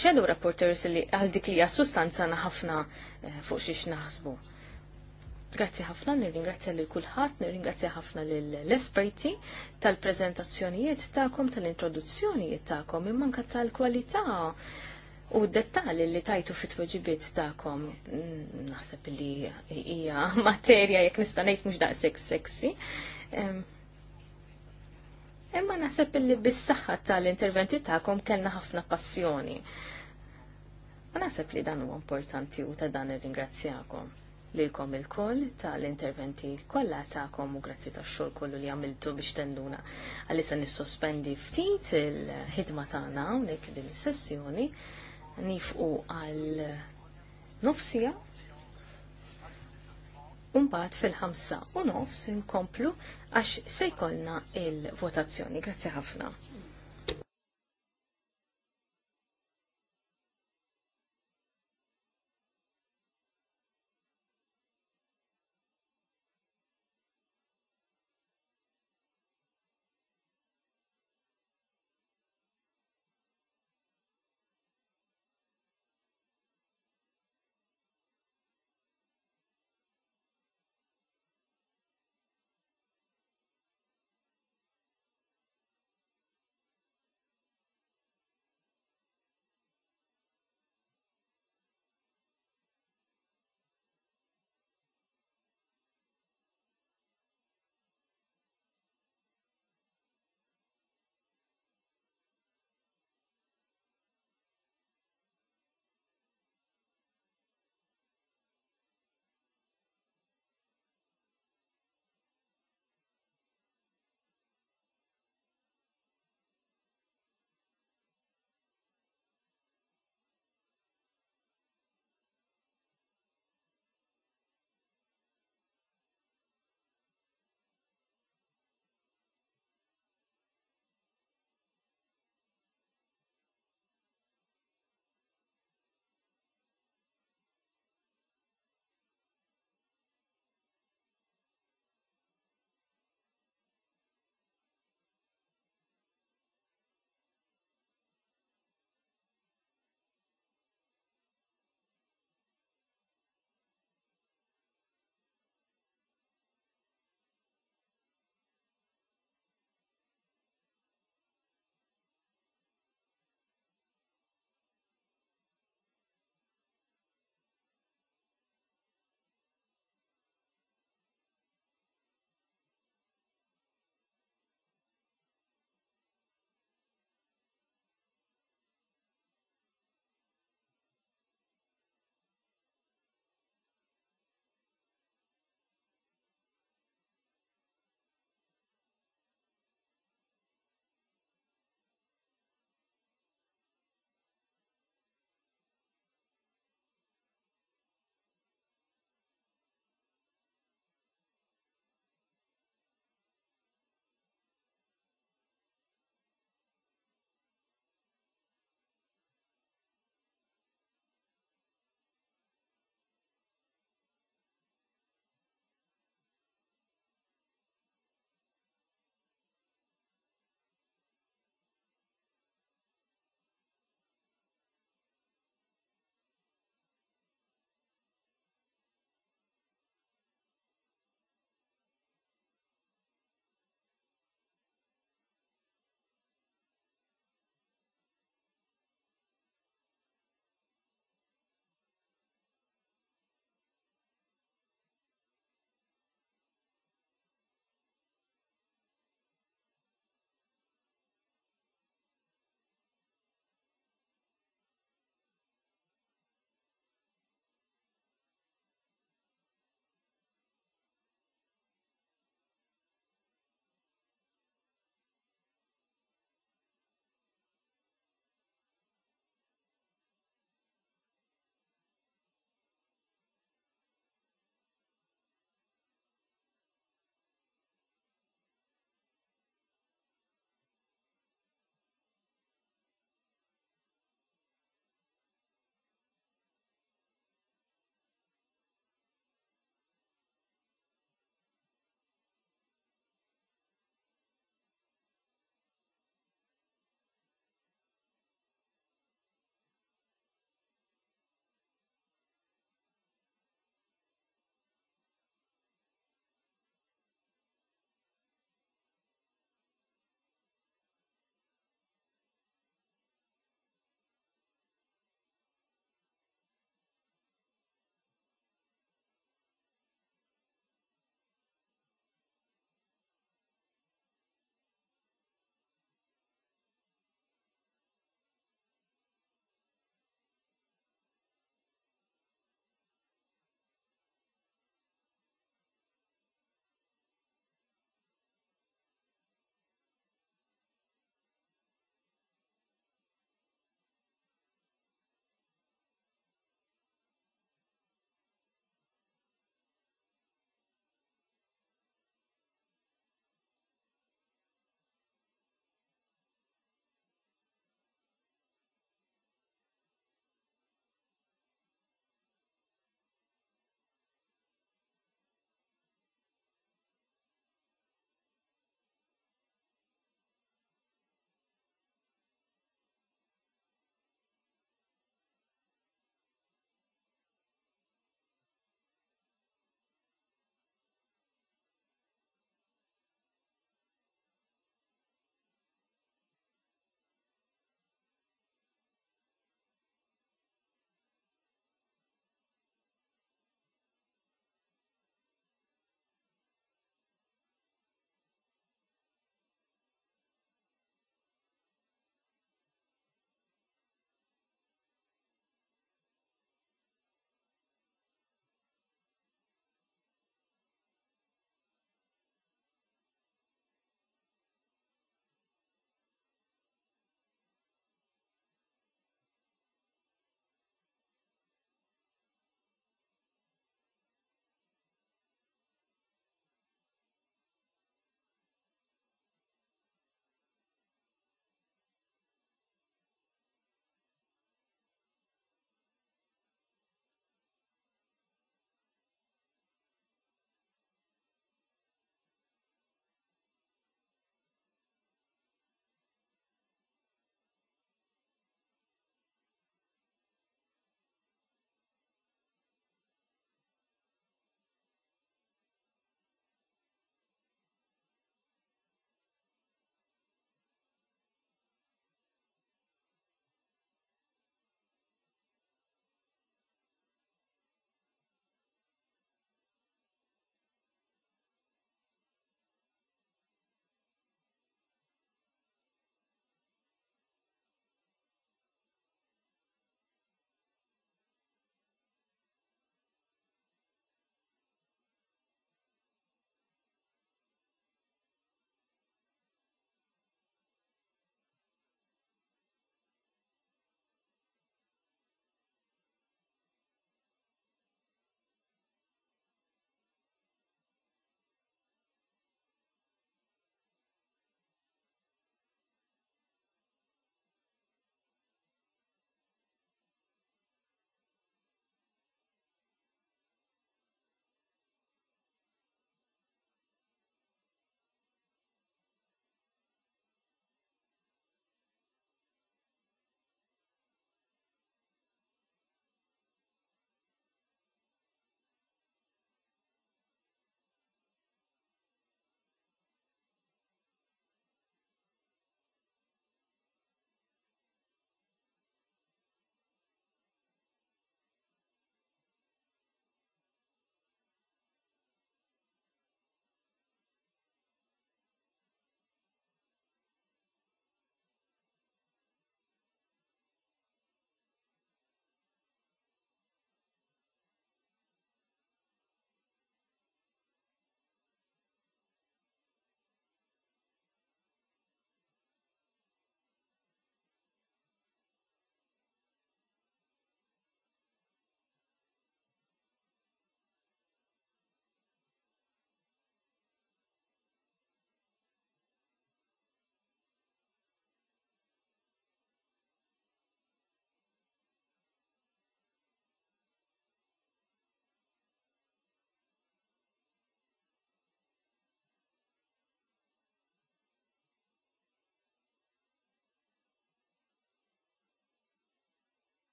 shadow rapporters li għal dik li hija sustanzana ħafna eh, fuq xiex naħsbu. Grazzi ħafna, nirringrazzja lil kulħadd, nirringrazzja ħafna l-esperti tal-preżentazzjonijiet tagħkom, tal-introduzzjonijiet tagħkom, imma anke tal-kwalità u d-dettali li tajtu fit tweġibiet tagħkom. Mm, naħseb li hija materja jekk nista' ngħid mhux daqshekk sexy. Imma naħseb li bis-saħħa tal-interventi tagħkom kellna ħafna passjoni. Ma naħseb li dan huwa importanti u ta' dan nirringrazzjakom lilkom il-koll tal-interventi kollha tagħkom u grazzi tax-xogħol kollu li għamiltu biex tenduna. Għalissa nissospendi ftit il-ħidma tagħna hawnhekk din is-sessjoni nifqu għal nofsija Umbat fil-ħamsa u nofs inkomplu għax se jkollna il-votazzjoni. Grazzi ħafna.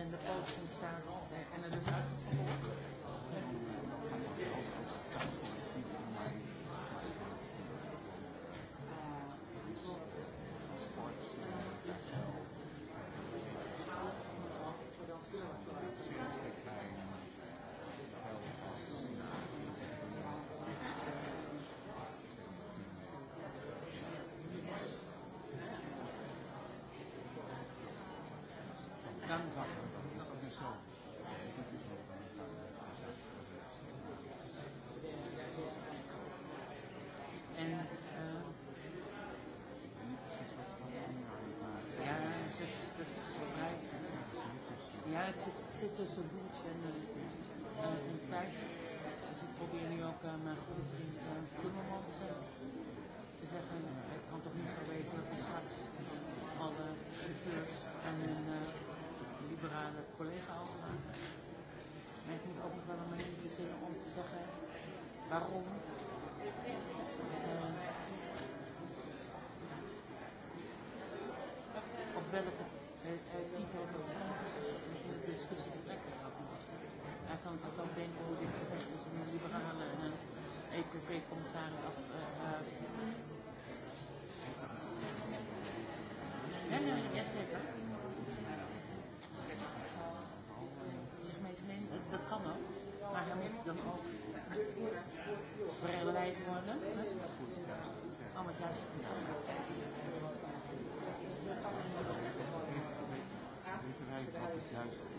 in the boats and stuff. And I zitten zo goed en, uh, en thuis. Dus ik probeer nu ook mijn goede vriend uh, te zeggen, het kan toch niet zo wezen straks alle chauffeurs en hun liberale collega overmaken. Maar ook nog wel een manier verzinnen om te zeggen waarom. Uh, op welke uh, type pre-concerned of uh, her. dat kan ook, maar, hij moet dan ook verleid worden. Om oh, het juist te zijn. wat het juist is?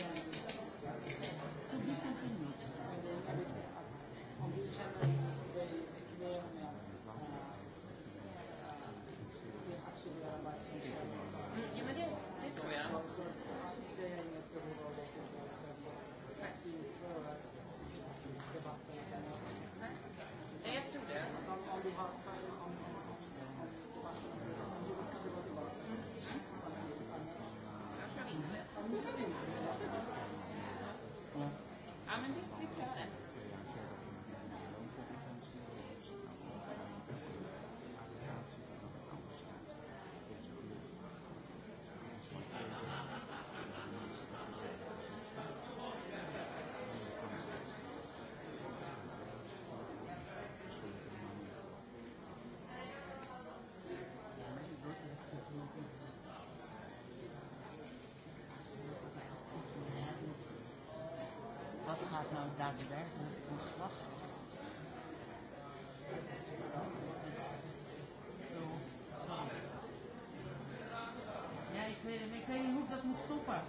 yeah. staat nou daadwerkelijk ontslag? Ja, ik weet, ik weet niet hoe ik dat moet stoppen.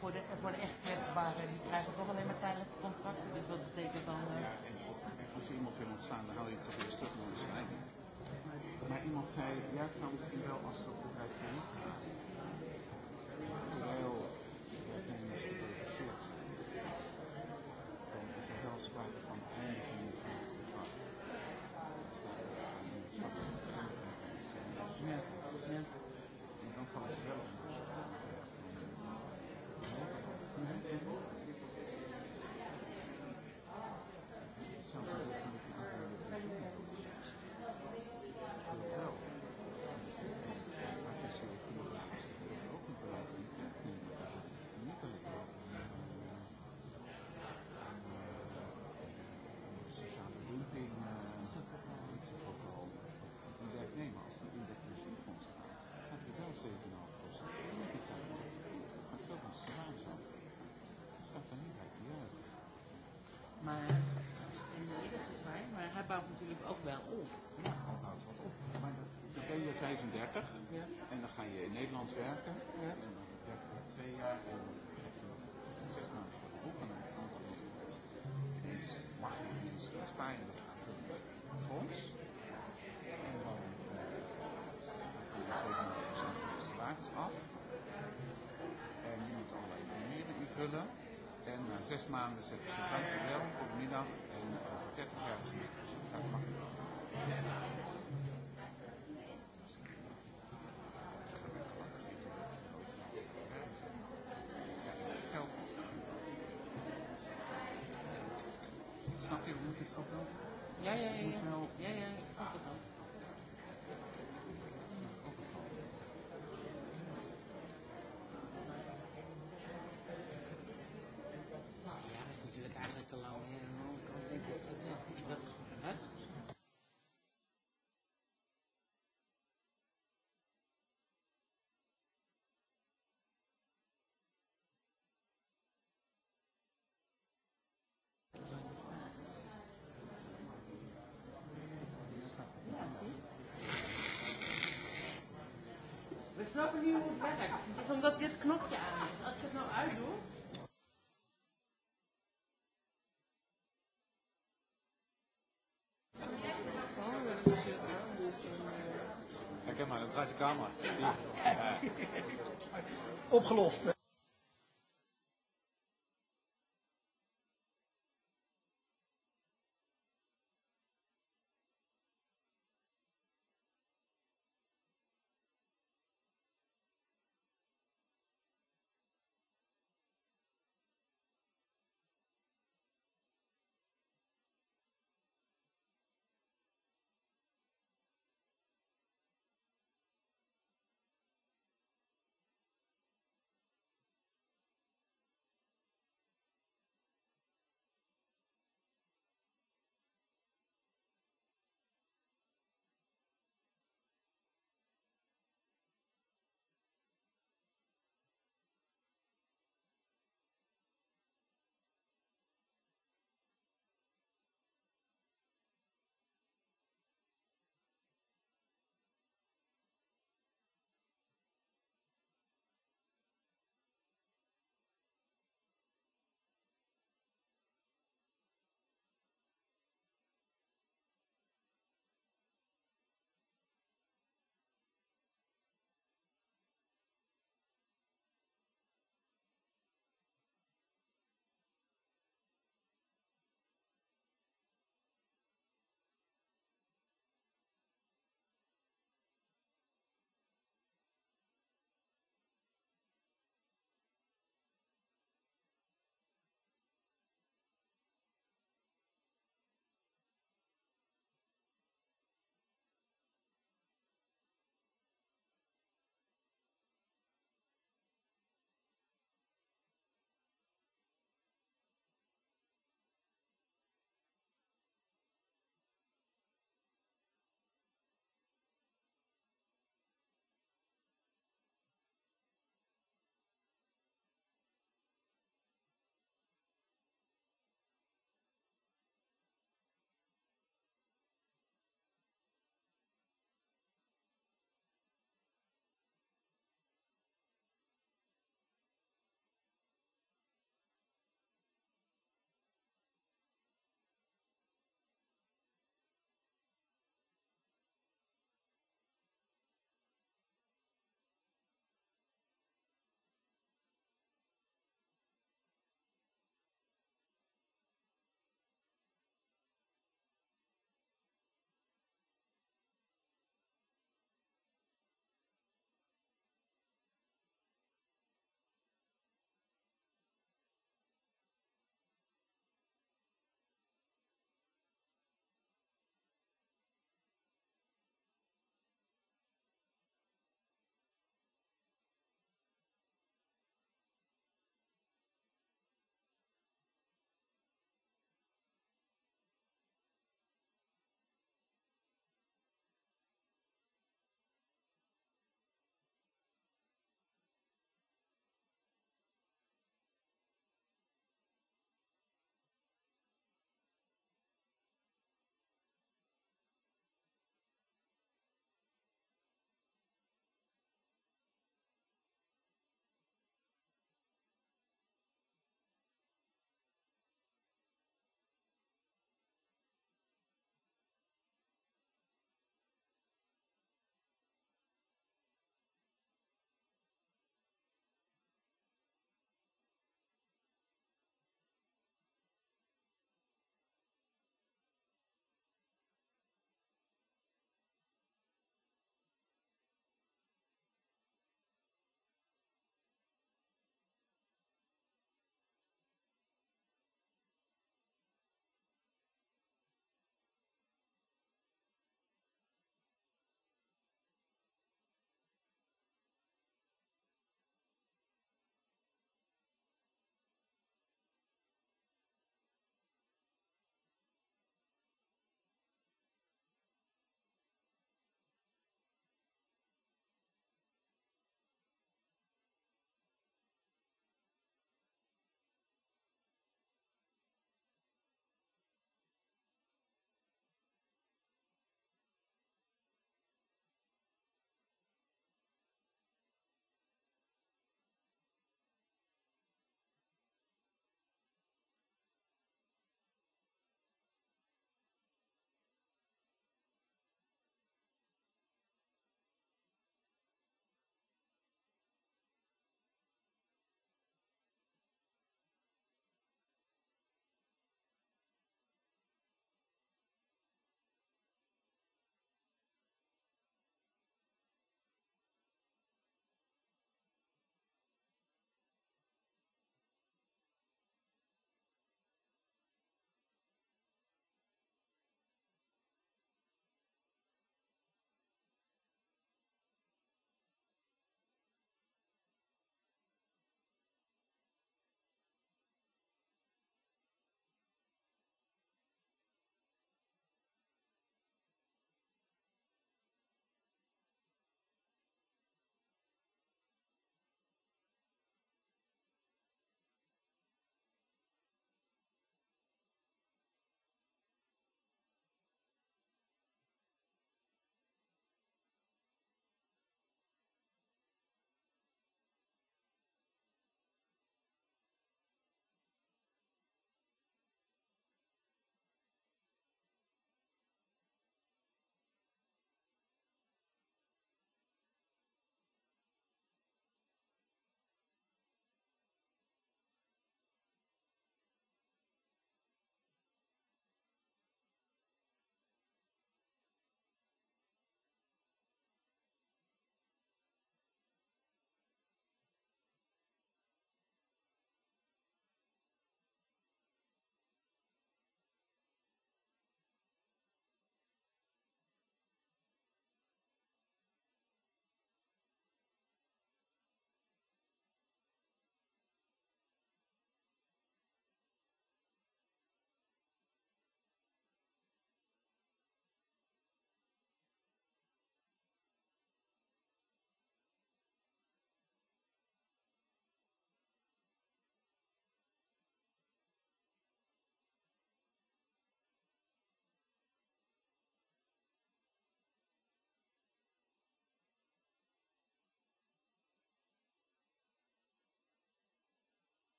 voor de, voor echt kwetsbaren, die krijgen toch alleen maar tijdelijke contract, Dus wat betekent dan... Eh? Ja, en, als je er iemand wil ontslaan, dan hou je toch weer stuk naar schrijven. Maar iemand zei, ja, ik zou misschien wel als dat bedrijf niet gaat. Terwijl, ik ben geïnteresseerd, dan is er wel sprake 30 ja. en dan ga je in Nederland werken. Ja. En dan werk je twee jaar en eh, zes maanden voor de boeken. En dan ineens mag je ineens in Spanje dat gaan voor een fonds. En dan kun je 7,5% van de salaris af. En je moet allerlei formulieren invullen. En na zes maanden zeggen ze dankjewel, goedemiddag en over 30 jaar is het. Dat mag niet. hoe het werkt. omdat dit knopje aan Als ik het nou Ja, maar, dat draait de kamer. Opgelost. Hè?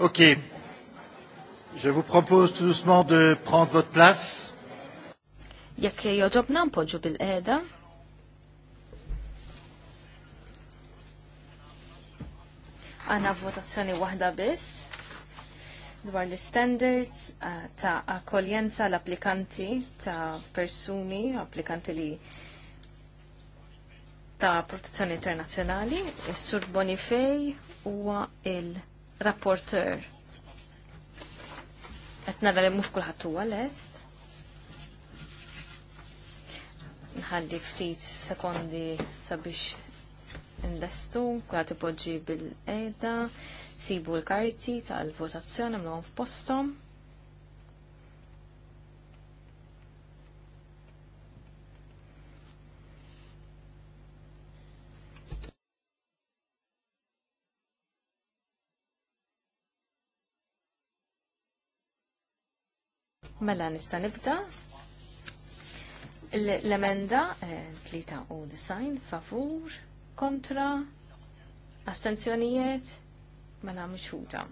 Ok. Je vous propose tout doucement de prendre votre place. Jekk joġobna npoġġu bil-qeda. Għana votazzjoni waħda biss dwar l-standards eh, ta' akkoljenza l-applikanti ta' persuni, applikanti li ta' protezzjoni internazzjonali, il sur Bonifej u. il- rapporteur. Qed nara li mhux kulħadd huwa lest. Nħalli ftit sekondi sabiex inlestu, kulħadd ipoġġi bil-qeda, sibu l-karti tal-votazzjoni mluhom postom Mela nista' nibda. L-emenda 3 eh, u design favur kontra astenzjonijiet mela mxuta.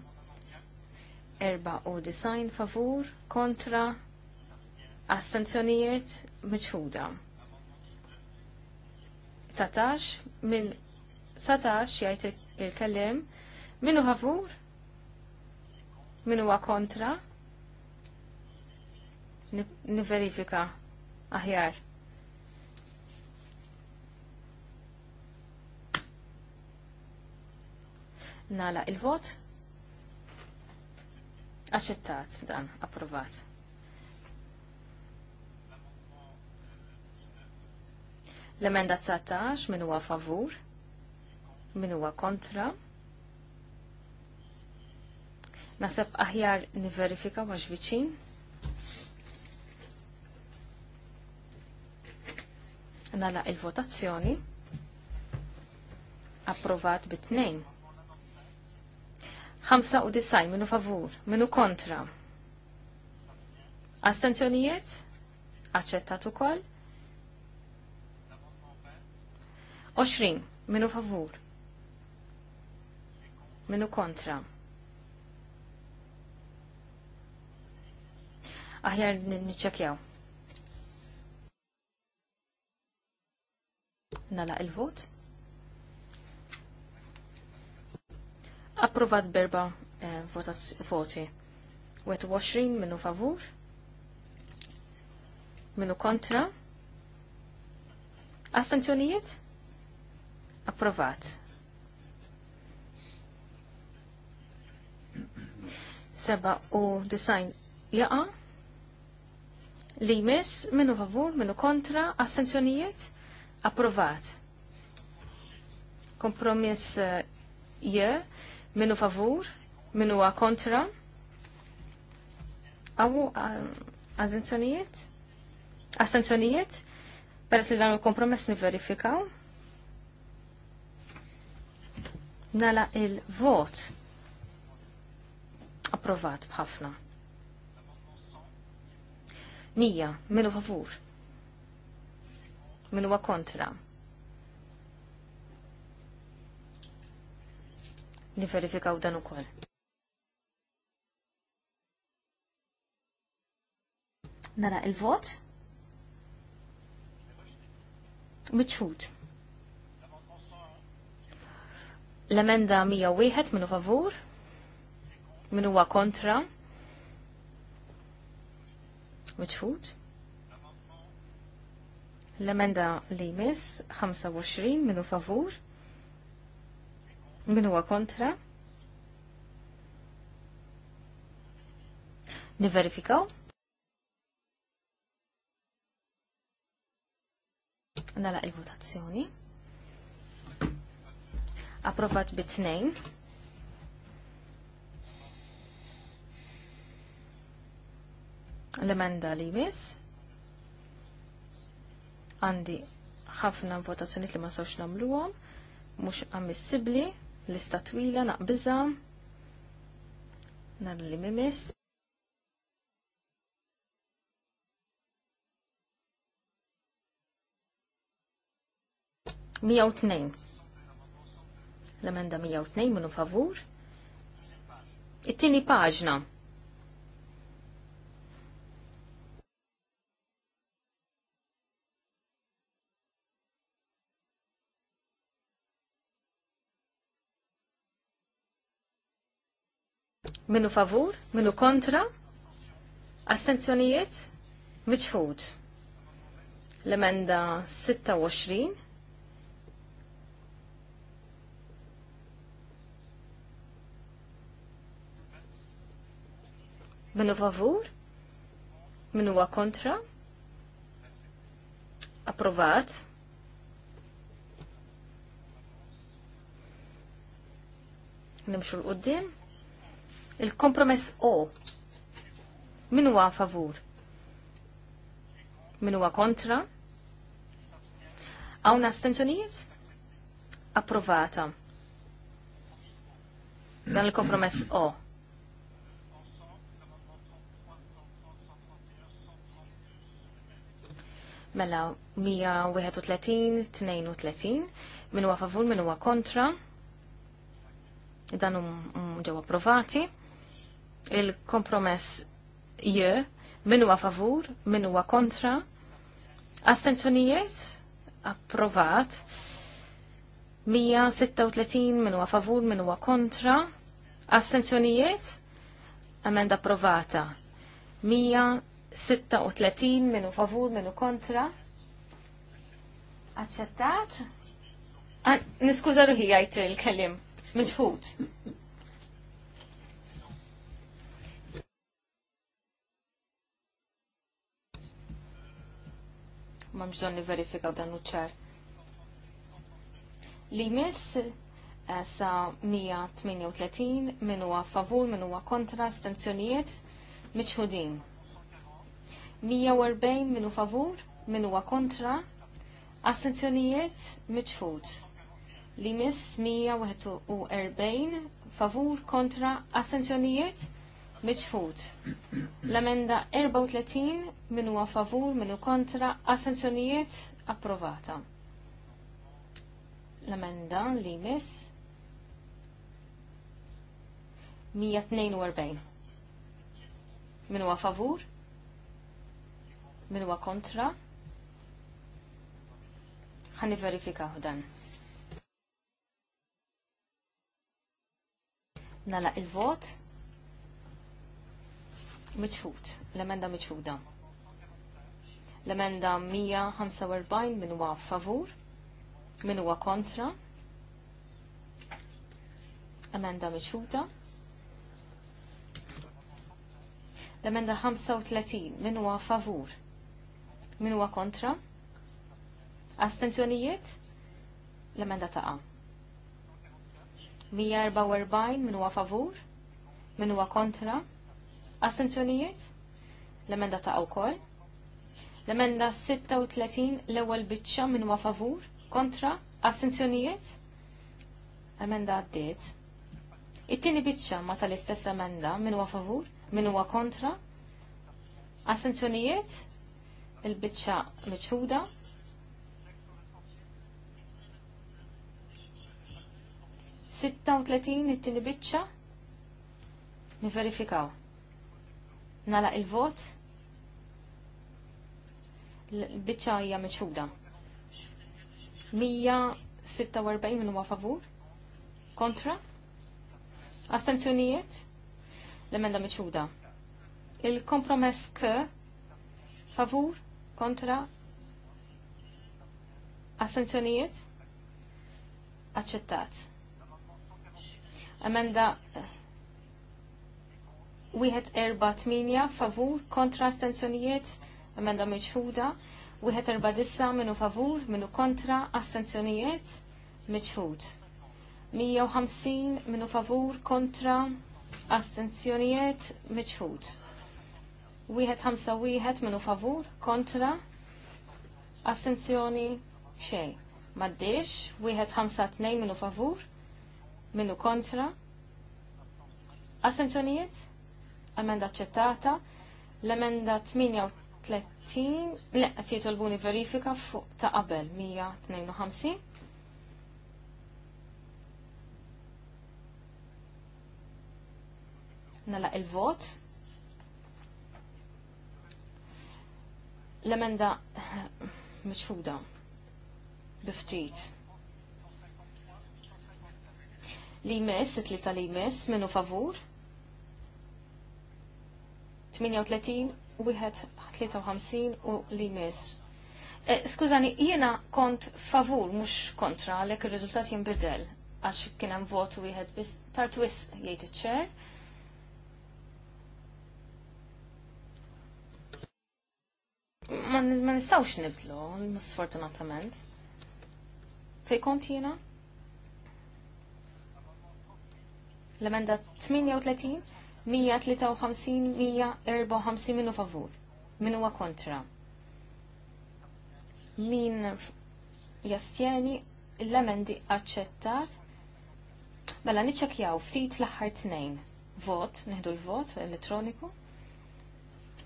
Erba u design favur kontra astenzjonijiet mxuda. Satax minn tatax jgħid il-kellim minnu favur minu kontra kontra niverifika aħjar. Nala il-vot. Aċċettat dan, approvat. L-emenda 19 min huwa favur, min huwa kontra. Naseb aħjar niverifika ma' viċin. nala il-votazzjoni approvat bit-tnejn. 95 minu favur, minu kontra. Astenzjonijiet? Aċċettat ukoll? 20 minu favur. Minu kontra. Aħjar niċċekjaw. Nala il-vot. Approvat berba eh, voti. Wet 21 minnu favur. Minnu kontra. Astenzjonijiet? Approvat. Seba u design jaqa. Li mis, minnu favur, minnu kontra, astenzjonijiet? Approvat. Kompromiss eh, je minu favur, minu a kontra. Għawu għazenzjonijiet? Għazenzjonijiet? Peress li dan il-kompromess niverifikaw. Nala il-vot approvat bħafna. Nija, minu favur. Min huwa kontra? Niverifikaw dan ukoll. Nara il-vot? Miċħut. L-emenda 101 minu favur, minn huwa kontra, miċħut. L-emenda li jmiss 25 minu favur, minu kontra. Niverifikaw. Nala il-votazzjoni. Approvat bit tnejn. L-emenda li jmiss għandi ħafna votazzjoniet li ma sawx namluhom, mhux ammissibbli, lista twila naqbiża, nar li mimis. Mija tnejn. L-emenda mija tnejn minu favur. It-tieni paġna. Minu favur, minu kontra, astenzjonijiet, miċfud. L-emenda 26, Minu favur? Minu huwa kontra? Approvat? Nimxu l-qoddim? Il-kompromess O. Min huwa favur? Min huwa kontra? Hawn astenzjonijiet? Approvata. Dan il-kompromess O. Mela 131, 32, min huwa favur, min huwa kontra. Dan hum ġew approvati. Il-kompromess J, min huwa favur, min huwa kontra. Astenzjonijiet? Approvat. 136 min huwa favur, min huwa kontra. Astenzjonijiet? Amenda approvata. 136 minu favur, minu kontra. Aċċettat? Ah, Niskuza ruħi għajt il-kellim. Midfut. ma bżon li dan uċċar. Li miss eh, sa 138 min huwa favur, min huwa kontra, stanzjonijiet miċħudin. 140 minu favur, minu huwa kontra, astenzjonijiet miċħud. Li miss 141 favur kontra miċħud miċħud. L-emenda 34 min huwa favur, minu kontra, assenzjonijiet approvata. L-emenda li miss 142. Min huwa favur? Min huwa kontra? Ħani verifika dan. Nala il-vot miċħud, l-emenda miċħuda. L-emenda 145 min huwa favur, min huwa kontra. Emenda miċħuda. L-emenda 35 min huwa favur, min huwa kontra. Astenzjonijiet? L-emenda taqa. 144 min huwa favur, min huwa kontra. Astenzjonijiet? L-emenda ta' wkoll. L-emenda 36 l-ewwel biċċa minn huwa favur kontra astenzjonijiet? Emenda għaddiet. It-tieni biċċa ma tal-istess emenda minn huwa favur, minn huwa kontra. Astenzjonijiet? Il-biċċa meċhuda? Sitta u tletin it-tieni biċċa? Niverifikaw. Nala il-vot? L-bicċa hija miċuda. 146 minn huwa favur? Kontra? Astenzjonijiet? L-emenda miċuda. Il-kompromess k? Favur? Kontra? Astenzjonijiet? Aċċettat. Emenda wieħed erba' tminja favur kontra astenzjonijiet emenda miċħuda, wieħed erba' dissa minu favur minu kontra astenzjonijiet miċħud. 150 minu favur kontra astenzjonijiet miċħud. Wieħed ħamsa wieħed minu favur kontra astenzjoni xej. Maddiex, wieħed ħamsa tnejn minu favur minu kontra astenzjonijiet emenda ċettata, l-emenda 38, le, għat jitolbuni verifika fuq ta' qabel 152. Nala il-vot. L-emenda meċfuda biftit. Li mess, it-tlita li mess, minu favur? 38, wieħed 53 u li miss. Eh, skużani, jiena kont favur, mux kontra, għalek il-rizultat jimbidel, għax kien hemm vot wieħed biss tartwis jgħid iċ-ċer. Ma nistawx nibdlu, sfortunatament. Fej kont jiena? L-emenda 38? 153-154 minu favur, minu huwa kontra. Min jastjeni l-emendi aċċettat. mela niċċekjaw ftit l-aħħar tnejn. Vot, neħdu l-vot elettroniku.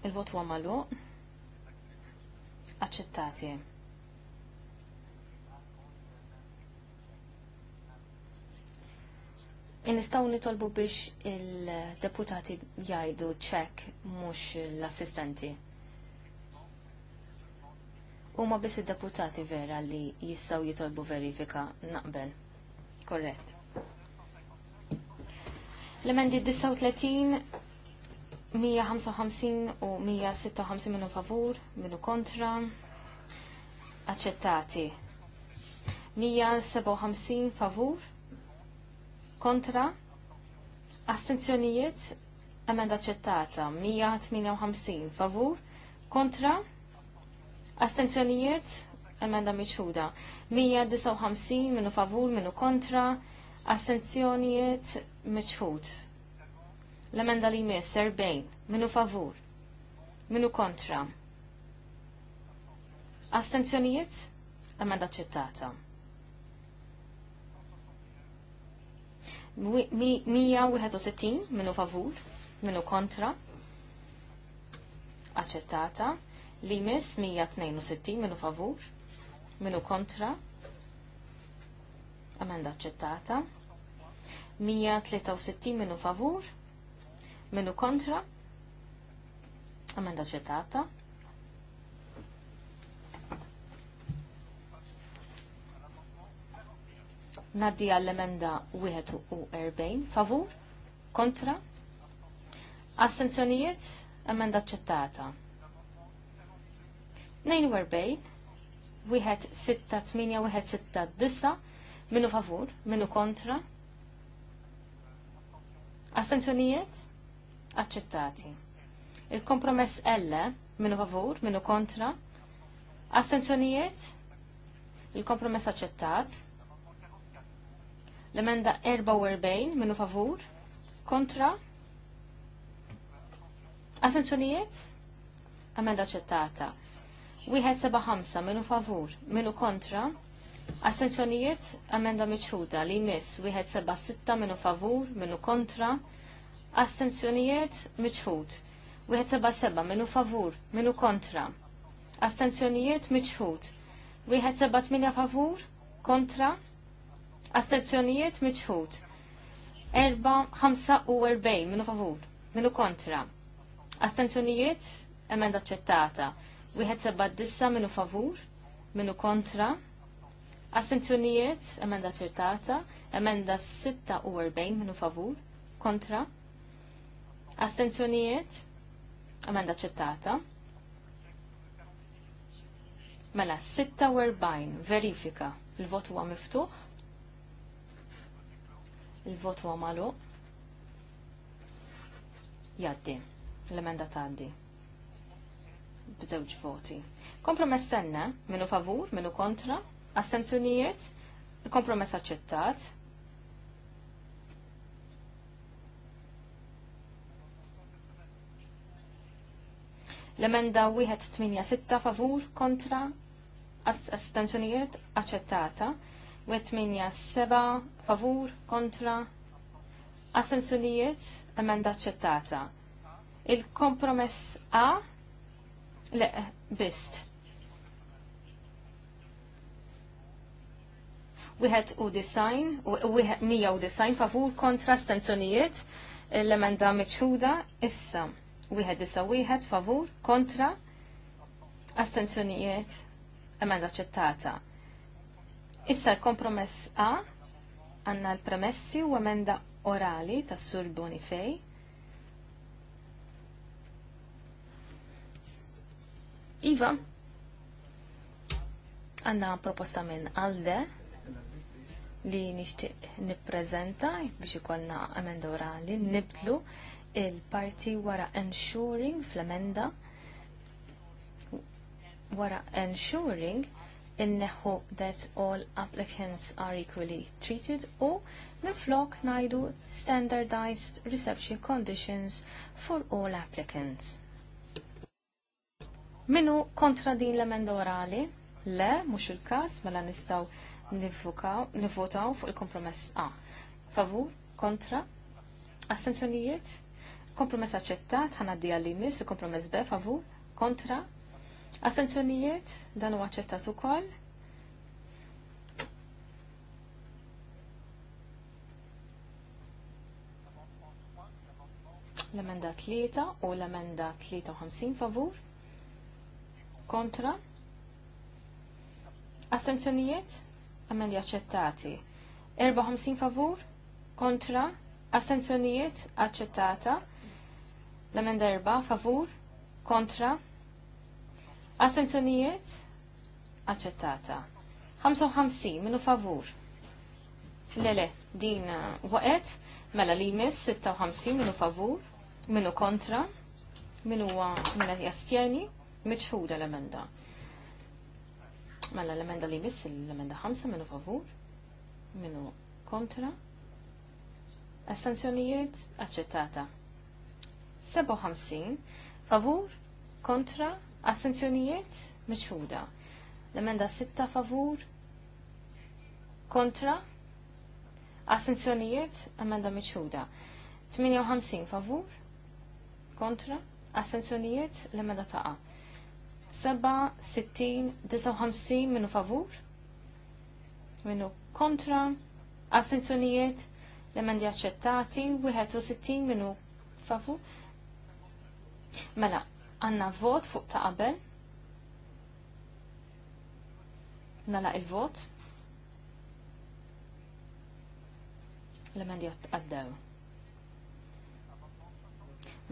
Il-vot huwa magħluq. Aċċettati. Nistaw nitolbu biex il-deputati jgħidu ċek mux l-assistenti. Huma biss id-deputati vera li jistaw jitolbu verifika naqbel. Korrett. L-emendi 39, 155 u 156 minu favur, minu kontra, accettati. 157 favur, kontra astenzjonijiet emenda ċettata 158 favur kontra astenzjonijiet emenda miċħuda 159 minu favur minu kontra astenzjonijiet miċħud l-emenda li mis erbejn. minu favur minu kontra astenzjonijiet emenda ċettata 161 minu favur, minu kontra, aċċettata. Li mis 162 minu favur, minu kontra, amenda aċċettata. 163 minu favur, minu kontra, amenda aċċettata. Naddi għall-emenda 41, favur, kontra, astenzjonijiet, emenda ċettata. 42, wieħed 6 wieħed 6 minu favur, minu kontra, astenzjonijiet, accettati. Il-kompromess L, minu favur, minu kontra, astenzjonijiet, il-kompromess accettat, L-emenda 44 minnu favur kontra Asenzjonijiet? Emenda ċettata. Wieħed seba' ħamsa minnu favur, minnu kontra. Asenzjonijiet? emenda miċħuda li miss. wieħed seba' sitta minnu favur, minnu kontra. Astenzjonijiet miċħud. Wieħed seba' seba' minnu favur, minnu kontra. Astenzjonijiet miċħud. Wieħed seba' tminja favur, kontra. Astenzjonijiet miċħud. Erba, 5. u 40 minu favur, minu kontra. Astenzjonijiet, emenda ċettata. Wieħed seba minu favur, minu kontra. Astenzjonijiet, emenda ċettata. Emenda sitta u 40 minu favur, kontra. Astenzjonijiet, emenda ċettata. Mela, 46, verifika. Il-vot huwa miftuħ. Il-vot huwa magħluq. Jaddi. L-emenda tgħaddi. B'żewġ voti. Kompromess senna, minu favur, minu kontra, astenzjonijiet, kompromess aċċettat. L-emenda 186 favur kontra astenzjonijiet aċċettata. 8 7 favur kontra assenzjonijiet emenda ċettata. Il-kompromess A le bist. Wieħed u design, wieħed mija u design favur kontra assenzjonijiet l-emenda miċħuda issa. Wieħed issa wieħed favur kontra assenzjonijiet emenda ċettata. Issa kompromess A għanna l-premessi u emenda orali tas sur Bonifej. Iva, għanna proposta minn Alde li nixtieq nippreżenta biex ikollna emenda orali, nibdlu il-parti wara ensuring fl-emenda wara ensuring inneħħu that all applicants are equally treated u minflok ngħidu standardized reception conditions for all applicants. Minu kontra din l-emenda orali? Le, mhux il każ mela nistgħu nivvotaw fuq il-kompromess A. Favur, kontra, astenzjonijiet, kompromess aċċettat, ħanaddi d limis il-kompromess B, favur, kontra, Assenzjonijiet, dan u għacċettat u kol. L-emenda 3 u l-emenda 53 favur. Kontra. assenzjonijiet, emendi Erba' 54 favur. Kontra. assenzjonijiet għacċettata. L-emenda 4 favur. Kontra Attenzjonijiet? Aċċettata. 55 minu favur. Lele, din uh, waqet, mela li jmiss 56 minu favur, minu kontra, minu uh, mela jastjeni, miċħuda l-emenda. Mela l-emenda li jmiss l-emenda 5 minu favur, minu kontra, astenzjonijiet? Aċċettata. 57 favur, kontra, Astenzjonijiet? Meċħuda. L-emenda 6 favur? Kontra? Astenzjonijiet? Emenda meċħuda. 58 favur? Kontra? Astenzjonijiet? L-emenda taqa. 7, 60, 59 minu favur? Minu kontra? Astenzjonijiet? L-emendi accettati? 61 minu favur? Mela, Għanna vot fuq ta' qabel. Nala il-vot. L-emendi għaddew.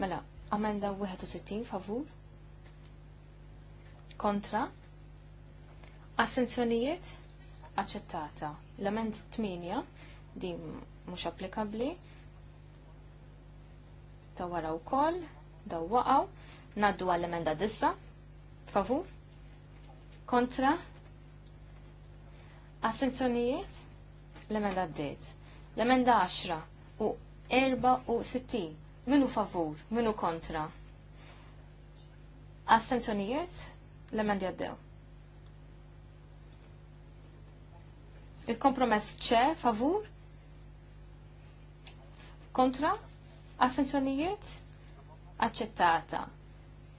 Mela, amenda 61 favur. Kontra. Assenzjonijiet aċċettata. l emend 8 din mhux applikabbli. Ta' wara wkoll, daw waqgħu. Naddu għall-emenda dissa. Favur? Kontra? Assenzjonijiet? L-emenda d-diet. L-emenda 10 u 4 u 60. Minu favur? Minu kontra? Assenzjonijiet? l emenda għaddew. Il-kompromess ċe favur? Kontra? Assenzjonijiet? Aċċettata.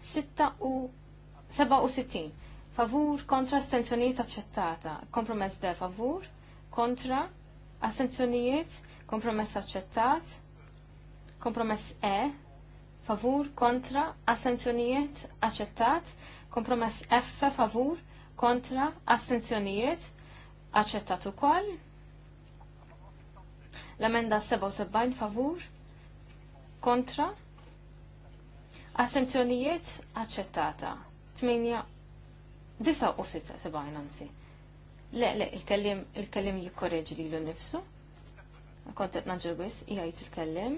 67 favur kontra astenzjonijiet aċċettata. Kompromess de favur kontra astenzjonijiet kompromess aċċettat. Kompromess E favur kontra astenzjonijiet aċċettat. Kompromess F favur kontra astenzjonijiet aċċettat ukoll. L-emenda 77 favur kontra Assenzjonijiet aċċettata. 8 sebajna anzi. Le, le, il-kellim il-kellim jikkorreġi li l-nifsu. Kontet naġġewis, jgħajt il-kellim.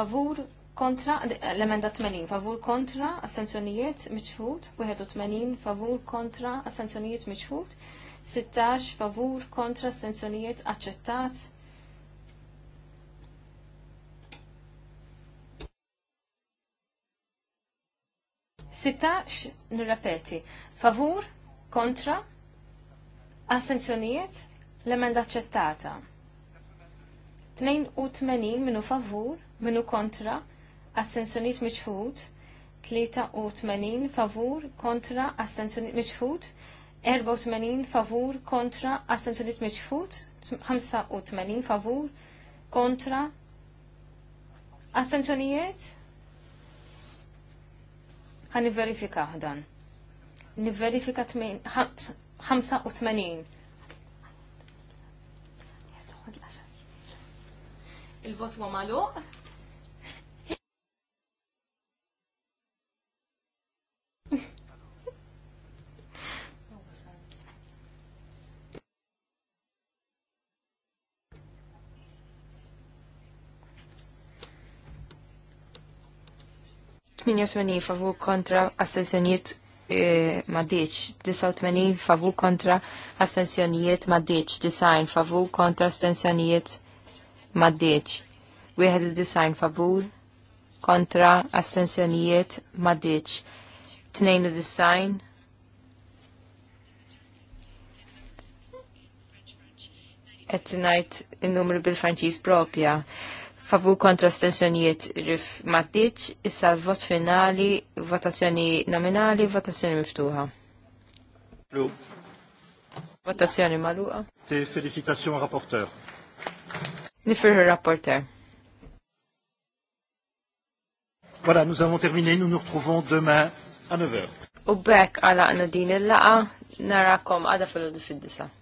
Favur kontra, l-emenda 80, favur kontra, assenzjonijiet miċħud, 81 favur kontra, assenzjonijiet miċħud, 16 favur kontra, assenzjonijiet aċċettat, 16, nirrepeti, favur, kontra, assenzjonijiet, l-emenda ċettata. 82 minu favur, minu kontra, assenzjonijiet miċħud, 83 favur, kontra, assenzjonijiet miċħud, 84 favur, kontra, assenzjonijiet u 85 favur, kontra, assenzjonijiet, Għan niverifika dan. Niverifika 85. Il-vot huwa magħluq. 88 favur kontra assenzjonijiet eh, maddiċ, 89 favur kontra assenzjonijiet maddiċ, design favur kontra astensjonijiet maddiċ, design favur kontra astensjonijiet maddiċ, 2 design Et tonight, in-numru bil-Franċiż propja favur kontra stensjonijiet rif maddiċ, issa l-vot finali, votazzjoni nominali, votazzjoni miftuħa. Votazzjoni maluqa. Te felicitazzjon rapporteur. Nifirru rapporteur. Voilà, nous avons terminé, nous nous retrouvons demain à 9h. U bekk għala għana din il-laqa, narakom għada fil-ħodu fil-disa.